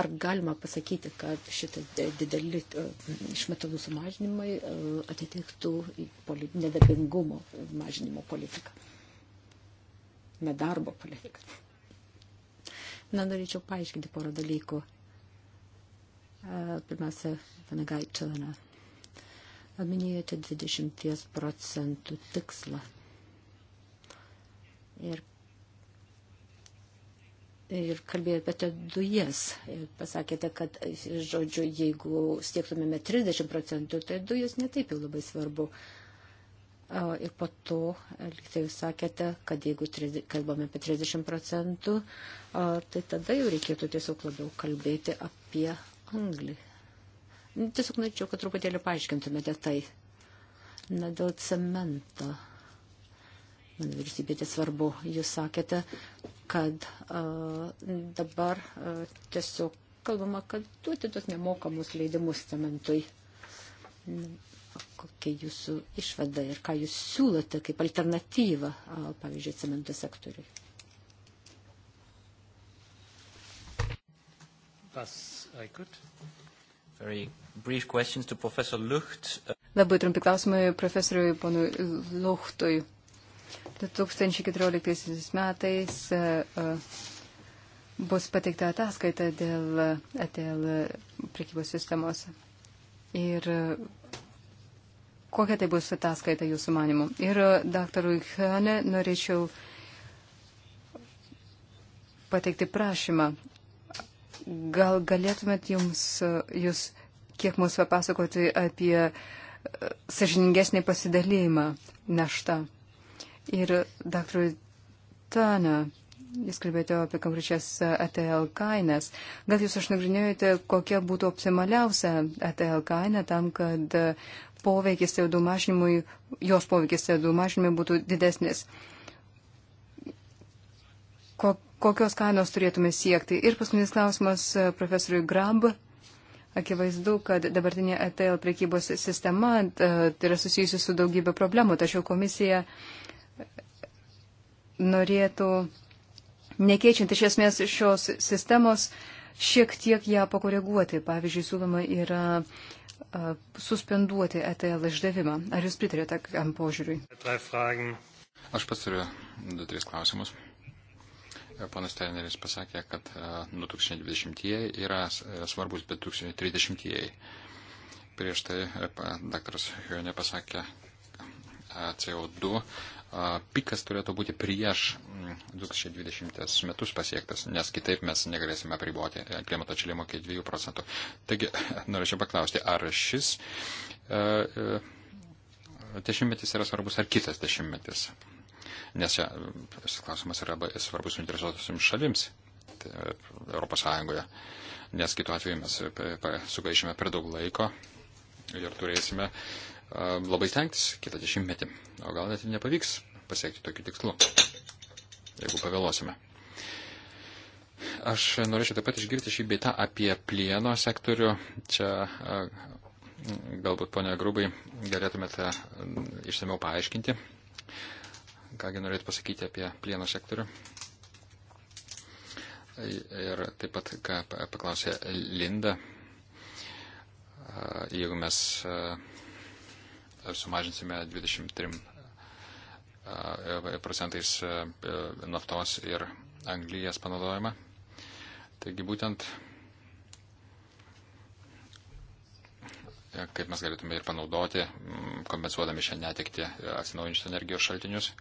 ar galima pasakyti, kad šitas dideli e, išmetalų sumažinimai e, atitiktų nedarbingumo mažinimo politiką? Nedarbo politiką. Na, norėčiau paaiškinti porą dalykų. Pirmiausia, Vanagai Čelena Paminėjote 20 procentų tikslą. Ir, ir kalbėjote apie dujas. Ir pasakėte, kad, žodžiu, jeigu siektumėme 30 procentų, tai dujos netaip jau labai svarbu. Ir po to, liktai jūs sakėte, kad jeigu 30, kalbame apie 30 procentų, tai tada jau reikėtų tiesiog labiau kalbėti apie anglį. Tiesiog norėčiau, kad truputėlį paaiškintumėte tai. Na, dėl cemento. Man vyriausybė tai svarbu. Jūs sakėte, kad uh, dabar uh, tiesiog kalbama, kad duoti tos nemokamus leidimus cementui. Na, kokia jūsų išvada ir ką jūs siūlote kaip alternatyvą, uh, pavyzdžiui, cemento sektoriui? Was I could. Labai trumpi klausimai profesoriui ponui Luchtui. 2014 metais e, e, bus pateikta ataskaita dėl, e, dėl prekybos sistemos. Ir kokia tai bus ataskaita jūsų manimu? Ir daktarui Hane norėčiau pateikti prašymą. Gal galėtumėt jums, jūs kiek mums papasakoti apie e, sažiningesnį pasidalymą naštą. Ir daktarui Tana, jūs kalbėjote apie konkrečias ATL kainas. Gal jūs išnagrinėjote, kokia būtų optimaliausia ATL kaina tam, kad poveikis CO2 mažinimui, jos poveikis CO2 mažinimui būtų didesnis. Kok kokios kainos turėtume siekti. Ir paskutinis klausimas e, profesoriui Grab. Akivaizdu, kad dabartinė ATL priekybos sistema e, tai yra susijusi su daugybė problemų, tačiau komisija norėtų, nekeičiant iš esmės šios sistemos, šiek tiek ją pakoreguoti. Pavyzdžiui, siūloma yra uh, suspenduoti ETL išdavimą. Ar jūs pritarėte tam požiūriui? Aš pasiriu du, tris klausimus. E, panas Terneris pasakė, kad 2020-ieji e, yra e, svarbus, bet 2030-ieji. Prieš tai daktaras Hjonė pasakė, CO2 pikas turėtų būti prieš 2020 metus pasiektas, nes kitaip mes negalėsime apriboti klimato atšilimo iki 2 procentų. Taigi, *laughs* norėčiau paklausti, ar šis dešimtmetis yra svarbus, ar kitas dešimtmetis? nes čia šis klausimas yra svarbus suinteresuotosiams šalims tai, Europos Sąjungoje, nes kitu atveju mes sugaišime per daug laiko ir turėsime labai stengtis kitą dešimtmetį, o gal net nepavyks pasiekti tokių tikslų, jeigu pavėluosime. Aš norėčiau taip pat išgirti šį beitą apie plieno sektorių. Čia galbūt, ponia Grubai, galėtumėte išsameu paaiškinti kągi norėtų pasakyti apie plieno sektorių. Ir taip pat, ką paklausė Linda, jeigu mes sumažinsime 23 e, procentais e, naftos ir anglijas panaudojimą. Taigi būtent, e, kaip mes galėtume ir panaudoti, kompensuodami šią netikti atsinaujinčius energijos šaltinius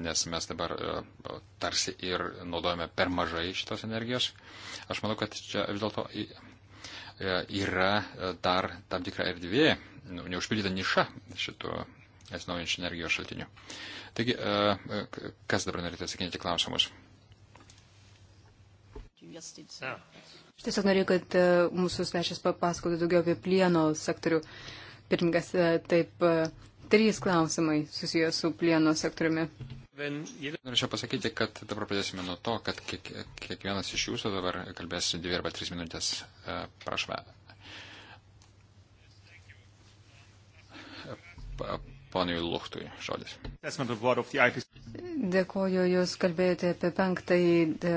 nes mes dabar e, tarsi ir naudojame per mažai šitos energijos. Aš manau, kad čia vis dėlto e, yra e, dar tam tikra erdvė, nu, neužpildyta niša šito atsinaujančių energijos šaltinių. Taigi, kas dabar norite atsakyti klausimus? Aš tiesiog norėjau, kad mūsų svečias papasakotų daugiau apie plieno sektorių. Pirmingas taip Trys klausimai susijęs su plieno sektoriumi. Norėčiau pasakyti, kad dabar pradėsime nuo to, kad kiek, kiekvienas iš jūsų dabar kalbės dvi arba tris minutės. E, prašome. E, ponui Luchtui žodis. Dėkoju, jūs kalbėjote apie penktąjį. De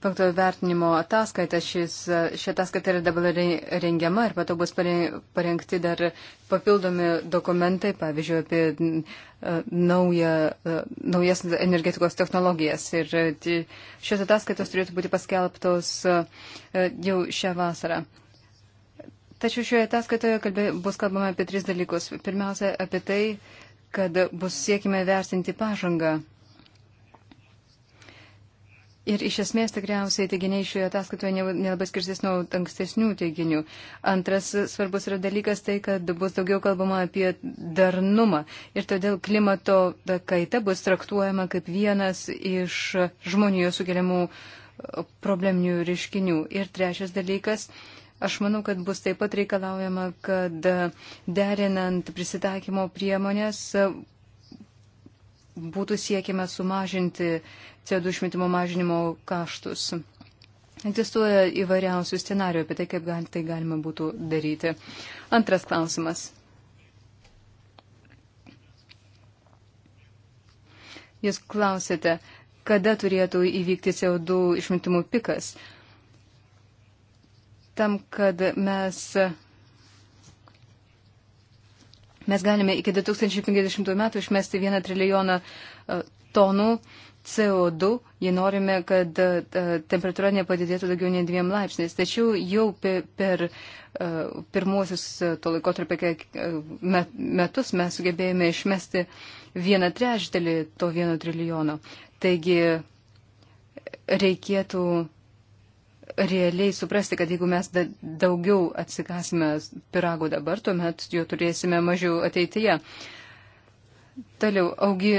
penktojo vertinimo ataskaita, šis, ši ataskaita yra dabar rengiama ir pato bus parengti dar papildomi dokumentai, pavyzdžiui, apie e, naują, e, naujas energetikos technologijas. Ir e, šios ataskaitos turėtų būti paskelbtos jau šią vasarą. Tačiau šioje ataskaitoje kalbė, bus kalbama apie tris dalykus. Pirmiausia, apie tai, kad bus siekime vertinti pažangą Ir iš esmės tikriausiai teiginiai šioje ataskaitoje nelabai skirsis nuo ankstesnių teiginių. Antras svarbus yra dalykas tai, kad bus daugiau kalbama apie darnumą ir todėl klimato kaita bus traktuojama kaip vienas iš žmonijos sukeliamų e, probleminių reiškinių. Ir trečias dalykas. Aš manau, kad bus taip pat reikalaujama, kad derinant prisitaikymo priemonės būtų siekime sumažinti CO2 išmetimo mažinimo kaštus. Egzistuoja įvairiausių scenarių apie tai, kaip tai galima būtų daryti. Antras klausimas. Jūs klausėte, kada turėtų įvykti CO2 išmetimų pikas. Tam, kad mes Mes galime iki 2050 metų išmesti vieną trilijoną e, tonų CO2, jei norime, kad e, temperatūra nepadidėtų daugiau nei dviem laipsniais. Tačiau jau per e, pirmuosius to laikotarpio metus mes sugebėjome išmesti vieną trečdalį to vieno trilijono. Taigi reikėtų realiai suprasti, kad jeigu mes daugiau atsikasime pirago dabar, tuomet jo turėsime mažiau ateityje. Toliau, augi,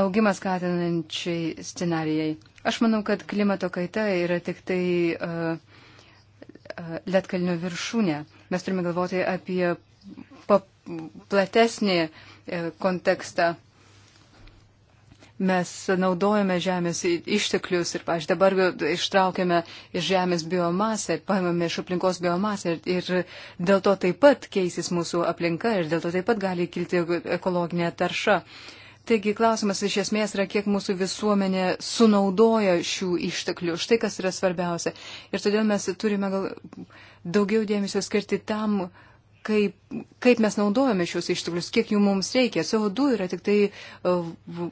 augimas skatinančiai scenarijai. Aš manau, kad klimato kaita yra tik tai uh, uh, lietkalnio viršūnė. Mes turime galvoti apie platesnį uh, kontekstą. Uh, mes naudojame žemės išteklius ir, pažiūrėjau, dabar ištraukėme iš žemės biomasę ir paimame iš aplinkos biomasę ir, ir dėl to taip pat keisis mūsų aplinka ir dėl to taip pat gali kilti ekologinė tarša. Taigi klausimas iš esmės yra, kiek mūsų visuomenė sunaudoja šių išteklių. Štai kas yra svarbiausia. Ir todėl mes turime gal daugiau dėmesio skirti tam, kaip, kaip mes naudojame šios išteklius, kiek jų mums reikia. CO2 yra tik tai uh,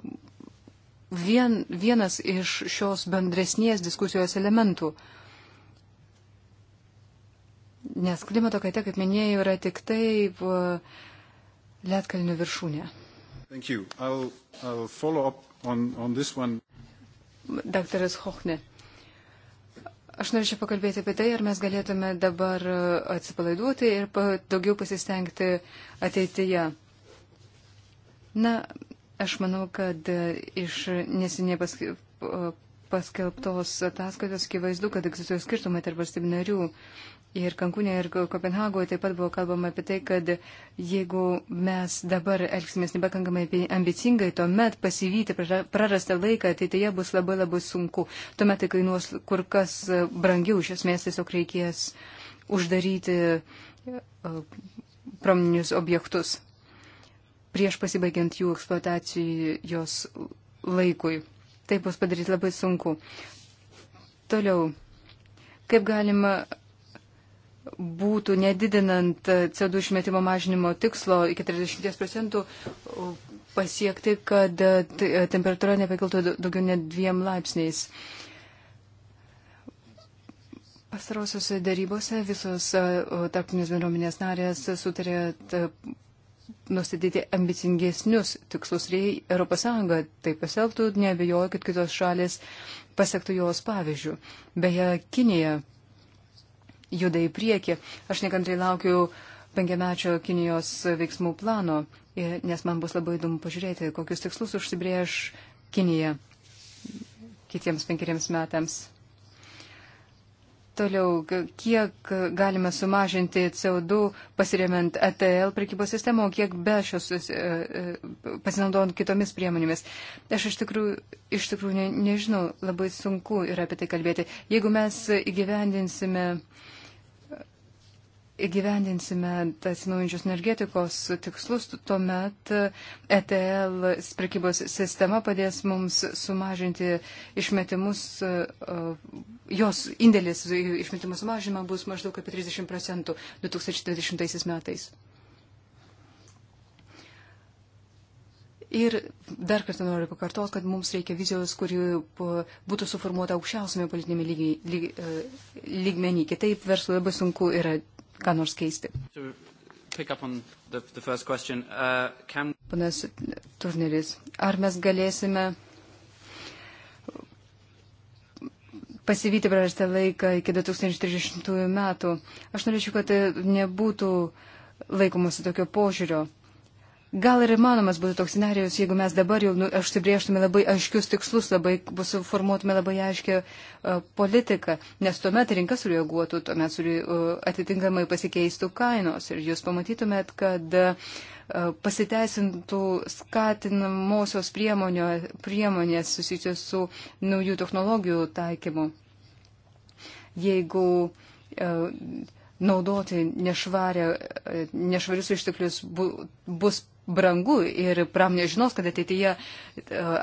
vien, vienas iš šios bendresnės diskusijos elementų. Nes klimato kaita, kaip minėjau, yra tik tai e, lietkalnių viršūnė. I'll, I'll on, on Daktaras Hochne. Aš norėčiau pakalbėti apie tai, ar mes galėtume dabar atsipalaiduoti ir pa, daugiau pasistengti ateityje. Na, Aš manau, kad e, iš neseniai paskelbtos ataskaitos akivaizdu, kad egzistuoja skirtumai tarp valstybių narių. Ir Kankūne ir Kopenhagoje taip pat buvo kalbama apie tai, kad jeigu mes dabar elgsimės nepakankamai ambicingai, tuomet pasivyti prarastą laiką ateityje bus labai labai sunku. Tuomet tai kainuos kur kas brangiau, iš esmės tiesiog reikės uždaryti e, pramoninius objektus prieš pasibaigiant jų eksploatacijos laikui. Tai bus padaryti labai sunku. Toliau, kaip galima būtų nedidinant CO2 išmetimo mažinimo tikslo iki 30 procentų pasiekti, kad temperatūra nepakiltų daugiau net dviem laipsniais. Pastarosiuose darybose visos tarptinės bendruomenės narės sutarė nustatyti ambicingesnius tikslus. Jei ES tai pasielgtų, nebejoju, kad kitos šalis pasiektų jos pavyzdžių. Beje, Kinija juda į priekį. Aš nekantrai laukiu penkiamečio Kinijos veiksmų plano, nes man bus labai įdomu pažiūrėti, kokius tikslus užsibrėž Kinija kitiems penkeriems metams. Toliau, kiek galime sumažinti CO2 pasiremiant ATL e prekybos sistemą, o kiek be šios e, e, pasinaudojant kitomis priemonėmis. Aš iš tikrųjų, iš tikrųjų ne, nežinau, labai sunku yra apie tai kalbėti. Jeigu mes įgyvendinsime uh, įgyvendinsime atsinaujančios energetikos tikslus, tuomet ETL prekybos sistema padės mums sumažinti išmetimus, e, jos indėlis išmetimų sumažinimą bus maždaug apie 30 procentų 2020 metais. Ir dar kartą noriu pakartoti, kad mums reikia vizijos, kuri būtų suformuota aukščiausiame politinėme e, lygmenį. Kitaip verslui labai sunku yra ką nors keisti. Panas uh, Turneris, ar mes galėsime pasivyti prarastą laiką iki 2030 metų? Aš norėčiau, kad nebūtų laikomasi tokio požiūrio. Gal ir įmanomas būtų toks scenarius, jeigu mes dabar jau nu, užsibrieštume labai aiškius tikslus, labai suformuotume labai aiškę uh, e, politiką, nes tuomet rinka sureaguotų, tuomet suri, uh, atitinkamai pasikeistų kainos ir jūs pamatytumėt, kad uh, pasiteisintų skatinamosios priemonio, priemonės susijusios su naujų technologijų taikymu. Jeigu uh, naudoti nešvarę, nešvarius išteklius bu, bus brangu ir pramonė žinos, kad ateityje e,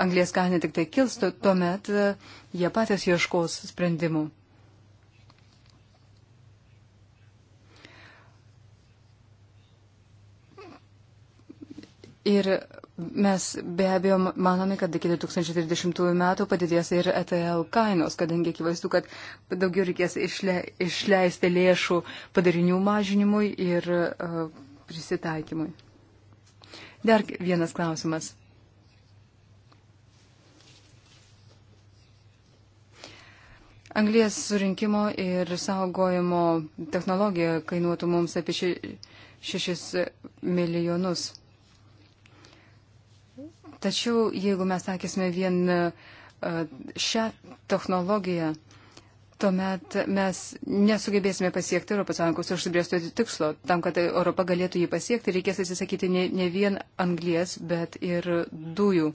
anglės kaina tik tai kils, tuomet e, jie patys ieškos sprendimų. Ir mes be abejo manome, kad iki 2030 metų padidės ir ETL kainos, kadangi akivaizdu, kad daugiau reikės išle, išleisti lėšų padarinių mažinimui ir uh, prisitaikymui. Dar vienas klausimas. Anglijas surinkimo ir saugojimo technologija kainuotų mums apie 6 milijonus. Tačiau jeigu mes sakysime vien šią technologiją, tuomet mes nesugebėsime pasiekti ES užsibriesto tikslo. Tam, kad Europa galėtų jį pasiekti, reikės atsisakyti ne, ne vien anglies, bet ir dujų.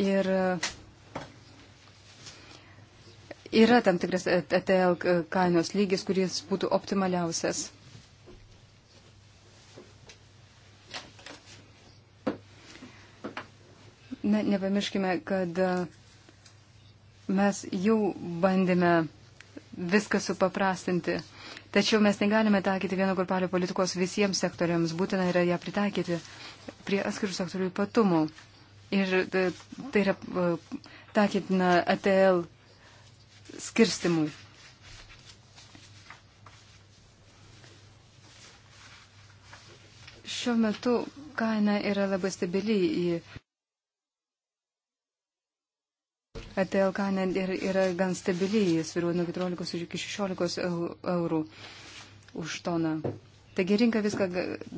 Ir yra tam tikras ETL kainos lygis, kuris būtų optimaliausias. Na, nepamirškime, kad e, mes jau bandėme viską supaprastinti. Tačiau mes negalime taikyti vieno grupelio politikos visiems sektoriams, būtina yra ją pritaikyti prie atskirų sektorių ypatumų. Ir e, tai yra e, taikytina ATL skirstimui. Šiuo metu kaina yra labai stabili į Telkana yra gan stabiliai, jis viruoja nuo 14 iki 16 eurų už toną. Taigi rinka viską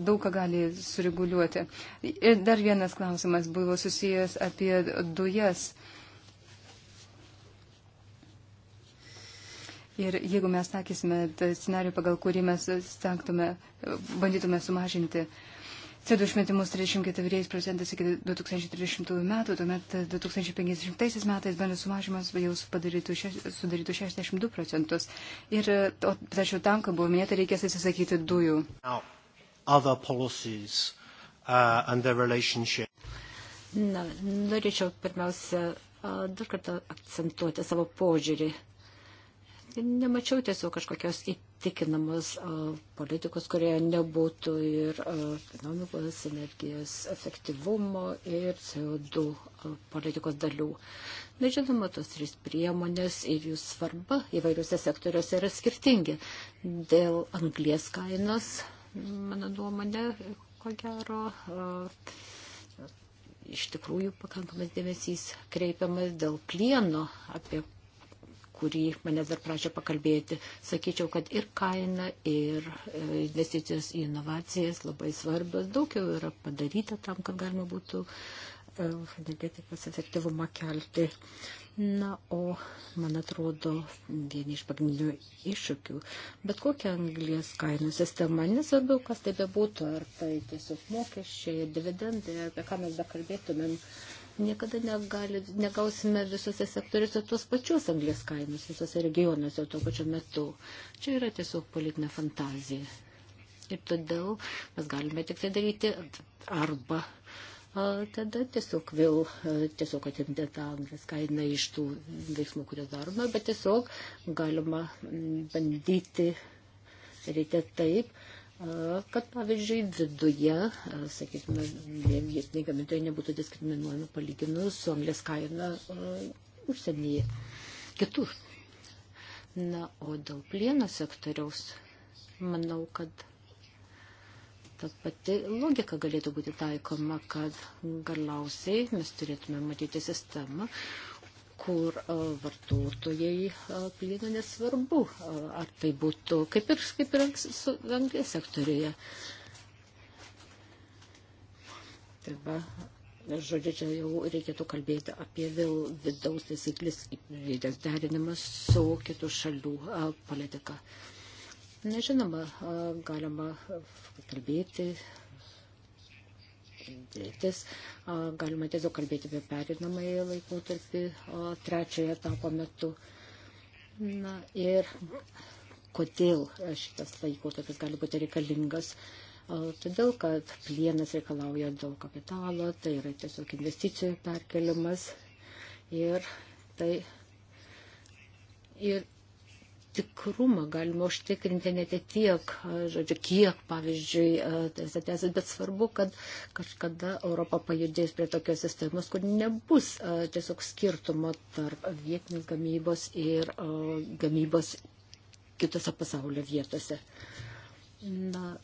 daug ką gali sureguliuoti. Ir dar vienas klausimas buvo susijęs apie dujas. Ir jeigu mes sakysime scenarių, pagal kurį mes stengtume, bandytume sumažinti uh, CO2 išmetimus 34 procentais iki 2030 metų, tuomet 2050 metais bendras sumažimas jau sudarytų 62 procentus. Ir, o, tačiau tam, kad buvo minėta, reikės atsisakyti dujų. Uh, Na, norėčiau pirmiausia uh, dar kartą akcentuoti savo požiūrį Nemačiau tiesiog kažkokios įtikinamos politikos, kurioje nebūtų ir ekonomikos, energijos efektyvumo ir CO2 politikos dalių. Bet žinoma, tos trys priemonės ir jų svarba įvairiuose sektoriuose yra skirtingi. Dėl anglės kainos, mano nuomonė, ko gero. Uh, iš tikrųjų pakankamas dėmesys kreipiamas dėl plieno, apie kurį manęs dar prašė pakalbėti. Sakyčiau, kad ir kaina, ir e, investicijos į inovacijas labai svarbios. Daug jau yra padaryta tam, kad galima būtų e, energetikos efektyvumą kelti. Na, o man atrodo, vieni iš pagrindinių iššūkių, bet kokia anglės kainų sistema, nesvarbu, kas tai bebūtų, ar tai tiesiog mokesčiai, dividendai, apie ką mes bekalbėtumėm, kalbėtumėm niekada negali, negausime visose sektoriuose tuos pačius anglės kainus, visose regionuose tuo pačiu metu. Čia yra tiesiog politinė fantazija. Ir todėl mes galime tik tai daryti arba a, tada tiesiog vėl a, tiesiog atimti tą anglės kainą iš tų veiksmų, kuriuos darome, bet tiesiog galima bandyti daryti taip, kad pavyzdžiui viduje, sakytume, vietiniai gamintojai nebūtų diskriminuojami palyginus su anglės kaina užsienyje, kitur. Na, o dėl plieno sektoriaus, manau, kad ta pati logika galėtų būti taikoma, kad galiausiai mes turėtume matyti sistemą, kur vartotojai plyno nesvarbu, ar tai būtų kaip ir, kaip ir anglės sektorėje. Tai va, žodžiu, čia jau reikėtų kalbėti apie vėl vidaus taisyklis derinimą su kitų šalių politika. Nežinoma, galima kalbėti dėtis. Galima tiesiog kalbėti apie perinamąjį laikotarpį trečiojo etapo metu. Na ir kodėl šitas laikotarpis gali būti reikalingas? Todėl, kad plienas reikalauja daug kapitalo, tai yra tiesiog investicijų perkeliamas ir tai ir tikrumą galima užtikrinti ne tiek, žodžiu, kiek, pavyzdžiui, tas atesas, bet svarbu, kad kažkada Europa pajudės prie tokios sistemos, kur nebus tiesiog skirtumo tarp vietinės gamybos ir gamybos kitose pasaulio vietose. Na,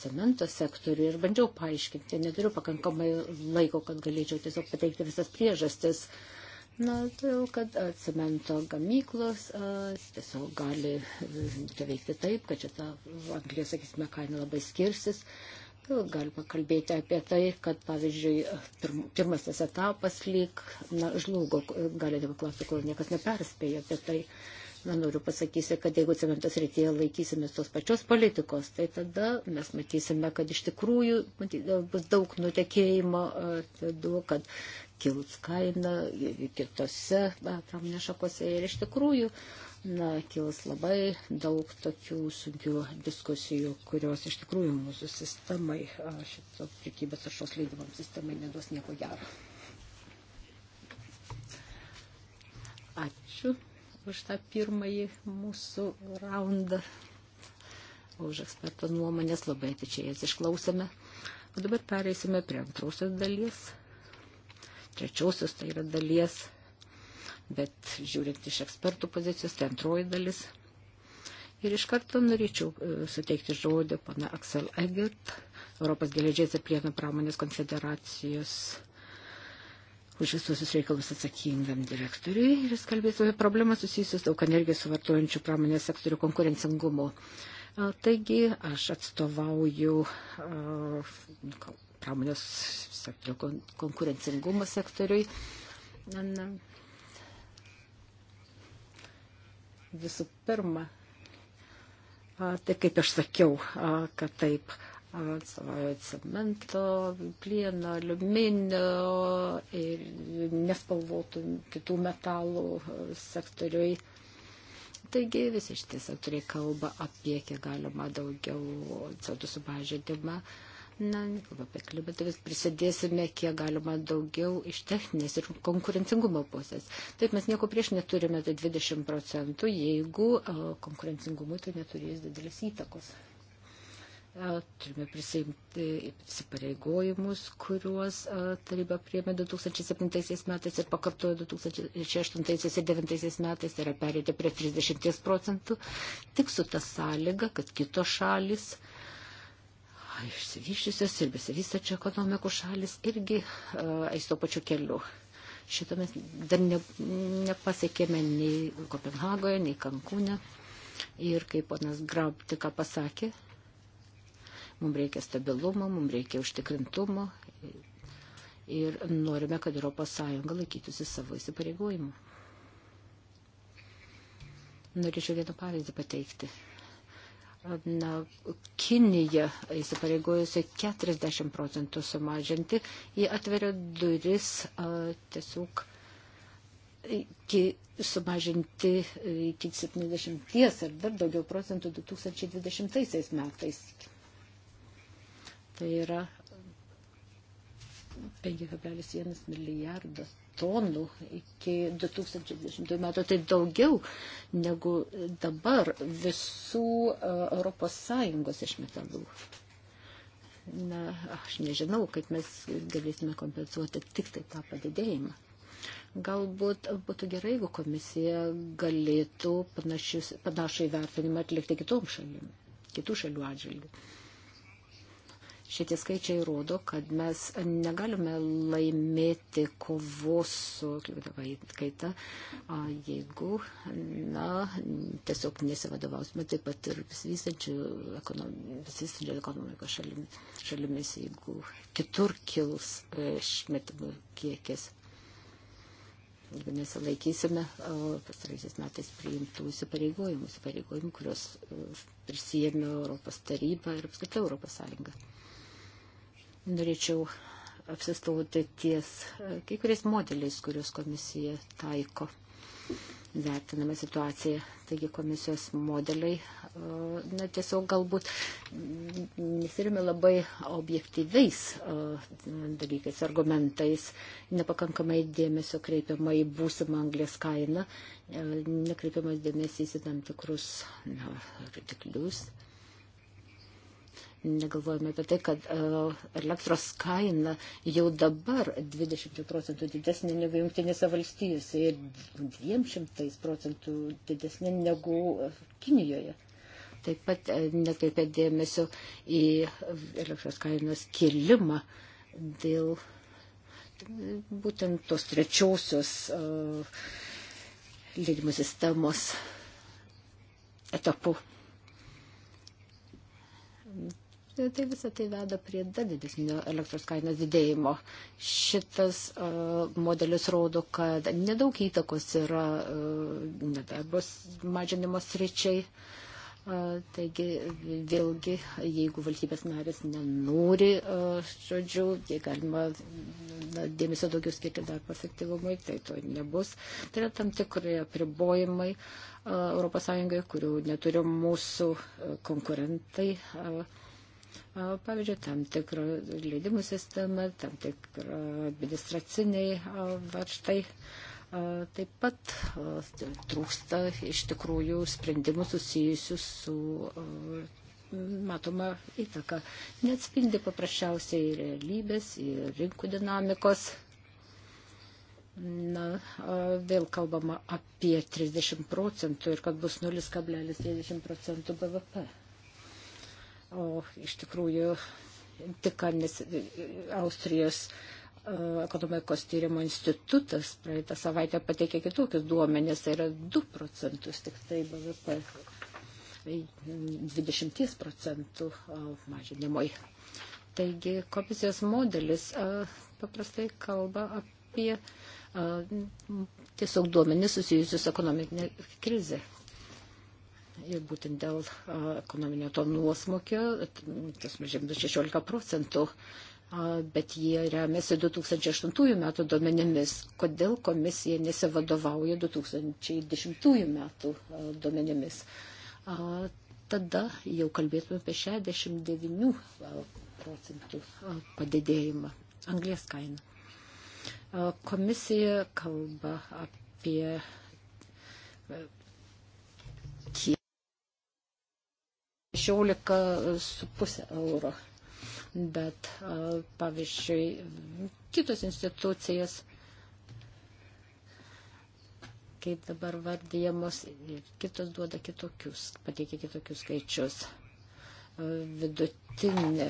cemento sektorių ir bandžiau paaiškinti, neturiu pakankamai laiko, kad galėčiau tiesiog pateikti visas priežastis. Uh, Na, todėl, kad a, e, cemento gamyklos a, e, tiesiog gali čia e, veikti taip, kad čia ta anglės, sakysime, kaina labai skirsis. Galima kalbėti apie tai, kad, pavyzdžiui, pirm, pirmas tas etapas lyg na, žlugo, galite paklausti, kur niekas neperspėjo apie tai. Na, noriu pasakyti, kad jeigu cementos rytyje laikysimės tos pačios politikos, tai tada mes matysime, kad iš tikrųjų maty, bus daug nutekėjimo, kad kilus kaina kitose pramonės šakose ir iš tikrųjų na, kils labai daug tokių sunkių diskusijų, kurios iš tikrųjų mūsų sistemai, šito prikybės taršos leidimams sistemai neduos nieko gero. Ačiū už tą pirmąjį mūsų raundą, už eksperto nuomonės, labai atičiai jas išklausėme. O dabar pereisime prie antrosios dalies trečiosios tai yra dalies, bet žiūrint iš ekspertų pozicijos, tai antroji dalis. Ir iš karto norėčiau e, suteikti žodį pana Aksel Egert, Europos geležės ir plieno pramonės konfederacijos už visus reikalus atsakingam direktoriui ir jis kalbės apie problemas susijusius daug energijos suvartojančių pramonės sektorių konkurencingumo. E, taigi aš atstovauju e, pramonės sektorio kon, konkurencingumo sektoriui. Na, visų pirma, a, tai kaip aš sakiau, a, kad taip atstovauja cemento, plieno, aliuminio ir nespalvotų kitų metalų sektoriui. Taigi visi šitie sektoriai kalba apie kiek galima daugiau CO2 sumažinimą. Uh, Na, nekalbu apie klimatą, tai vis prisidėsime, kiek galima daugiau iš techninės ir konkurencingumo pusės. Taip, mes nieko prieš neturime, tai 20 procentų, jeigu e, konkurencingumui tai neturės didelis įtakos. E, turime prisimti įsipareigojimus, kuriuos e, taryba priėmė 2007 metais ir pakartojo 2008 ir 2009 metais, tai yra perėti prie 30 procentų, tik su ta sąlyga, kad kitos šalis uh, išsivyščiusios ir besivystačių ekonomikų šalis irgi e, eis tuo pačiu keliu. Šito mes dar ne, nepasiekėme nei Kopenhagoje, nei Kankūne. Ir kaip ponas Graub tik pasakė, mums reikia stabilumo, mums reikia užtikrintumo ir norime, kad ES laikytųsi savo įsipareigojimų. Norėčiau vieną pavyzdį pateikti na, Kinija įsipareigojusi 40 procentų sumažinti, jį atveria duris a, tiesiog iki sumažinti iki 70 ar dar daugiau procentų 2020 metais. Tai yra 5,1 milijardas tonų iki 2020 metų, tai daugiau negu dabar visų ES išmetalų. Na, aš nežinau, kaip mes galėtume kompensuoti tik tai tą padidėjimą. Galbūt būtų gerai, jeigu komisija galėtų panašų įvertinimą atlikti kitom šalim, kitų šalių atžvilgių. Šitie skaičiai rodo, kad mes negalime laimėti kovos su klimato kaita, jeigu na, tiesiog nesivadovausime taip pat ir besivystančių ekonomikos šalim, šalimis, jeigu kitur kils išmetimų e, kiekis jeigu nesilaikysime pastaraisiais metais priimtų įsipareigojimų, įsipareigojimų, kurios e, prisijėmė Europos taryba ir apskritai Europos sąjunga. Norėčiau apsistauti ties e, kai kuriais modeliais, kuriuos komisija taiko, vertinama situacija. Taigi komisijos modeliai, e, na tiesiog galbūt nesirimi labai objektyviais e, dalykais, argumentais, nepakankamai dėmesio kreipiama į būsimą anglės kainą, nekreipiamas dėmesys į tam tikrus na, rodiklius. Na, negalvojame apie tai, kad e, elektros kaina jau dabar 20 procentų didesnė negu Junktinėse valstijose ir 200 procentų didesnė negu e, Kinijoje. Taip pat e, netkreipia dėmesio į elektros kainos kilimą dėl būtent tos trečiosios leidimų sistemos etapų. Tai visą tai veda prie dar didesnio elektros kainos didėjimo. Šitas uh, modelis rodo, kad nedaug įtakos yra uh, nedarbos mažinimo sričiai. Uh, taigi vėlgi, jeigu valstybės narės nenori, uh, žodžiu, jei galima na, dėmesio daugiau skirti darbo efektyvumui, tai to nebus. Tai yra tam tikrai apribojimai uh, ES, kurių neturi mūsų konkurentai. Uh, Pavyzdžiui, tam tikrų leidimų sistema, tam tikrų administraciniai varštai. Taip pat trūksta iš tikrųjų sprendimų susijusių su matoma įtaka. Neatspindi paprasčiausiai realybės ir rinkų dinamikos. Na, vėl kalbama apie 30 procentų ir kad bus 0,30 procentų BVP o iš tikrųjų tik nes Austrijos e, ekonomikos tyrimo institutas praeitą savaitę pateikė kitokius duomenis, tai yra 2 procentus tik tai BVP, 20 tai, procentų mažinimui. Taigi komisijos modelis e, paprastai kalba apie e, tiesiog duomenis susijusius ekonominė krizė. Ir būtent dėl ekonominio to nuosmokio, tas mažėmė 16 procentų, bet jie remiasi 2008 metų duomenimis. Kodėl komisija nesivadovauja 2010 metų duomenimis? Tada jau kalbėtume apie 69 procentų padidėjimą anglės kainą. Komisija kalba apie 16,5 euro. Bet, pavyzdžiui, kitos institucijas, kaip dabar vardėjamos, kitos duoda kitokius, pateikia kitokius skaičius. Vidutinė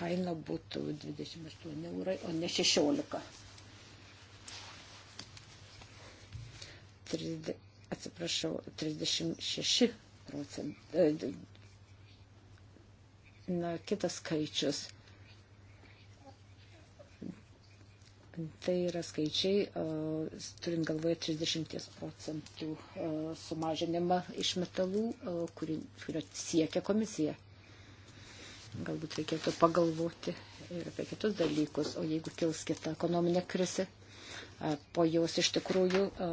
kaina būtų 28 eurai, o ne 16. 30, atsiprašau, 36 procentų. E, na, kitas skaičius. Tai yra skaičiai, e, turint galvoje 30 procentų e, sumažinimą iš metalų, kurio siekia komisija. Galbūt reikėtų pagalvoti ir apie kitus dalykus, o jeigu kils kita ekonominė krizė, po jos iš tikrųjų e,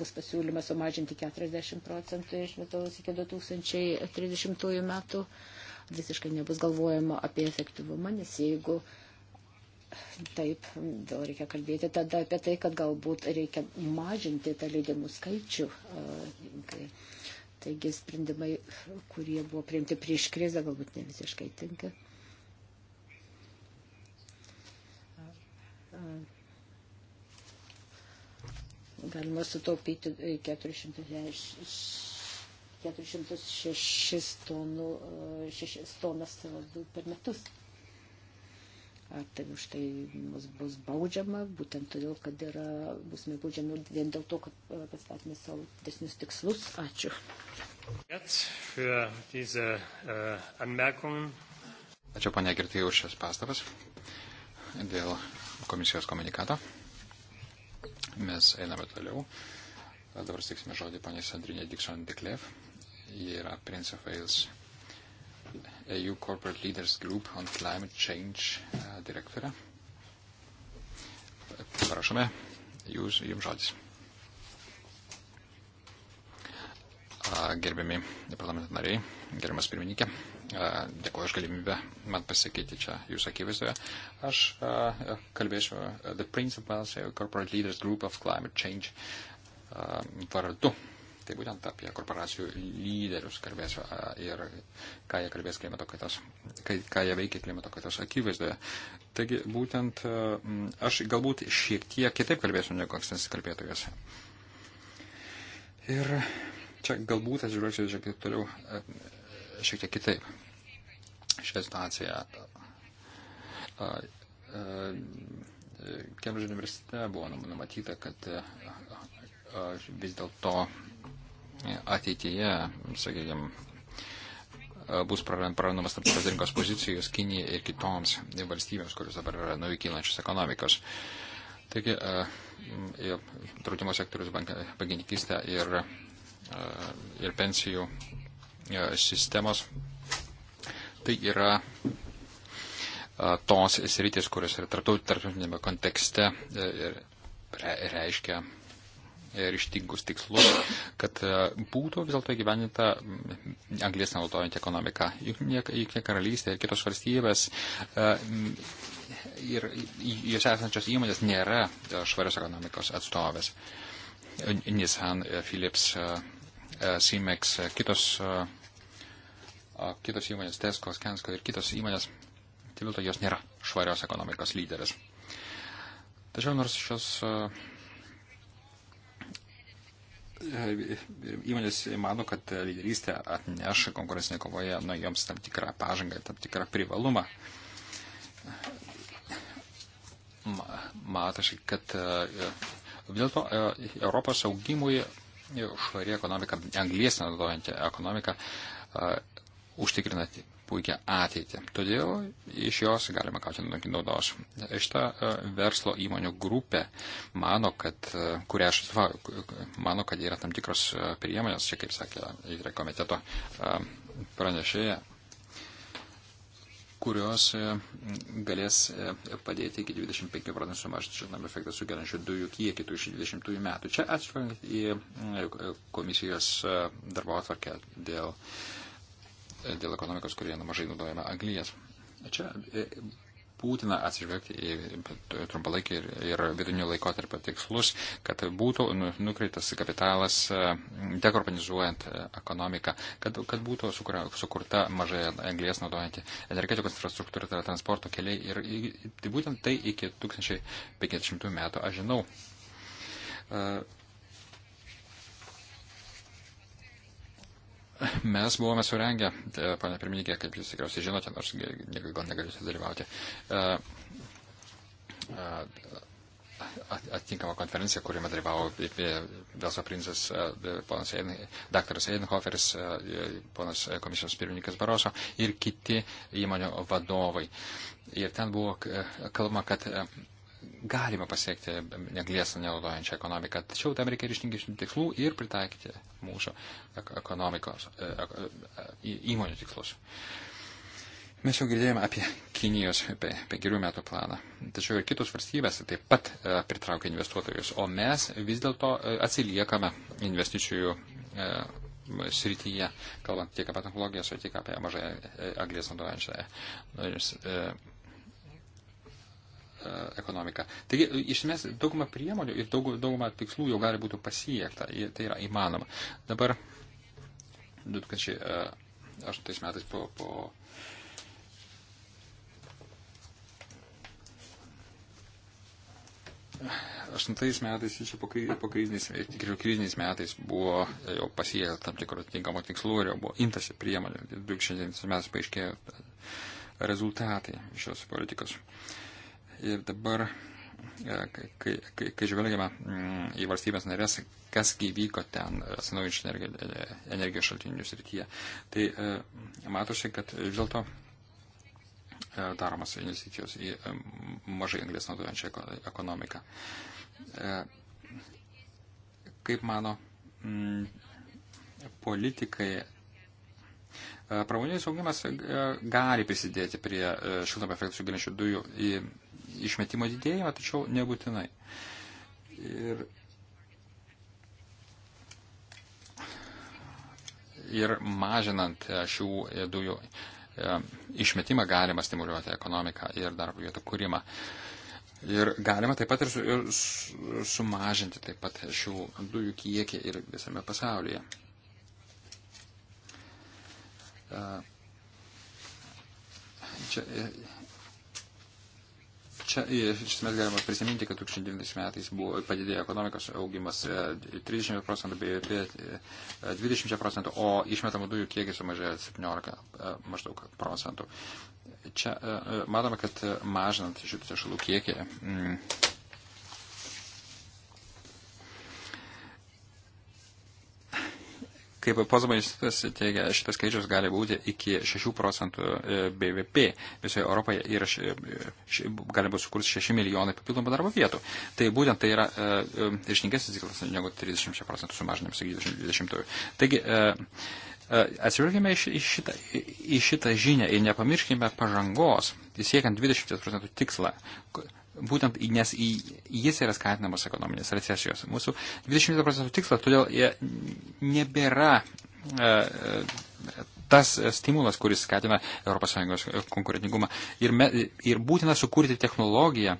bus pasiūlymas sumažinti 40 procentų iš metalus iki 2030 metų. Visiškai nebus galvojama apie efektyvumą, nes jeigu taip, vėl reikia kalbėti tada apie tai, kad galbūt reikia mažinti tą leidimų skaičių. E, Taigi sprendimai, kurie buvo priimti prieš krizę, galbūt ne visiškai tinka. Uh galima sutaupyti 406 e, tonų, 6 e, tonas CO2 per metus. Ar tai už tai mus bus baudžiama, būtent todėl, kad yra, busime baudžiami vien dėl to, kad e, pastatėme savo didesnius tikslus. Ačiū. Ačiū, ponia Girtai, už šias pastabas dėl komisijos komunikato. Mes einame toliau. Dabar stiksime žodį poniai Sandrinė Dixon Deklev. Jie yra Prince of Wales EU Corporate Leaders Group on Climate Change direktorė. Prašome, jūs, jums žodis. Gerbiami parlamento nariai, gerbiamas pirmininkė, Dėkuoju už galimybę man pasakyti čia jūsų akivaizdoje. Aš a, kalbėsiu The Principles Corporate Leaders Group of Climate Change a, vardu. Tai būtent apie korporacijų lyderius kalbėsiu a, ir ką jie kalbės klimato kaitos, kai, ką jie veikia klimato kaitos akivaizdoje. Taigi būtent aš galbūt šiek tiek kitaip kalbėsiu negu ankstesnis kalbėtojas. Ir čia galbūt aš žiūrėsiu šiek tiek toliau šiek tiek kitaip šią situaciją. Kembridžo universitete buvo numatyta, kad vis dėlto ateityje, sakykime, bus prarandamas tam tikras rinkos pozicijos Kinijai ir kitoms valstybėms, kurios dabar yra naujai kylančios ekonomikos. Taigi, draudimo sektorius, bankininkistė ir, ir pensijų E, sistemos. Tai yra e, tos sritis, kurios yra tarptautinėme kontekste e, ir reiškia ryštingus tikslus, kad būtų vis dėlto įgyveninta anglės nenaudojant ekonomika. Junktinė karalystė ir kitos valstybės ir jūs esančios įmonės nėra švarios ekonomikos atstovės. Nissan, Philips, Simex, kitos kitos įmonės, Tesco, Skensko ir kitos įmonės, tai dėl to jos nėra švarios ekonomikos lyderis. Tačiau nors šios e, e, įmonės mano, kad lyderystė atneš konkurencinėje kovoje nuo joms tam tikrą pažangą, tam tikrą privalumą. Matosi, kad e, dėl to Europos augimui švari ekonomika, anglies nenaudojanti ekonomika užtikrina puikią ateitį. Todėl iš jos galima gauti naudos. Šita e, verslo įmonių grupė mano, kad, e, kurią aš atsvau, mano, kad yra tam tikros e, priemonės, čia kaip sakė yra komiteto pranešėja, kurios galės padėti iki 25 procentų sumažinti šiltnamio efektą sugeriančių dujų kiekį iš 20 metų. Čia atsižvelgiant į komisijos darbo atvarkę dėl uh, dėl ekonomikos, kurie nemažai naudojama anglijas. Čia e, būtina atsižvelgti į trumpalaikį ir, ir vidurinio laikotarpio tikslus, kad būtų nu, nukreitas kapitalas e, dekarbonizuojant e, ekonomiką, kad, kad būtų sukurta mažai anglės naudojanti energetikos infrastruktūra, tai yra transporto keliai ir, ir tai būtent tai iki 2050 metų. Aš žinau, Mes buvome surengę, e, pane pirmininkė, kaip jūs tikriausiai žinote, nors gal negalite dalyvauti, e, e, atitinkamą konferenciją, kuriame dalyvavo Velso princas, ponas daktaras Eidenhoferis, ponas komisijos pirmininkas Baroso ir kiti įmonių vadovai. Ir ten buvo kalbama, kad galima pasiekti neglės nenaudojančią ekonomiką, tačiau tam reikia ryštingesnių tikslų ir pritaikyti mūsų ekonomikos e, e, įmonių tikslus. Mes jau girdėjome apie Kinijos penkerių metų planą, tačiau ir kitos valstybės taip pat e, pritraukia investuotojus, o mes vis dėlto atsiliekame investicijų srityje, kalbant tiek apie technologijas, tiek apie mažai anglės naudojančią E, ekonomiką. Taigi, iš esmės, dauguma priemonių ir daug, dauguma tikslų jau gali būti pasiekta, tai yra įmanoma. Dabar 2008 e, metais po, po aštuntais metais, čia po, po kriziniais, tikriau kriziniais metais buvo jau pasiekę tam tikro tinkamo tikslų ir jau buvo imtasi priemonių. 2009 metais paaiškėjo rezultatai šios politikos. Uh, Ir dabar, e, kai, kai, kai žvelgiame mm, į valstybės narės, kas gyvyko ten atsinaujinčių e, energijos šaltinių srityje, tai e, matosi, kad vis dėlto daromas investicijos į mažai anglės naudojančią ekonomiką. Kaip mano mm, politikai E, Pramoninis augimas e, gali prisidėti prie e, šiltnamio efektą sukeliančių dujų išmetimo didėjimą, tačiau nebūtinai. Ir, ir mažinant šių dujų išmetimą galima stimuliuoti ekonomiką ir darbo vietų kūrimą. Ir galima taip pat ir, su, ir sumažinti taip pat šių dujų kiekį ir visame pasaulyje. Čia, e, čia e, iš esmės galima prisiminti, kad 2009 metais buvo padidėjo ekonomikos augimas 30 e, procentų, BVP 20 procentų, o išmetamų dujų kiekis sumažėjo 17 maždaug procentų. Čia matome, kad mažinant šitų šalų kiekį. Mm, Kaip pozamaistas teigia, šitas skaičius gali būti iki 6 procentų e, BVP visoje Europoje ir e, gali būti sukurs 6 milijonai papildomų darbo vietų. Tai būtent tai yra išrinkesnis e, ciklas negu 30 procentų sumažinimas iki 2020. Taigi, atsižvelgime į šitą, į šitą žinią ir nepamirškime pažangos, siekiant 20 procentų tikslą būtent nes jis yra skatinamas ekonominės recesijos. Mūsų 20 procentų tikslas, todėl nebėra e, e, tas stimulas, kuris skatina ES konkurentingumą. Ir, me, ir būtina sukurti technologiją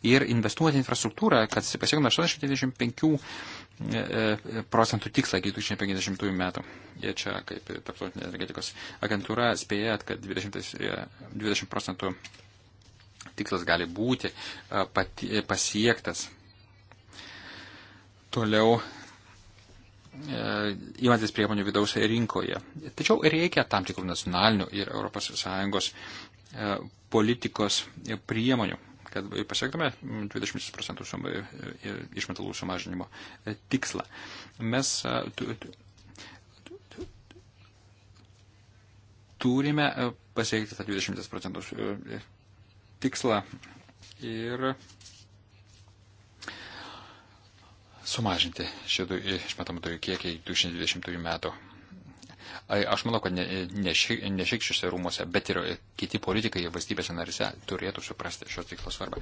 ir investuoti infrastruktūrą, kad pasiektume 895 e, procentų tikslą iki 2050 metų. Jie čia, kaip Tarptautinė energetikos agentūra, spėja, kad 20, 20 procentų tikslas gali būti pati, e, pasiektas. Toliau įmantis e, priemonių vidaus rinkoje. Tačiau reikia tam tikrų nacionalinių ir ES e, politikos priemonių, kad pasiektume 20 procentų suma, išmetalų sumažinimo tikslą. Mes turime pasiekti tą 20 procentų tikslą ir sumažinti šitų išmetamų dujų kiekį iki 2020 metų. Aš manau, kad ne, ne, ši, ne šiek šiuose rūmose, bet ir kiti politikai valstybėse narise turėtų suprasti šios tikslo svarbą.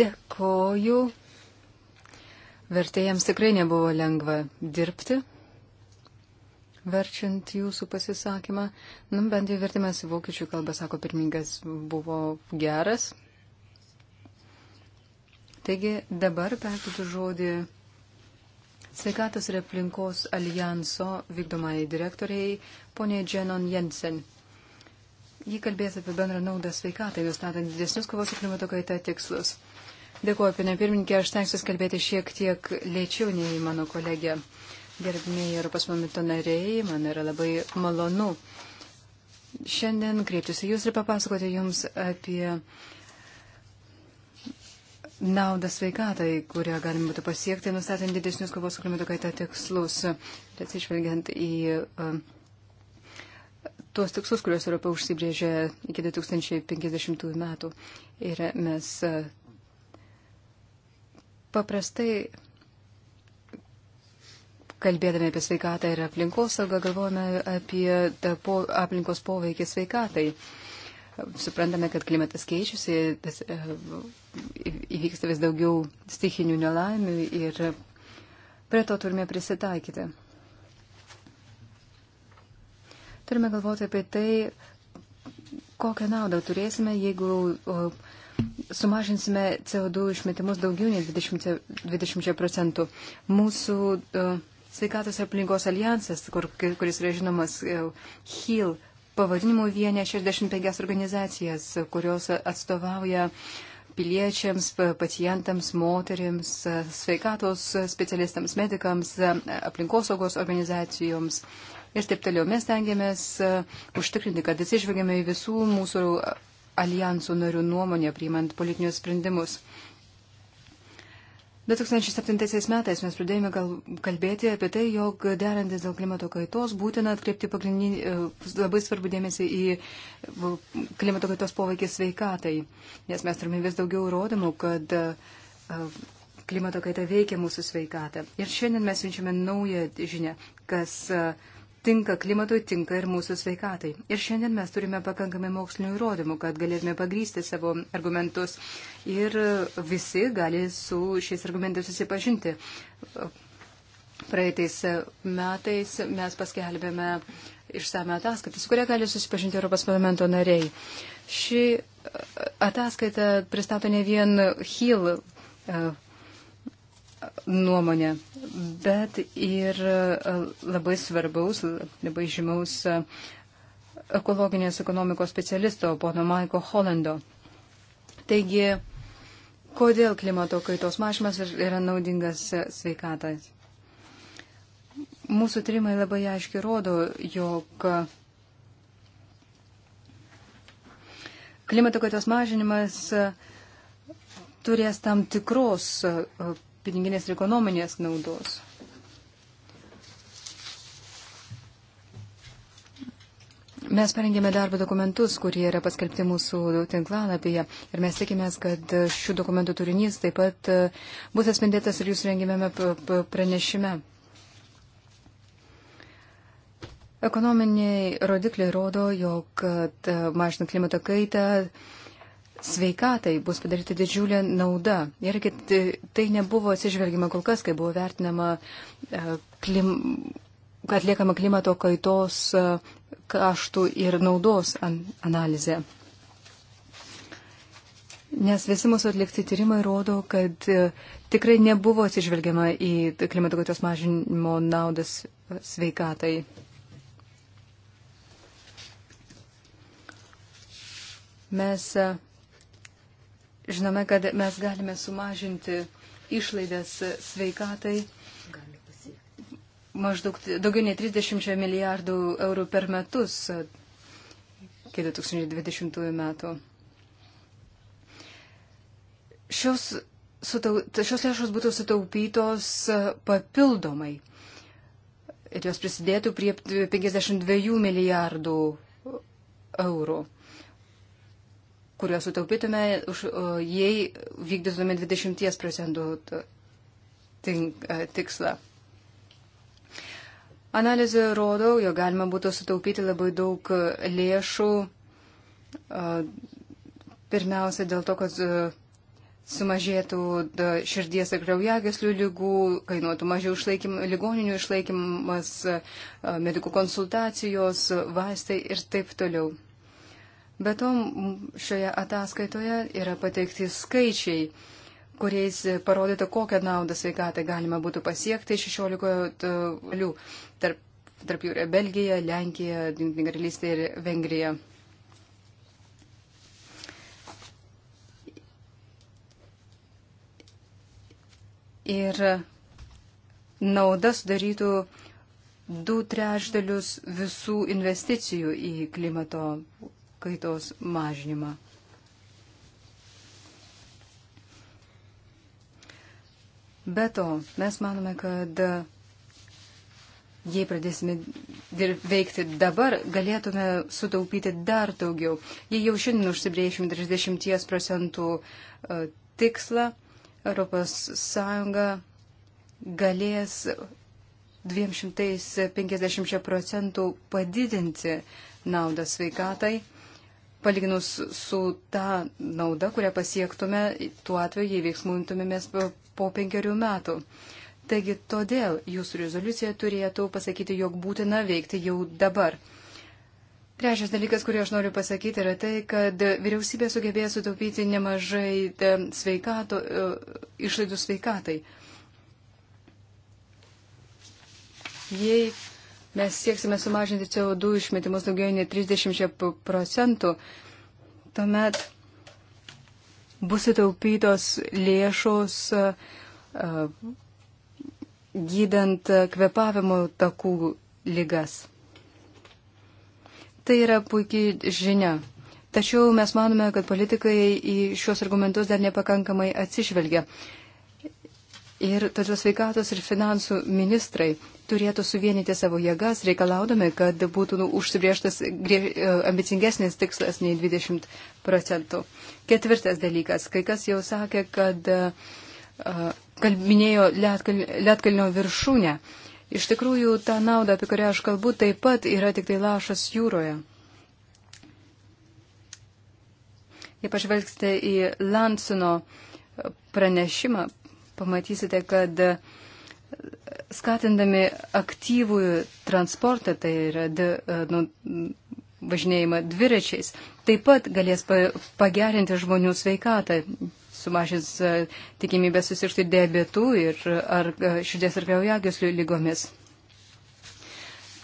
Dėkoju. Vertėjams tikrai nebuvo lengva dirbti verčiant jūsų pasisakymą. Nu, bent jau vertimas į vokiečių kalbą, sako pirmingas, buvo geras. Taigi dabar perduodu žodį sveikatos ir aplinkos alijanso vykdomai direktoriai, ponė Dženon Jensen. Ji kalbės apie bendrą naudą sveikatai, nustatant didesnius kovos su klimato kaita tikslus. Dėkuoju, pinė pirmininkė, aš tenksiu kalbėti šiek tiek lėčiau nei mano kolegė. Gerbimiai Europos momento nariai, man yra labai malonu šiandien kreiptis į Jūs ir papasakoti Jums apie naudą sveikatai, kurią galima būtų pasiekti, nustatant didesnius kovos su klimato kaita tikslus, atsižvelgiant į uh, tuos tikslus, kuriuos Europa užsibrėžė iki 2050 metų. Ir mes uh, paprastai kalbėdami apie sveikatą ir aplinkosaugą, galvojame apie po, aplinkos poveikį sveikatai. Suprantame, kad klimatas keičiasi, tas, e, įvyksta vis daugiau stichinių nelaimių ir prie to turime prisitaikyti. Turime galvoti apie tai, kokią naudą turėsime, jeigu sumažinsime CO2 išmetimus daugiau nei 20, 20 procentų. Mūsų uh, sveikatos ir aplinkos alijansas, kur, kuris yra žinomas e, HIL pavadinimu vienė 65 organizacijas, kurios atstovauja piliečiams, pacientams, moteriams, e, sveikatos specialistams, medikams, e, aplinkosaugos organizacijoms. Ir taip toliau mes tengiamės užtikrinti, kad atsižvelgiame į visų mūsų alijansų narių nuomonę priimant politinius sprendimus. 2007 metais mes pradėjome gal kalbėti apie tai, jog derantis dėl klimato kaitos būtina atkreipti e, labai svarbu dėmesį į e, klimato kaitos poveikį sveikatai, nes mes turime vis daugiau įrodymų, kad e, klimato kaita veikia mūsų sveikatą. Ir šiandien mes siunčiame naują žinę, kas uh, tinka klimatui, tinka ir mūsų sveikatai. Ir šiandien mes turime pakankamai mokslinių įrodymų, kad galėtume pagrysti savo argumentus. Ir visi gali su šiais argumentais susipažinti. Praeitais metais mes paskelbėme išsame ataskaitą, su kuria gali susipažinti Europos parlamento nariai. Ši ataskaita pristato ne vien Hill nuomonę, bet ir e, labai svarbaus, labai žymaus e, ekologinės ekonomikos specialisto, pono Maiko Holando. Taigi, kodėl klimato kaitos mažmas yra naudingas e, sveikatai? Mūsų tyrimai labai aiškiai rodo, jog klimato kaitos mažinimas turės tam tikros piniginės ir ekonominės naudos. Mes parengėme darbo dokumentus, kurie yra paskelbti mūsų tinklalapyje ir mes tikimės, kad šių dokumentų turinys taip pat e, bus atspindėtas ir jūsų rengimėme pranešime. Ekonominiai rodikliai rodo, jog e, mažinant klimato kaitą, sveikatai bus padaryta didžiulė nauda. Ir e, tai nebuvo atsižvelgima kol kas, kai buvo vertinama, e, klim, kad atliekama klimato kaitos e, kaštų ir naudos an, analizė. Nes visi mūsų atlikti tyrimai rodo, kad tikrai nebuvo atsižvelgiama į klimato kaitos mažinimo naudas sveikatai. Mes Žinome, kad mes galime sumažinti išlaidas sveikatai maždaug daugiau nei 30 milijardų eurų per metus iki 2020 metų. Šios, sutau, šios lėšos būtų sutaupytos papildomai ir jos prisidėtų prie 52 milijardų eurų kuriuos sutaupytume, jei vykdytume 20 procentų e, tikslą. Analizė rodo, jo galima būtų sutaupyti labai daug e, lėšų. E, pirmiausia, dėl to, kad sumažėtų širdies ir kraujagyslių lygų, kainuotų mažiau išlaikym, ligoninių išlaikymas, medikų konsultacijos, vaistai ir taip toliau. Be to, šioje ataskaitoje yra pateikti skaičiai, kuriais parodyta, kokią naudą sveikatai galima būtų pasiekti 16 valių, tarp, tarp jų yra Belgija, Lenkija, Junktinė karalystė ir Vengrija. Ir nauda sudarytų du trešdalius visų investicijų į klimato kaitos mažinimą. Be to, mes manome, kad jei pradėsime veikti dabar, galėtume sutaupyti dar daugiau. Jei jau šiandien užsibrėšim 30 procentų e, tikslą, ES galės 250 procentų padidinti naudą sveikatai palyginus su ta nauda, kurią pasiektume tuo atveju, jei veiksmų imtumėmės po penkerių metų. Taigi todėl jūsų rezoliucija turėtų pasakyti, jog būtina veikti jau dabar. Trečias dalykas, kurį aš noriu pasakyti, yra tai, kad vyriausybė sugebėjo sutaupyti nemažai e, sveikato, e, išlaidų sveikatai. Jei Mes sieksime sumažinti CO2 išmetimus daugiau nei 30 procentų. Tuomet bus sutaupytos lėšos gydant kvepavimo takų lygas. Tai yra puikiai žinia. Tačiau mes manome, kad politikai į šios argumentus dar nepakankamai atsižvelgia. Ir todėl sveikatos ir finansų ministrai turėtų suvienyti savo jėgas, reikalaudami, kad būtų nu, užsibrieštas e, ambicingesnis tikslas nei 20 procentų. Ketvirtas dalykas. Kai kas jau sakė, kad, e, kad minėjo Lietkalnio viršūnę. Iš tikrųjų, ta nauda, apie kurią aš kalbu, taip pat yra tik tai lašas jūroje. Jei pažvelgsite į Lansino pranešimą, pamatysite, kad skatindami aktyvų transportą, tai yra e, nu, važinėjimą dviračiais, taip pat galės pagerinti žmonių sveikatą, sumažins e, tikimybę susirgti diabetų ir ar e, širdies ir kraujagyslių lygomis.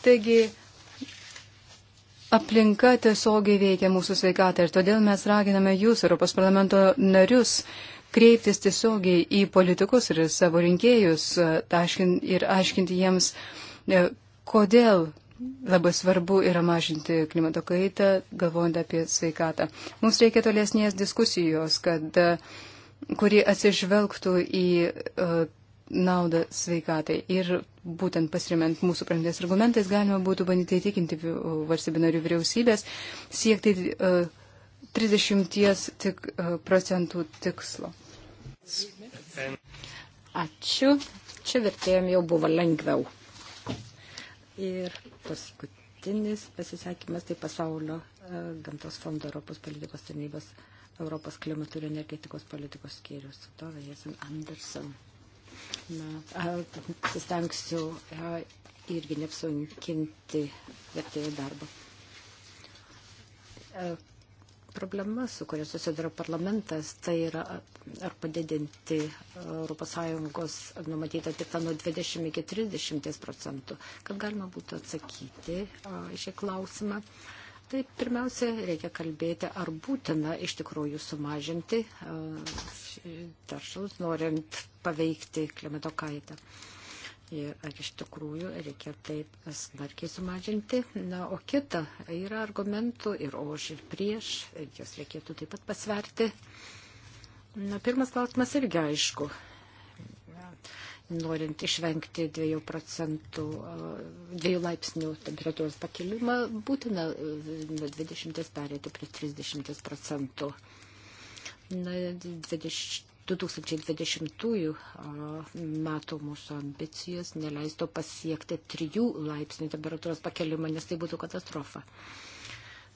Taigi, aplinka tiesiogiai veikia mūsų sveikatą ir todėl mes raginame jūs, Europos parlamento narius, uh, kreiptis tiesiogiai į politikus ir savo rinkėjus e, ir aiškinti jiems, e, kodėl labai svarbu yra mažinti klimato kaitą, galvojant apie sveikatą. Mums reikia tolesnės diskusijos, kad, e, kuri atsižvelgtų į naudą sveikatai. Ir būtent pasirimant mūsų pranės argumentais galima būtų bandyti įtikinti valstybių narių vyriausybės siekti uh, 30 tik, uh, procentų tikslo. Ačiū. Čia vertėjom jau buvo lengviau. Ir paskutinis pasisakymas tai pasaulio e, gamtos fondo Europos politikos tarnybos Europos klimato ir energetikos politikos skyrius. Atovė Jason Anderson. Na, pasistengsiu irgi neapsunkinti vertėjų darbo. E, problema, su kuria susiduria parlamentas, tai yra ar padidinti ES numatytą tikslą nuo 20 iki 30 procentų, kad galima būtų atsakyti e, šį klausimą. Tai pirmiausia, reikia kalbėti, ar būtina iš tikrųjų sumažinti e, taršus, norint paveikti klimato kaitą ir ar iš tikrųjų reikia taip smarkiai sumažinti. Na, o kita yra argumentų ir už, ir prieš, jos reikėtų taip pat pasverti. Na, pirmas klausimas irgi aišku. Norint išvengti 2 procentų, 2 laipsnių temperatūros pakilimą, būtina nuo 20 perėti prie 30 procentų. Na, 20 2020 metų mūsų ambicijos neleisto pasiekti 3 laipsnių temperatūros pakelimą, nes tai būtų katastrofa.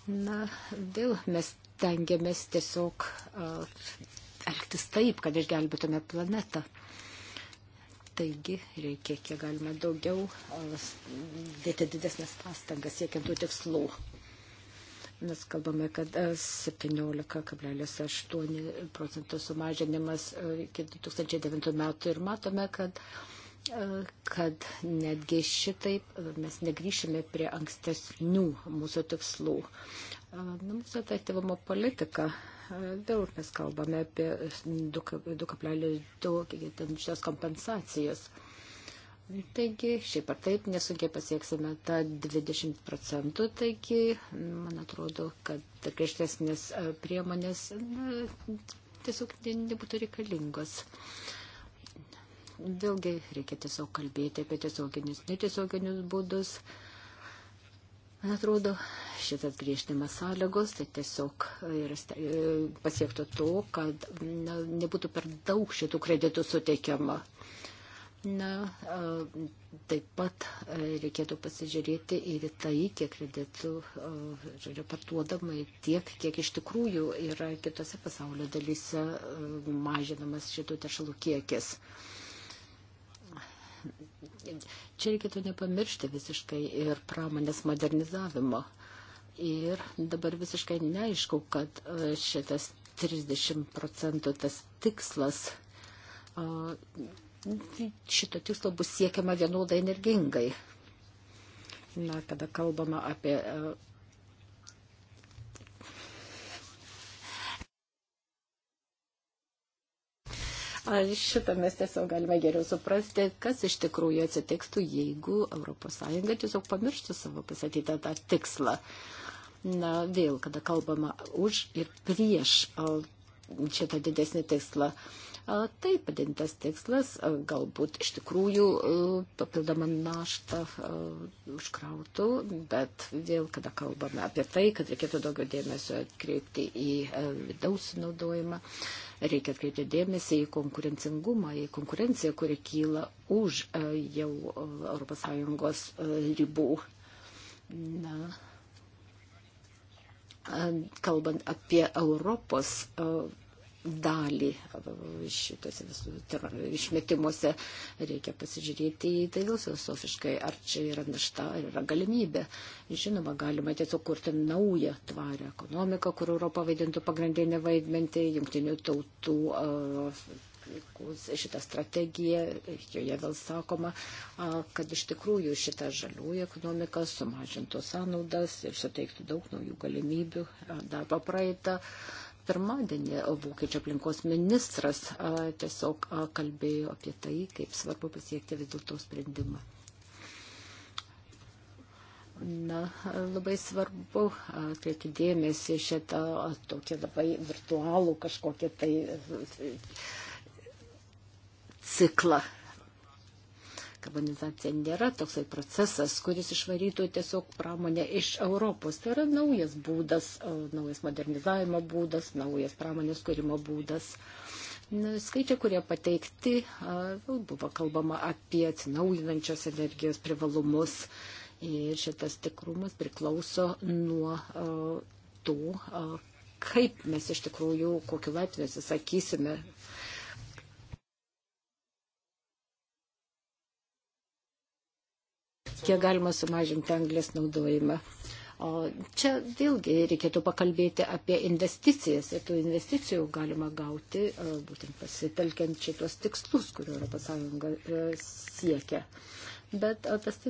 Na, dėl mes tengiamės tiesiog uh, elgtis taip, kad išgelbėtume planetą. Taigi reikia kiek galima daugiau dėti didesnės pastangas siekiant tų tikslų. Mes kalbame, kad 17,8 e, procentų sumažinimas e, iki 2009 metų ir matome, kad e, kad netgi šitaip mes negryšime prie ankstesnių mūsų tikslų. Nu, mūsų efektyvumo politika vėl mes kalbame apie 2,2 šios kompensacijas. Taigi, šiaip ar taip nesunkiai pasieksime tą 20 procentų, taigi, man atrodo, kad griežtesnės e, priemonės na, tiesiog nebūtų reikalingos. Vėlgi, reikia tiesiog kalbėti apie tiesioginius, netiesioginius būdus. Man atrodo, šitas griežtimas sąlygos, tai tiesiog e, pasiektų to, kad nebūtų per daug šitų kreditų suteikiama. Na, taip pat reikėtų pasižiūrėti ir tai, kiek kreditų žodžiu, parduodama ir tiek, kiek iš tikrųjų yra kitose pasaulio dalyse mažinamas šitų teršalų kiekis čia reikėtų nepamiršti visiškai ir pramonės modernizavimo. Ir dabar visiškai neaišku, kad šitas 30 procentų tas tikslas šito tikslo bus siekiama vienodai energingai. Na, kada kalbama apie e, Ar šitą mes tiesiog galime geriau suprasti, kas iš tikrųjų atsitiktų, jeigu ES tiesiog pamirštų savo pasakytą tą tikslą. Na, vėl, kada kalbama už ir prieš šitą didesnį tikslą. Uh, Taip, padintas tikslas galbūt iš tikrųjų papildomą naštą užkrautų, bet vėl, kada kalbame apie tai, kad reikėtų daugiau dėmesio atkreipti į vidaus naudojimą, reikia atkreipti dėmesį į konkurencingumą, į konkurenciją, kuri kyla už jau ES ribų. Na kalbant apie Europos dalį šitose visų išmetimuose. Reikia pasižiūrėti į tai vėl filosofiškai, ar čia yra našta, ar yra galimybė. Žinoma, galima tiesiog kurti naują tvarią ekonomiką, kur Europa vaidintų pagrindinį vaidmentį, jungtinių tautų šitą strategiją, joje vėl sakoma, kad iš tikrųjų šita žaliųjų ekonomika sumažintų sąnaudas ir suteiktų daug naujų galimybių. Dar papraeitą pirmadienį vokiečių aplinkos ministras tiesiog kalbėjo apie tai, kaip svarbu pasiekti vis dėlto sprendimą. Na, labai svarbu atkreipti dėmesį šitą tokį labai virtualų kažkokį tai ciklą dekarbonizacija nėra toksai procesas, kuris išvarytų tiesiog pramonę iš Europos. Tai yra naujas būdas, naujas modernizavimo būdas, naujas pramonės kūrimo būdas. Skaičiai, kurie pateikti, buvo kalbama apie atsinaujinančios energijos privalumus. Ir šitas tikrumas priklauso nuo to, kaip mes iš tikrųjų, kokiu laipsniu atsisakysime uh, kiek galima sumažinti anglės naudojimą. O čia vėlgi reikėtų pakalbėti apie investicijas ir tų investicijų galima gauti e, būtent pasitelkiant šitos tikslus, kurių ES e, siekia. Bet e, tas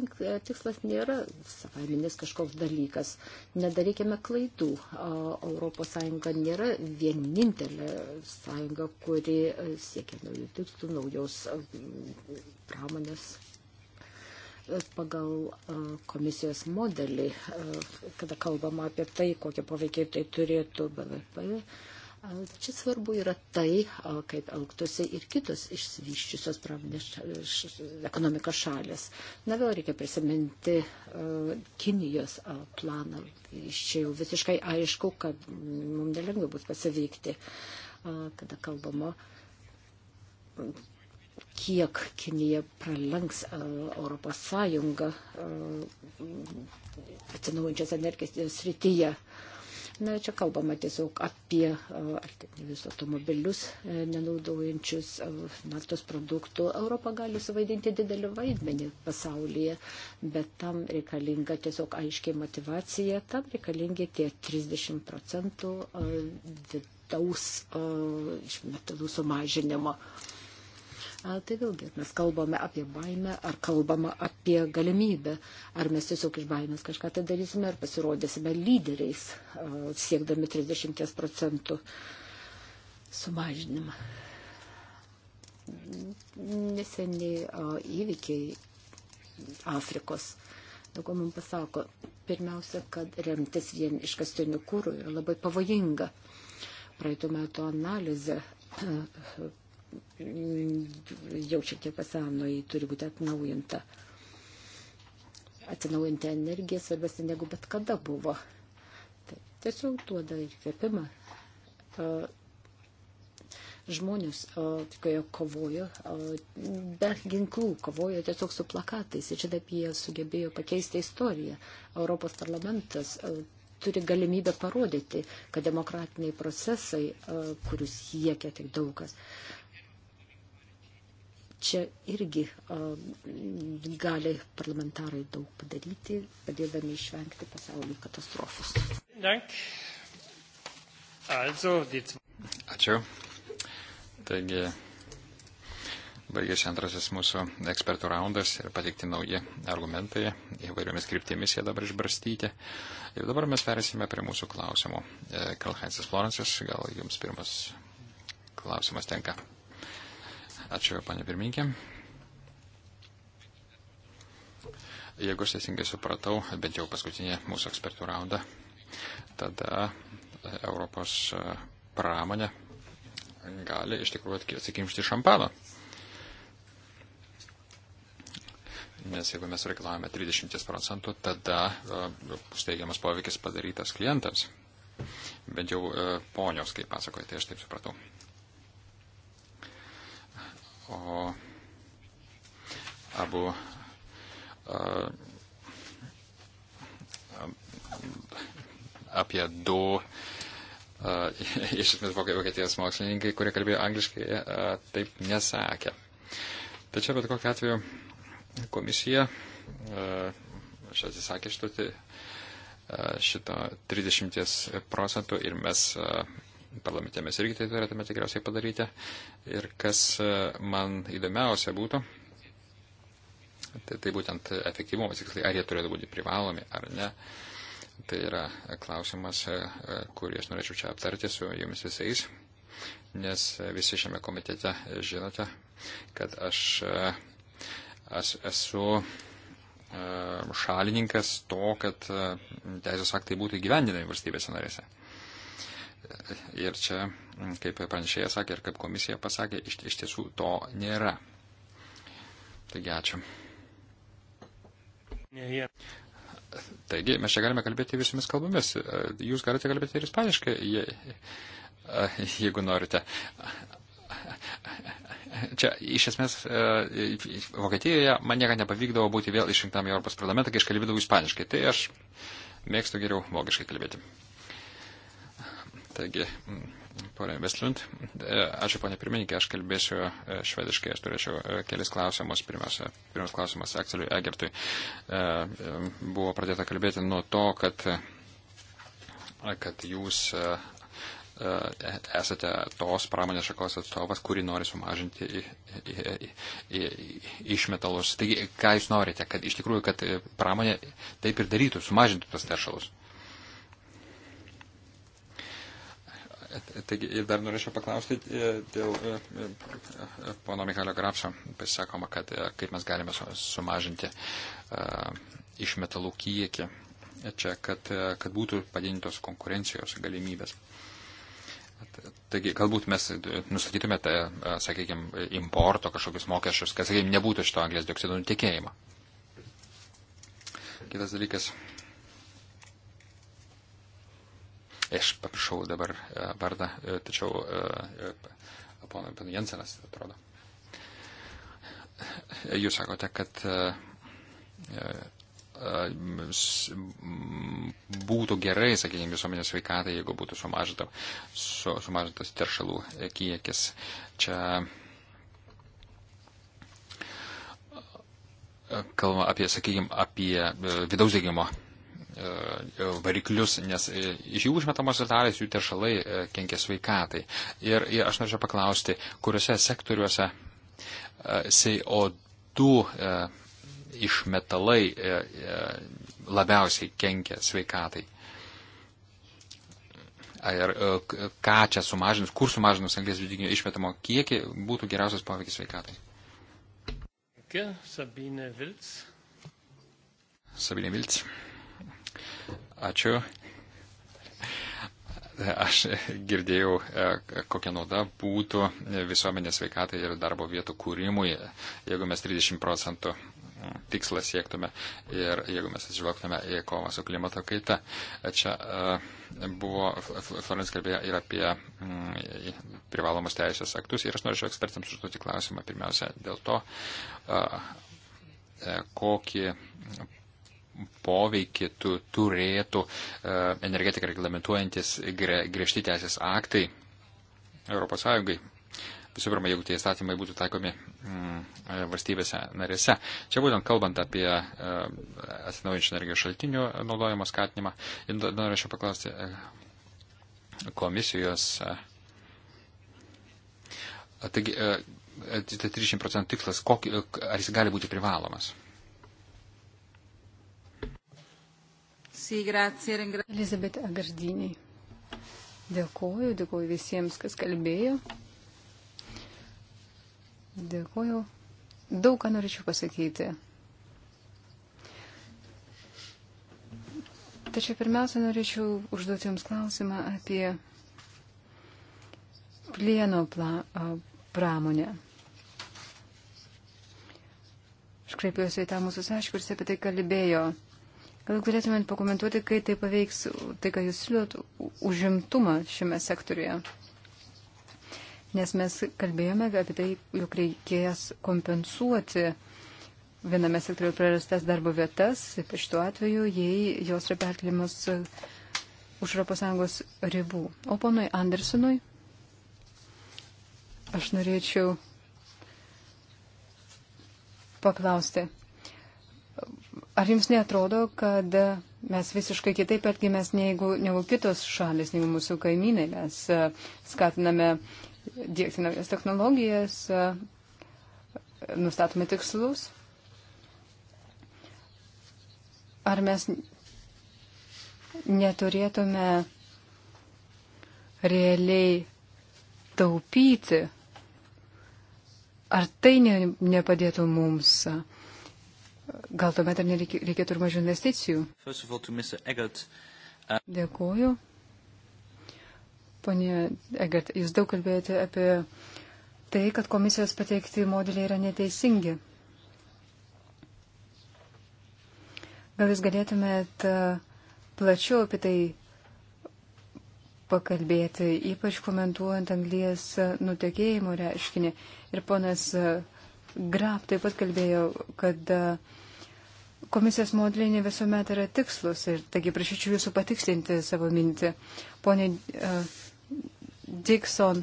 tikslas nėra savaiminis kažkoks dalykas. Nedarykime klaidų. ES nėra vienintelė sąjunga, kuri siekia naujų tikslų, naujos pramonės pagal e, komisijos modelį, e, kada kalbama apie tai, kokie poveikiai tai turėtų BVP. E, čia svarbu yra tai, kaip elgtųsi ir kitos išsivyščiusios pramonės ekonomikos šalis. Na vėl reikia prisiminti Kinijos planą. Iš čia jau visiškai aišku, kad mums nelengva bus pasivykti, kada kalbama kiek Kinija pralenks e, Europos Sąjungą e, atsinaujančios energijos srityje. Na, čia kalbama tiesiog apie e, alternatyvius automobilius, nenaudojančius naftos produktų. Europa gali suvaidinti didelį vaidmenį pasaulyje, bet tam reikalinga tiesiog aiškiai motivacija, tam reikalingi tie 30 procentų vidaus išmetalų sumažinimo. Uh, A, tai vėlgi, mes kalbame apie baimę, ar kalbame apie galimybę, ar mes tiesiog iš baimės kažką tai darysime, ar pasirodysime lyderiais, a, siekdami 30 procentų sumažinimą. Neseniai a, įvykiai Afrikos daug mums pasako, pirmiausia, kad remtis vien iš kastinių kūrų yra labai pavojinga. Praeitų metų analizė jau šiek tiek paseno, jį turi būti atnaujinta. Atsinaujinti energiją svarbesnė negu bet kada buvo. Tai tiesiog duoda įkvėpimą. Žmonės, kurie kovojo be ginklų, kovojo tiesiog su plakatais ir čia taip jie sugebėjo pakeisti istoriją. Europos parlamentas turi galimybę parodyti, kad demokratiniai procesai, kurius siekia tik daugas, Čia irgi a, gali parlamentarai daug padaryti, padėdami išvengti pasaulio katastrofos. Ačiū. Taigi, baigėsi antrasis mūsų ekspertų raundas ir pateikti nauji argumentai, įvairiomis kryptimis jie dabar išbrastyti. Ir dabar mes perėsime prie mūsų klausimų. E, Kalhansis Florencis, gal jums pirmas klausimas tenka. Ačiū, panė pirminkė. Jeigu aš teisingai supratau, bent jau paskutinė mūsų ekspertų raunda, tada e, Europos e, pramonė gali iš tikrųjų atsikimšti šampano. Nes jeigu mes reikalavome 30 procentų, tada e, bus teigiamas poveikis padarytas klientams. Bent jau ponios, kaip pasakoja, tai aš taip supratau o abu a, apie du a, iš esmės vokietijos mokslininkai, kurie kalbėjo angliškai, a, taip nesakė. Tačiau bet kokiu atveju komisija, aš atsisakė šito, šito 30 procentų ir mes Parlamente mes irgi tai turėtume tikriausiai padaryti. Ir kas e, man įdomiausia būtų, tai, tai būtent efektyvumas, tiksliai, ar jie turėtų būti privalomi ar ne. Tai yra klausimas, e, kurį aš norėčiau čia aptarti su jumis visais, nes visi šiame komitete žinote, kad aš, e, aš esu šalininkas to, kad teisės aktai būtų įgyvendinami valstybėse narėse. Ir čia, kaip pranešėjas sakė ir kaip komisija pasakė, iš, iš tiesų to nėra. Taigi ačiū. Taigi, mes čia galime kalbėti visomis kalbomis. Jūs galite kalbėti ir ispaniškai, je, jeigu norite. Čia, iš esmės, Vokietijoje man niekada nepavykdavo būti vėl išrinktam į Europos parlamentą, kai aš kalbėdavau ispaniškai. Tai aš mėgstu geriau vokiškai kalbėti. Taigi, ponė Vestlund, e, ačiū ponė pirmininkė, aš kalbėsiu e, švediškai, aš turėčiau e, kelis klausimus. Pirmiausia, pirmas klausimas Akseliui Egertui buvo pradėta kalbėti nuo to, kad, kad jūs esate tos pramonės šakos atstovas, kuri nori sumažinti išmetalus. Taigi, ką jūs norite, kad iš tikrųjų, kad pramonė taip ir darytų, sumažintų tas teršalus? Taigi, ir dar norėčiau paklausti e, dėl e, e, pono Michalio Grapšo. Pasisakoma, kad kaip mes galime sumažinti iš metalų kiekį čia, kad, kad būtų padidintos konkurencijos galimybės. Taigi, galbūt mes nustatytume, tą, sakykime, importo kažkokius mokesčius, kad, sakykime, nebūtų šito anglės dioksido nutekėjimo. Kitas dalykas Aš pamiršau dabar e, vardą, e, tačiau e, pana Jensenas, atrodo. Jūs sakote, kad būtų gerai, sakykime, visuomenės sveikatai, jeigu būtų sumažinta, su, sumažintas teršalų kiekis. Čia kalba apie, sakykime, apie vidaus degimo E, variklius, nes e, iš jų užmetamosios dalys jų teršalai e, kenkia sveikatai. Ir, ir aš norėčiau paklausti, kuriuose sektoriuose CO2 išmetalai labiausiai kenkia sveikatai. Ir ką čia sumažinus, kur sumažinus anglės dvideginio išmetamo kiekį būtų geriausias poveikis sveikatai. Sabine Vilts. Sabine Vilts. Ačiū. Aš girdėjau, e, kokia nauda būtų visuomenės veikatai ir darbo vietų kūrimui, jeigu mes 30 procentų tikslą siektume ir jeigu mes atsižvelgtume į kovą su klimato kaita. Čia e, buvo, Florence kalbėjo ir apie mm, privalomus teisės aktus ir aš norėčiau ekspertams užduoti klausimą pirmiausia dėl to, e, kokį poveikį tu, turėtų e, energetiką reglamentuojantis griežti teisės aktai ES. Visų pirma, jeigu tie įstatymai būtų taikomi mm, e, valstybėse narėse. Čia būtent kalbant apie e, atsinaujančių energijos šaltinių naudojimo skatinimą, norėčiau paklausti e, komisijos. E, taigi, e, 30 e, tai procentų tikslas, kokį, ar jis gali būti privalomas? Sì, grazie, ringrazio. Elizabeth Agardiniai. Dėkuoju, dėkuoju visiems, kas kalbėjo. Dėkuoju. Daug ką norėčiau pasakyti. Tačiau pirmiausia, norėčiau užduoti Jums klausimą apie plieno pla, pramonę. Aš kreipiuosi į tą mūsų sąškurį, apie tai kalbėjo. Gal galėtumėt pakomentuoti, kai tai paveiks tai, ką jūs siūlot, užimtumą šiame sektoriuje? Nes mes kalbėjome apie tai, jog reikės kompensuoti viename sektoriuje prarastas darbo vietas, ypač tuo atveju, jei jos yra perkelimas e, už ES ribų. O ponui Andersonui aš norėčiau paklausti. Ar jums netrodo, kad mes visiškai kitaip elgėmės negu, negu kitos šalis, negu mūsų kaimynai? Mes e, skatiname dėkti naujas technologijas, e, nustatome tikslus. Ar mes neturėtume realiai taupyti? Ar tai ne, nepadėtų mums? Uh, Gal tuomet ar reikėtų ir mažiau investicijų? All, uh, Dėkuoju. Pone Egert, jūs daug kalbėjote apie tai, kad komisijos pateikti modeliai yra neteisingi. Gal jūs galėtumėt uh, plačiau apie tai pakalbėti, ypač komentuojant anglijas uh, nutekėjimo reiškinį. Ir ponas uh, Graf taip pat kalbėjo, kad e, komisijos modeliai ne visuomet yra tikslus ir taigi prašyčiau jūsų patikslinti savo mintį. Pone uh, Dikson,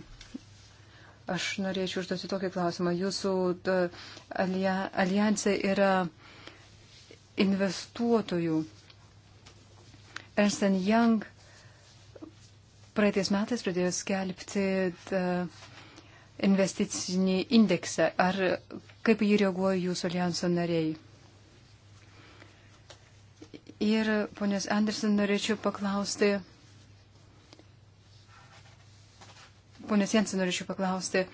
aš norėčiau užduoti tokį klausimą. Jūsų uh, alijansai yra investuotojų. Ernst Young praeitais metais pradėjo skelbti. Uh, investicinį indeksą. Ar kaip jį reaguoja jūsų alijanso nariai? Ir ponios Andersen norėčiau paklausti. Ponios Jensen norėčiau paklausti,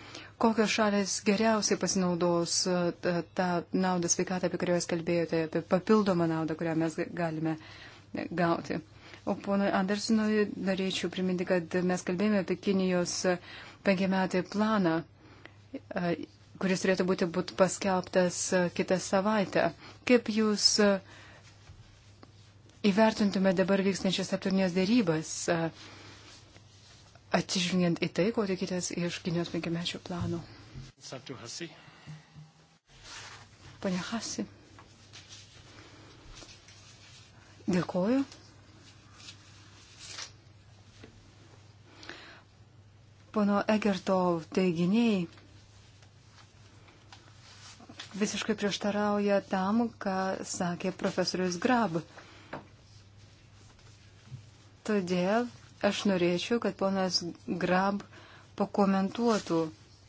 kokios šalės geriausiai pasinaudos e, tą naudą sveikatą, apie kurią jūs kalbėjote, apie papildomą naudą, kurią mes galime gauti. Uh, O ponui Andersonui norėčiau priminti, kad mes kalbėjome apie Kinijos penkiametį planą, e, kuris turėtų būti būt paskelbtas e, kitą savaitę. Kaip jūs e, įvertintume dabar vykstančias aptarnės dėrybas, atsižvelgiant į tai, ko tikitės iš Kinijos penkiamečio plano? Pane Hasi. Dėkoju. Pono Egerto teiginiai visiškai prieštarauja tam, ką sakė profesorius Grab. Todėl aš norėčiau, kad ponas Grab pakomentuotų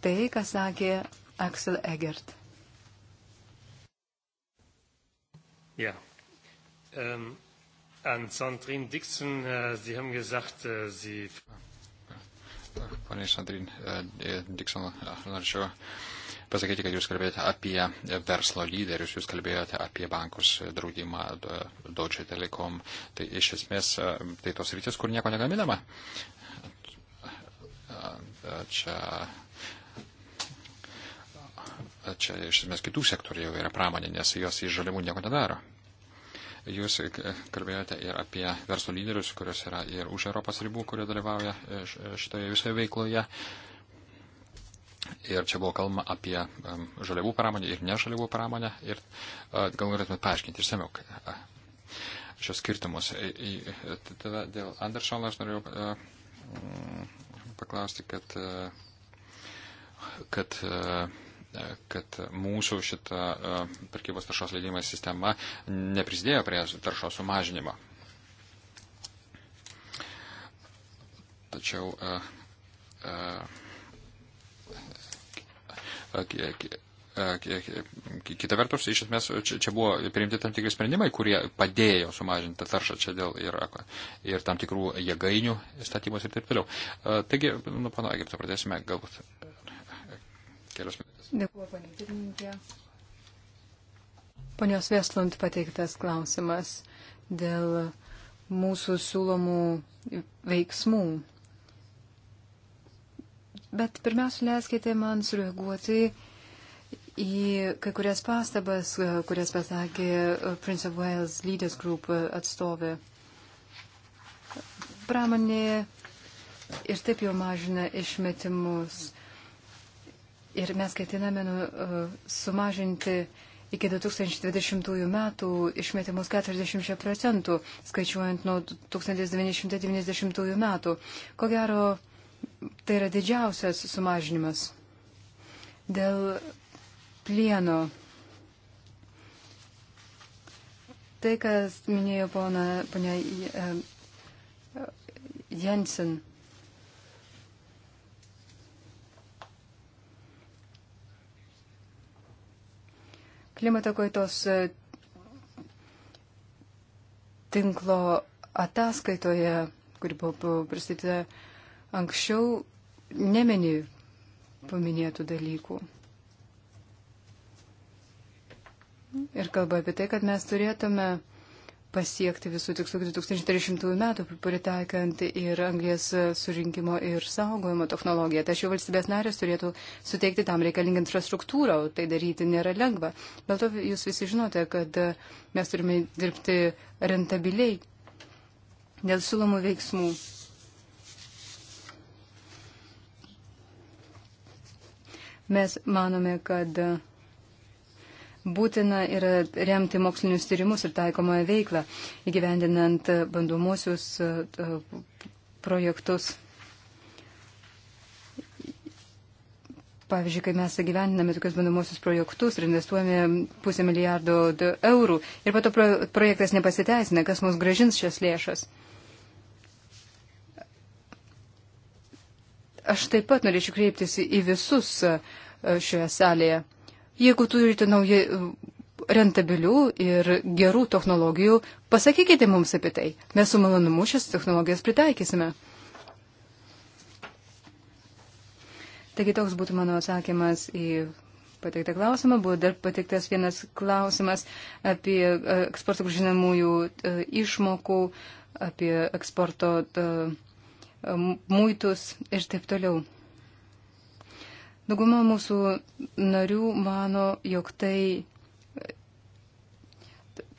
tai, ką sakė Axel Egert. Ja. Ähm, an Sandrine Dixon, äh, Sie haben gesagt, äh, Sie. Pane Sandrin, e, Dikson, e, norėčiau pasakyti, kad jūs kalbėjote apie verslo lyderius, jūs kalbėjote apie bankus, draudimą, Deutsche Telekom. Tai iš esmės e, tai tos rytis, kur nieko negaminama. Čia, čia iš esmės kitų sektorių jau yra pramonė, nes jos iš žalimų nieko nedaro. Jūs kalbėjote ir apie verslo lyderius, kurios yra ir už Europos ribų, kurie dalyvauja e, e, šitoje visoje veikloje. Ir čia buvo kalbama apie žaliavų pramonę ir nežaliavų pramonę. Ir e, gal galėtumėt paaiškinti išsameu šios skirtumus. Tada dėl Andersono aš norėjau paklausti, kad, kad E, kad mūsų šita e, prekybos taršos leidimo sistema neprisidėjo prie taršos sumažinimo. Tačiau kita vertus, iš esmės, čia, čia buvo priimti tam tikri sprendimai, kurie padėjo sumažinti taršą čia dėl ir, ir tam tikrų jėgainių statybos ir taip toliau. E, taigi, nu, pana Egipto, pradėsime galbūt kelios minutės. Dėkuoju, panė pirmininkė. Ponios Vestlund pateiktas klausimas dėl mūsų siūlomų veiksmų. Bet pirmiausia, leiskite man sureaguoti į kai kurias pastabas, kurias pasakė Prince of Wales Leaders Group atstovė. Pramonė ir taip jau mažina išmetimus. Ir mes ketiname nu, e, sumažinti iki 2020 metų išmetimus 40 procentų, skaičiuojant nuo 1990 metų. Ko gero, tai yra didžiausias sumažinimas. Dėl plieno. Tai, kas minėjo ponia e, Jensen. klimato kaitos e, tinklo ataskaitoje, kuri buvo pristatyta anksčiau, nemeni paminėtų dalykų. Ir kalba apie tai, kad mes turėtume pasiekti visų tikslų 2030 metų, pritaikant ir anglės surinkimo ir saugojimo technologiją. Tačiau valstybės narės turėtų suteikti tam reikalingą infrastruktūrą, o tai daryti nėra lengva. Dėl to jūs visi žinote, kad mes turime dirbti rentabiliai dėl siūlomų veiksmų. Mes manome, kad būtina yra remti mokslinius tyrimus ir taikomąją veiklą, įgyvendinant e, bandomuosius e, e, projektus. Pavyzdžiui, kai mes gyveniname tokius bandomosius projektus ir investuojame pusę milijardo eurų ir pato pro, projektas nepasiteisina, kas mums gražins šias lėšas. Aš taip pat norėčiau kreiptis į visus šioje salėje. Jeigu turite naują e, rentabilių ir gerų technologijų, pasakykite mums apie tai. Mes su malonumu šias technologijas pritaikysime. Taigi toks būtų mano atsakymas į pateiktą klausimą. Buvo dar pateiktas vienas klausimas apie e, eksporto grįžinamųjų e, išmokų, apie eksporto muitus ir taip toliau. Dauguma mūsų narių mano, jog tai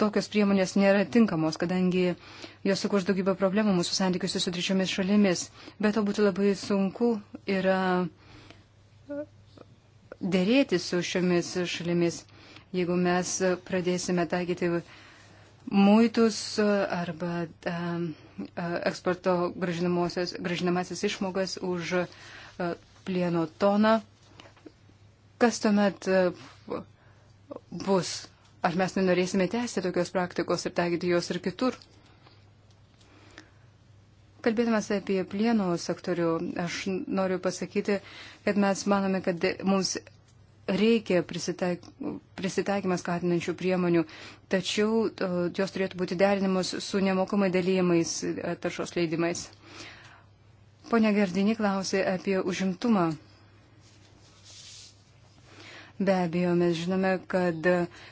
tokios priemonės nėra tinkamos, kadangi jos sukurs daugybę problemų mūsų santykiuose su trečiomis šalimis. Bet to būtų labai sunku yra dėrėti su šiomis šalimis, jeigu mes pradėsime taikyti muitus arba eksporto gražinamasis išmogas už plieno toną. Kas tuomet e, bus? Ar mes nenorėsime tęsti tokios praktikos ir taikyti jos ir kitur? Kalbėdamas apie plieno sektorių, aš noriu pasakyti, kad mes manome, kad mums reikia prisitaik, prisitaikymą skatinančių priemonių, tačiau e, jos turėtų būti derinamos su nemokamai dalyjimais e, taršos leidimais. Pone Gardini klausė apie užimtumą. Be abejo, mes žinome, kad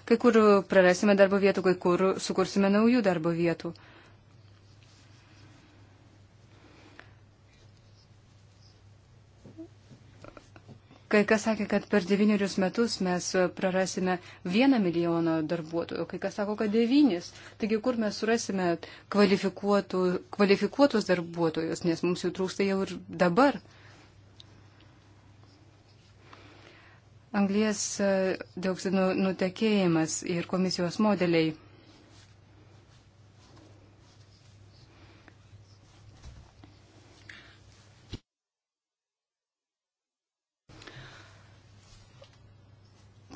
kai kur prarasime darbo vietų, kai kur sukursime naujų darbo vietų. Kai kas sakė, kad per devynerius metus mes prarasime vieną milijoną darbuotojų, kai kas sako, kad devynis. Taigi, kur mes surasime kvalifikuotus darbuotojus, nes mums jų trūksta jau ir dabar. Anglijas e, dioksinų nutekėjimas ir komisijos modeliai.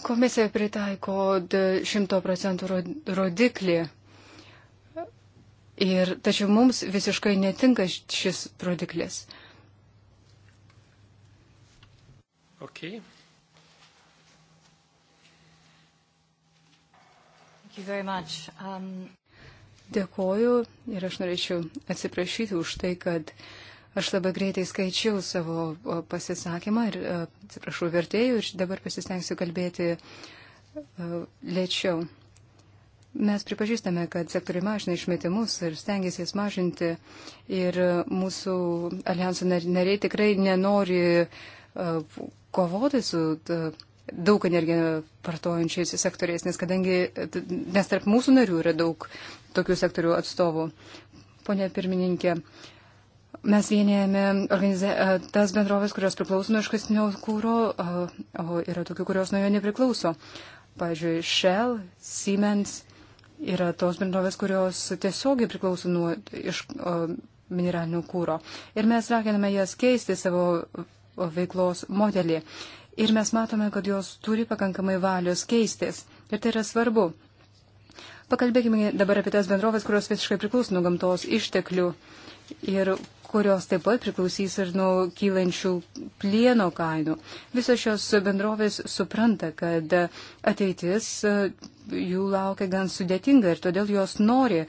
Komisija pritaiko 100 procentų rodiklį. Ir tačiau mums visiškai netinka šis rodiklis. Okay. Um... Dėkoju ir aš norėčiau atsiprašyti už tai, kad aš labai greitai skaičiau savo pasisakymą ir e, atsiprašau vertėjų ir dabar pasistengsiu kalbėti uh, lėčiau. Mes pripažįstame, kad sektoriai mažina išmetimus ir stengiasi jas mažinti ir e, mūsų alijansų nariai tikrai nenori uh, kovoti su. Uh, daug energiją vartojančiais sektoriais, nes kadangi, nes tarp mūsų narių yra daug tokių sektorių atstovų. Pone pirmininkė, mes vienėjame tas bendrovės, kurios priklauso nuo iškastinio kūro, o yra tokių, kurios nuo jo nepriklauso. Pavyzdžiui, Shell, Siemens yra tos bendrovės, kurios tiesiogiai priklauso nuo iš, o, mineralinių kūro. Ir mes raginame jas keisti savo veiklos modelį ir mes matome, kad jos turi pakankamai valios keistis. Ir tai yra svarbu. Pakalbėkime dabar apie tas bendrovės, kurios visiškai priklauso nuo gamtos išteklių ir kurios taip pat priklausys ir nuo kylančių plieno kainų. Visos šios bendrovės supranta, kad ateitis jų laukia gan sudėtinga ir todėl jos nori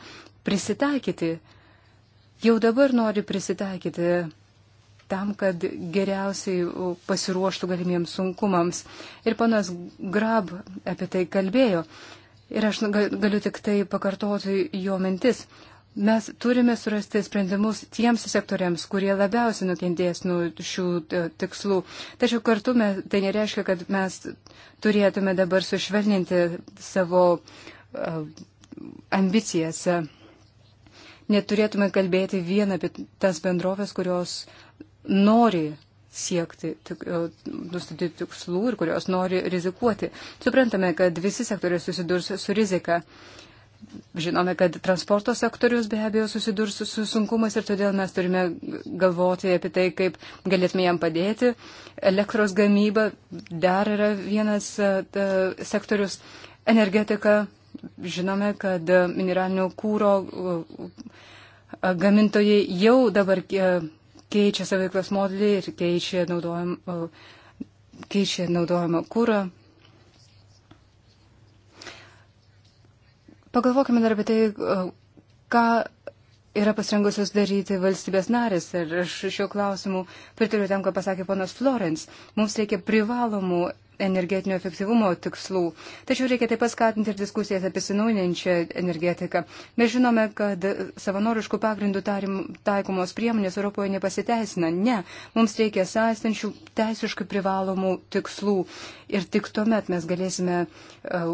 prisitaikyti. Jau dabar nori prisitaikyti tam, kad geriausiai pasiruoštų galimiems sunkumams. Ir panas Grab apie tai kalbėjo. Ir aš galiu tik tai pakartoti jo mintis. Mes turime surasti sprendimus tiems sektoriams, kurie labiausiai nukentės nuo šių tikslų. Tačiau kartu mes, tai nereiškia, kad mes turėtume dabar sušvelninti savo uh, ambicijas. Neturėtume kalbėti vien apie tas bendrovės, kurios nori siekti e, nustatyti tikslų ir kurios nori rizikuoti. Suprantame, kad visi sektoriai susidurs su rizika. Žinome, kad transporto sektorius be abejo susidurs su sunkumas ir todėl mes turime galvoti apie tai, kaip galėtume jam padėti. Elektros gamyba dar yra vienas e, ta, sektorius. Energetika. Žinome, kad mineralinio kūro e, gamintojai jau dabar keičia savo veiklos modelį ir keičia naudojimą, keičia naudojimą kūrą. Pagalvokime dar apie tai, ką yra pasirengusios daryti valstybės narės. Ir aš šiuo klausimu pritariu tam, ką pasakė ponas Florence. Mums reikia privalomų energetinio efektyvumo tikslų. Tačiau reikia taip paskatinti ir diskusijas apie sinaujinančią energetiką. Mes žinome, kad savanoriškų pagrindų tarim, taikomos priemonės Europoje nepasiteisina. Ne, mums reikia sąstančių teisiškai privalomų tikslų. Ir tik tuomet mes galėsime e,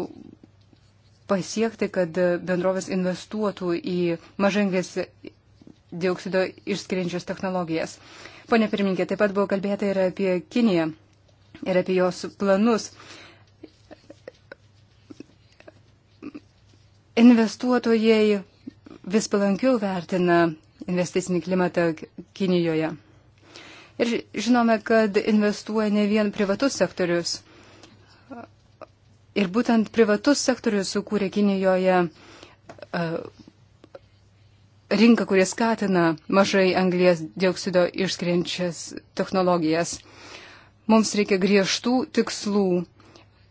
pasiekti, kad bendrovės investuotų į mažangės dioksido išskiriančias technologijas. Pone pirminkė, taip pat buvo kalbėta ir apie Kiniją ir apie jos planus. Investuotojai vis palankiau vertina investicinį klimatą Kinijoje. Ir žinome, kad investuoja ne vien privatus sektorius. Ir būtent privatus sektorius sukūrė Kinijoje e, rinką, kurie skatina mažai anglės dioksido išskrinčias technologijas. Mums reikia griežtų tikslų,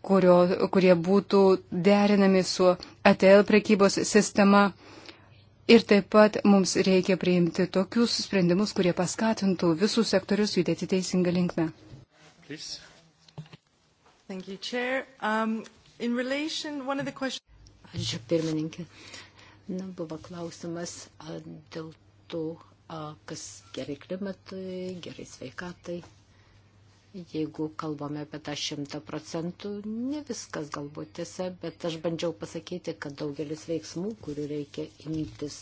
kurio, kurie būtų derinami su ATL prekybos sistema. Ir taip pat mums reikia priimti tokius sprendimus, kurie paskatintų visus sektorius judėti teisingą linkmę. Um, Ačiū pirmininkė. Na, buvo klausimas dėl to, kas gerai klimatui, gerai sveikatai jeigu kalbame apie tą šimtą procentų, ne viskas galbūt tiesa, bet aš bandžiau pasakyti, kad daugelis veiksmų, kurių reikia imtis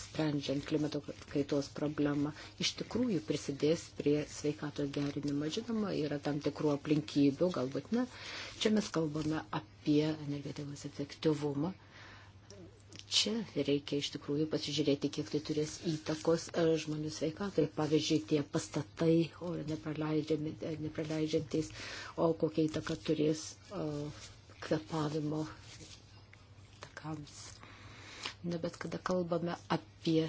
sprendžiant klimato kaitos problemą, iš tikrųjų prisidės prie sveikatos gerinimo. Žinoma, yra tam tikrų aplinkybių, galbūt ne. Čia mes kalbame apie energetikos efektyvumą čia reikia iš tikrųjų pasižiūrėti, kiek tai turės įtakos e, žmonių sveikatai. Pavyzdžiui, tie pastatai, o e, nepraleidžiantys, o kokia įtaka turės o, e, kvepavimo takams. Ne, bet kada kalbame apie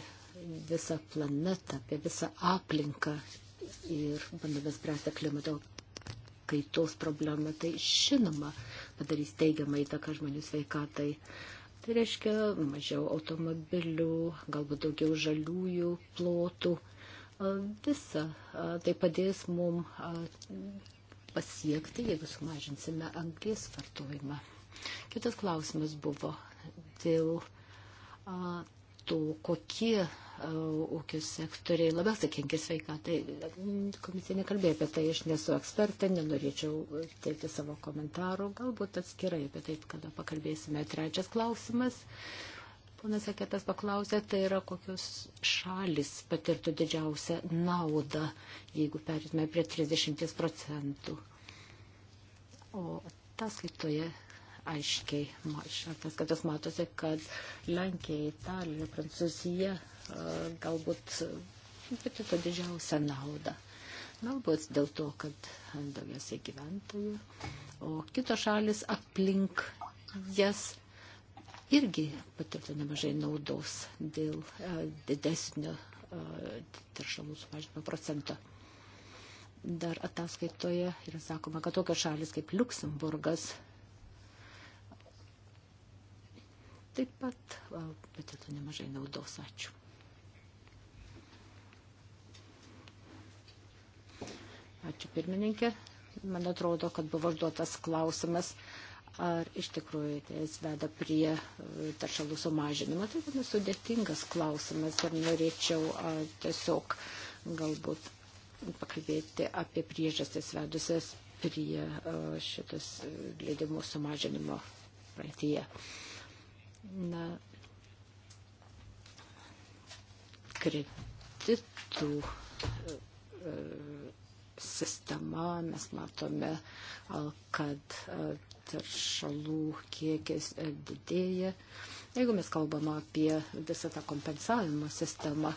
visą planetą, apie visą aplinką ir bandome spręsti klimato kaitos problemą, tai žinoma padarys teigiamą įtaką žmonių sveikatai. Uh, Tai reiškia mažiau automobilių, galbūt daugiau žaliųjų plotų. Visa tai padės mum pasiekti, jeigu sumažinsime anglės vartojimą. Kitas klausimas buvo dėl būtų, kokie e, ūkio sektoriai labiausiai kenkia sveikatai. Komisija nekalbėjo apie tai, aš nesu ekspertė, nenorėčiau teikti savo komentarų, galbūt atskirai apie tai, kada pakalbėsime. Trečias klausimas. Ponas Seketas paklausė, tai yra kokios šalis patirtų didžiausią naudą, jeigu perėtume prie 30 procentų. O ataskaitoje aiškiai mažintas, kad jūs matote, kad Lenkija, Italija, Prancūzija galbūt pati to didžiausią naudą. Galbūt dėl to, kad daugiausiai gyventojų, o kitos šalis aplink jas irgi patirta nemažai naudos dėl didesnio teršalų sumažinimo procento. Dar ataskaitoje yra sakoma, kad tokios šalis kaip Luksemburgas taip pat patirtų nemažai naudos. Ačiū. Ačiū pirmininkė. Man atrodo, kad buvo užduotas klausimas, ar iš tikrųjų tai veda prie e, taršalų sumažinimo. Tai gana sudėtingas klausimas ir norėčiau a, tiesiog galbūt pakalbėti apie priežastis vedusias prie a, e, šitos e, leidimų sumažinimo praeitie. A, na, kreditų e, e, sistema, mes matome, kad teršalų kiekis e, didėja. Jeigu mes kalbame apie visą tą kompensavimo sistemą,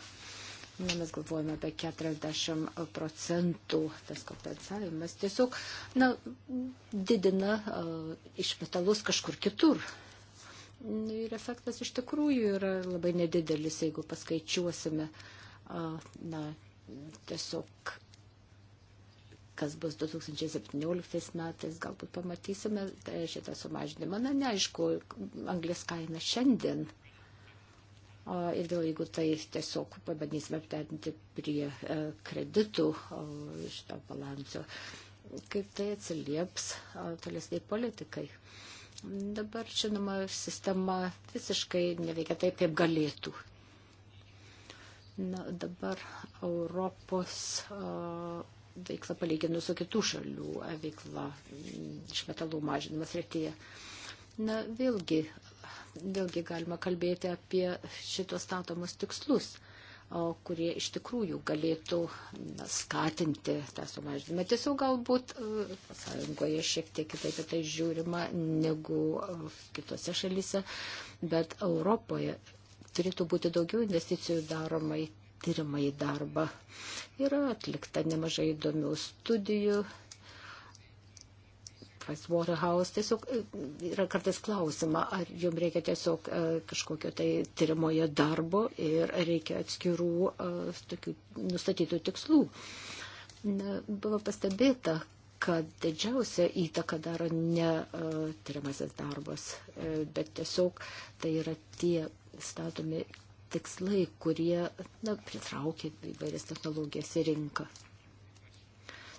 na, mes galvojame apie 40 procentų tas kompensavimas tiesiog na, didina uh, išmetalus kažkur kitur. Nu, ir efektas iš tikrųjų yra labai nedidelis, jeigu paskaičiuosime, na, tiesiog kas bus 2017 metais, galbūt pamatysime tai šitą sumažinimą. Na, neaišku, anglės kaina šiandien. O, ir dėl jeigu tai tiesiog pabandysime aptardinti prie e, kreditų o, šito balanso, kaip tai atsilieps tolesniai politikai. E, Dabar, žinoma, sistema visiškai neveikia taip, kaip galėtų. Na, dabar Europos uh, veikla palyginus su kitų šalių veikla išmetalų mažinimas rytyje. Na, vėlgi, vėlgi galima kalbėti apie šitos statomus tikslus. Uh, kurie iš tikrųjų galėtų skatinti tą sumažinimą. Tiesiog galbūt e, sąjungoje šiek tiek kitaip į tai žiūrima negu e, kitose šalyse, bet Europoje turėtų būti daugiau investicijų daromai tyrimai darbą. Yra atlikta nemažai įdomių studijų, Pricewaterhouse, tiesiog e, yra kartais klausima, ar jums reikia tiesiog e, kažkokio tai tyrimoje darbo ir reikia atskirų e, tokių nustatytų tikslų. Buvo pastebėta, kad didžiausia įtaka daro ne tyriamasis darbas, bet tiesiog tai yra tie statomi tikslai, kurie na, pritraukia įvairias technologijas į rinką.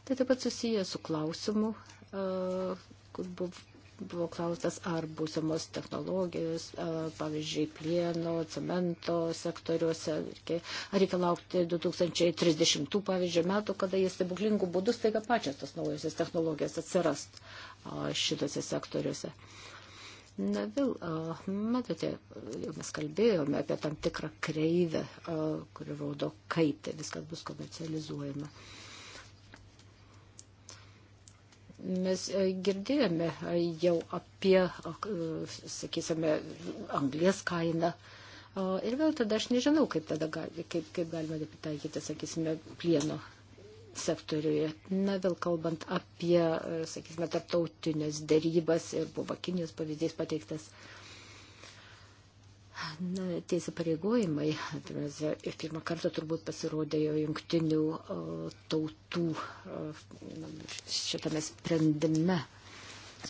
Tai taip pat susiję su klausimu, Buvo klaustas, ar būsimos technologijos, pavyzdžiui, plieno, cemento sektoriuose, ar reikia laukti 2030, pavyzdžiui, metų, kada jie stebuklingų būdų staiga pačios tos naujosios technologijos atsiras šitose sektoriuose. Na vėl, matote, jau mes kalbėjome apie tam tikrą kreivę, kuri rodo, kaip tai viskas bus komercializuojama. Uh, Mes e, girdėjome e, jau apie, e, sakysime, anglės kainą. Ir vėl tada aš nežinau, kaip, tada, kaip, kaip galima pritaikyti, sakysime, plieno sektoriuje. Na, vėl kalbant apie, sakysime, tarptautinės dėrybas ir buvo Kinijos pavyzdys pateiktas. Uh, Na, tie įsipareigojimai tai pirmą kartą turbūt pasirodė jo jungtinių tautų šitame sprendime,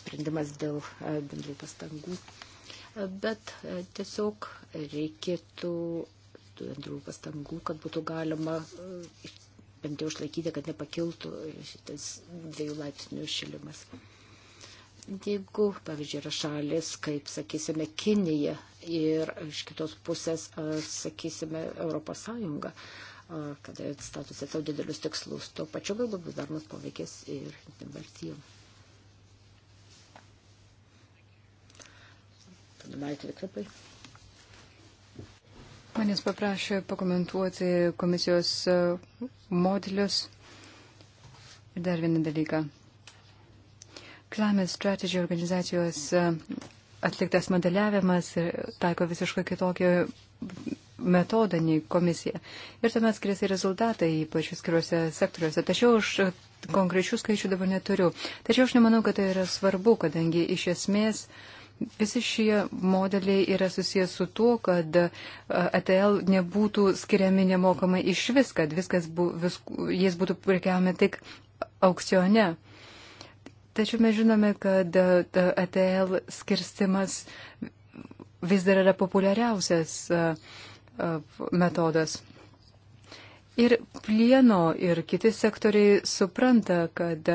sprendimas dėl e, bendrų pastangų. E, bet e, tiesiog reikėtų bendrų pastangų, kad būtų galima bent jau išlaikyti, kad nepakiltų šitas dviejų laipsnių šilimas. Jeigu, pavyzdžiui, yra šalis, kaip, sakysime, Kinija, ir iš kitos pusės, sakysime, Europos Sąjunga, kad statusi savo didelius tikslus. Tuo pačiu galbūt bus daromas poveikis ir valstijų. Tada Marita Vikrapai. Manęs paprašė pakomentuoti komisijos modelius ir dar vieną dalyką. Climate Strategy organizacijos atliktas modeliavimas taiko visiškai kitokį metodą nei komisija. Ir tuomet skiriasi rezultatai, ypač skiriuose sektoriuose. Tačiau aš konkrečių skaičių dabar neturiu. Tačiau aš nemanau, kad tai yra svarbu, kadangi iš esmės visi šie modeliai yra susijęs su tuo, kad ATL nebūtų skiriami nemokamai iš vis, kad viskas bu, vis, jais būtų prekiaujami tik aukcione. Tačiau mes žinome, kad e, ATL e skirstimas vis dar yra populiariausias e, metodas. Ir plieno ir kiti sektoriai supranta, kad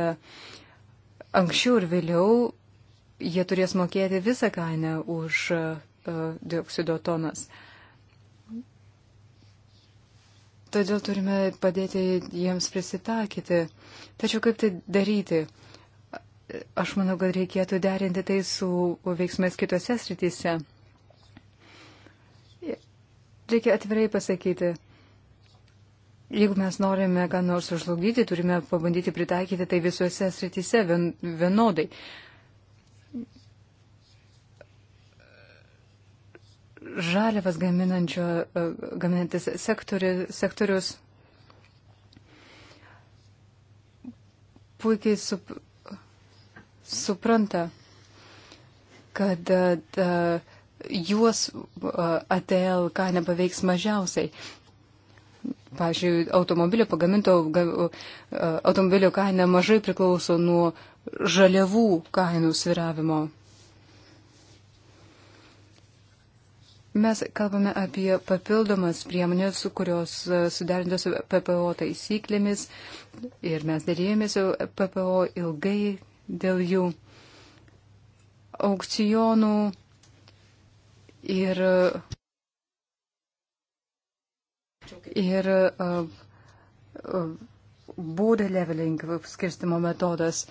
anksčiau ir vėliau jie turės mokėti visą kainą už dioksido tonas. Todėl turime padėti jiems prisitakyti. Tačiau kaip tai daryti? aš manau, kad reikėtų derinti tai su veiksmais kitose srityse. Reikia atvirai pasakyti, jeigu mes norime ką nors užlugdyti, turime pabandyti pritaikyti tai visuose srityse vien, vienodai. Žalėvas gaminantis sektori, sektorius puikiai sup, supranta, kad da, e, juos e, ATL kaina paveiks mažiausiai. Pavyzdžiui, automobilio pagaminto e, automobilio kaina mažai priklauso nuo žaliavų kainų sviravimo. Mes kalbame apie papildomas priemonės, kurios suderintos su PPO taisyklėmis ir mes dėrėjomės su PPO ilgai, dėl jų aukcionų ir, ir uh, būdų leveling skirstimo metodas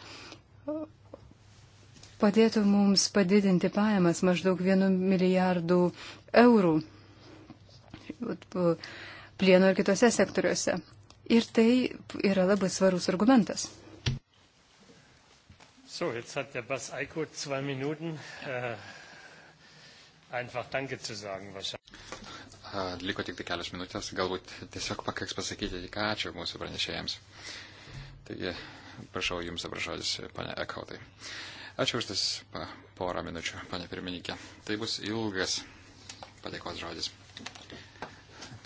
padėtų mums padidinti pajamas maždaug vienu milijardu eurų plieno ir kitose sektoriuose. Ir tai yra labai svarus argumentas. So, jetzt hat der Bas Eiko zwei Minuten. Äh, einfach Danke zu sagen wahrscheinlich. A, liko tik tai kelios minutės, galbūt tiesiog pakaks pasakyti, tik ačiū mūsų pranešėjams. Taigi, prašau Jums dabar žodis, pane Ekautai. Ačiū už tas porą minučių, pane pirmininkė. Tai bus ilgas padėkos žodis.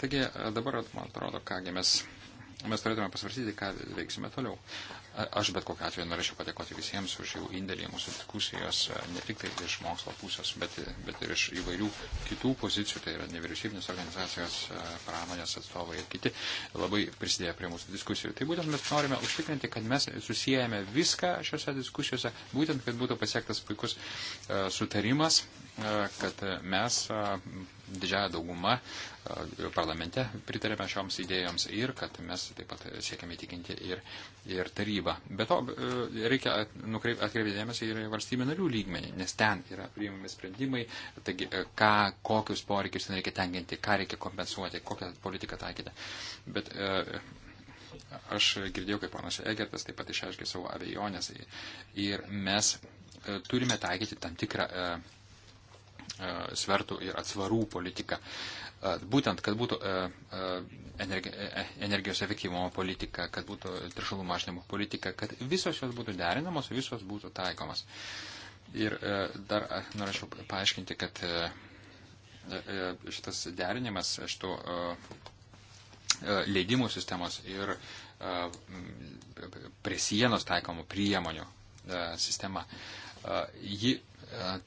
Taigi, dabar, man atrodo, kągi mes, mes turėtume pasvarstyti, ką veiksime toliau. Aš bet kokiu atveju norėčiau padėkoti visiems už jų indėlį mūsų diskusijos, e, ne tik tai iš mokslo pusės, bet, bet ir iš įvairių kitų pozicijų, tai yra nevyriausybinės organizacijos, e, pramonės atstovai ir kiti, labai prisidėjo prie mūsų diskusijų. Tai būtent mes norime užtikrinti, kad mes susijęjame viską šiuose diskusijose, būtent, kad būtų pasiektas puikus e, sutarimas, kad mes didžiaja dauguma e, parlamente pritarėme šioms idėjoms ir kad mes taip pat siekiame įtikinti ir, ir tarybą. Be to, e, reikia atkreipti dėmesį ir valstybių narių lygmenį, nes ten yra priimami sprendimai, taigi, e, ką, kokius poreikius ten reikia tenginti, ką reikia kompensuoti, kokią politiką taikyti. Bet aš girdėjau, kaip panas Egertas taip pat išaiškė savo abejonės ir mes turime taikyti tam tikrą E, svertų ir atsvarų politiką. E, būtent, kad būtų e, energijos efektyvumo politika, kad būtų trišalų mažinimo politika, kad visos jos būtų derinamos, visos būtų taikomas. Ir dar norėčiau paaiškinti, kad šitas derinimas šitų leidimų sistemos ir prie sienos taikomų priemonių sistema, ji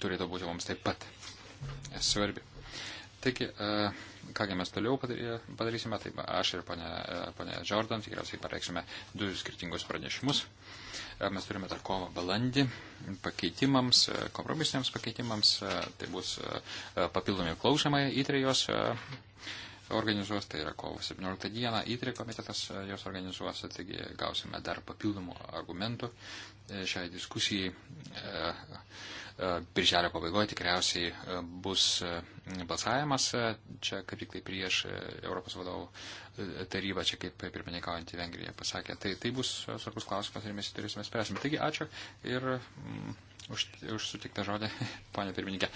turėtų būti mums taip pat E, svarbi. Taigi, e, kągi mes toliau padarysime, tai aš ir ponė e, Jordan tikriausiai pareiksime du skirtingus pranešimus. Mes turime dar kovą balandį pakeitimams, kompromisiniams pakeitimams, tai bus papildomi klausimai įtrejos organizuos, tai yra kovo 17 dieną, įtrė komitetas jos organizuos, taigi gausime dar papildomų argumentų šiai diskusijai E, birželio pabaigoje tikriausiai e, bus e, balsavimas čia kaip tik tai prieš Europos vadovų tarybą, čia kaip pirmininkaujantį Vengriją pasakė. Tai, tai bus svarbus klausimas ir mes jį turėsime spręsime. Taigi ačiū ir mm, už, už sutiktą žodį, *laughs* ponė pirmininkė.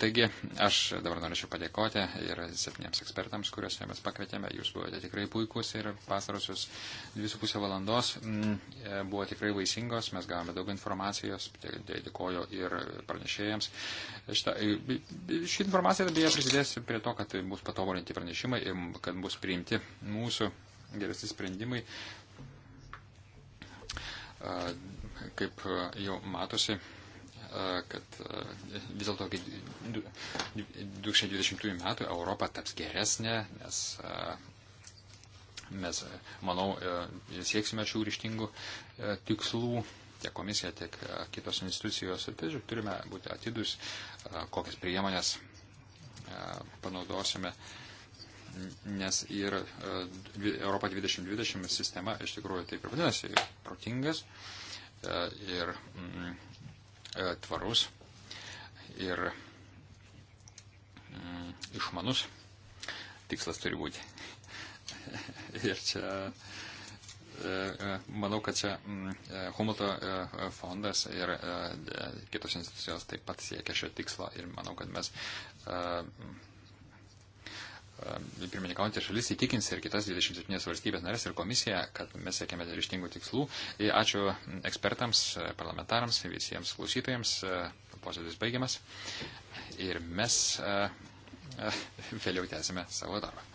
Taigi, aš dabar norėčiau padėkoti ir septyniems ekspertams, kuriuos mes pakvietėme. Jūs buvote tikrai puikus ir pasarosius dvi su pusė valandos mm, e, buvo tikrai vaisingos. Mes gavome daug informacijos, tai dėkoju ir pranešėjams. Šitą, e, ši informacija beje prisidės prie to, kad bus patobulinti pranešimai ir kad bus priimti mūsų geresni sprendimai kaip jau matosi, kad vis dėlto 2020 metų Europa taps geresnė, nes mes, manau, sieksime šių ryštingų tikslų tiek komisija, tiek kitos institucijos. Tai turime būti atidus, kokias priemonės panaudosime, nes ir Europa 2020 sistema iš tikrųjų taip ir vadinasi, protingas ir mm, E, tvarus ir mm, išmanus tikslas turi būti. *laughs* ir čia, e, e, manau, kad čia mm, Humbolto fondas ir kitos institucijos taip pat siekia šio tikslo ir manau, kad mes E, pirmininkaujantį šalis įtikins ir kitas 27 valstybės narės ir komisiją, kad mes siekiame ryštingų tikslų. Ir e, ačiū ekspertams, e, parlamentarams, visiems klausytojams. Posėdis baigiamas. Ir mes vėliau tęsime savo darbą.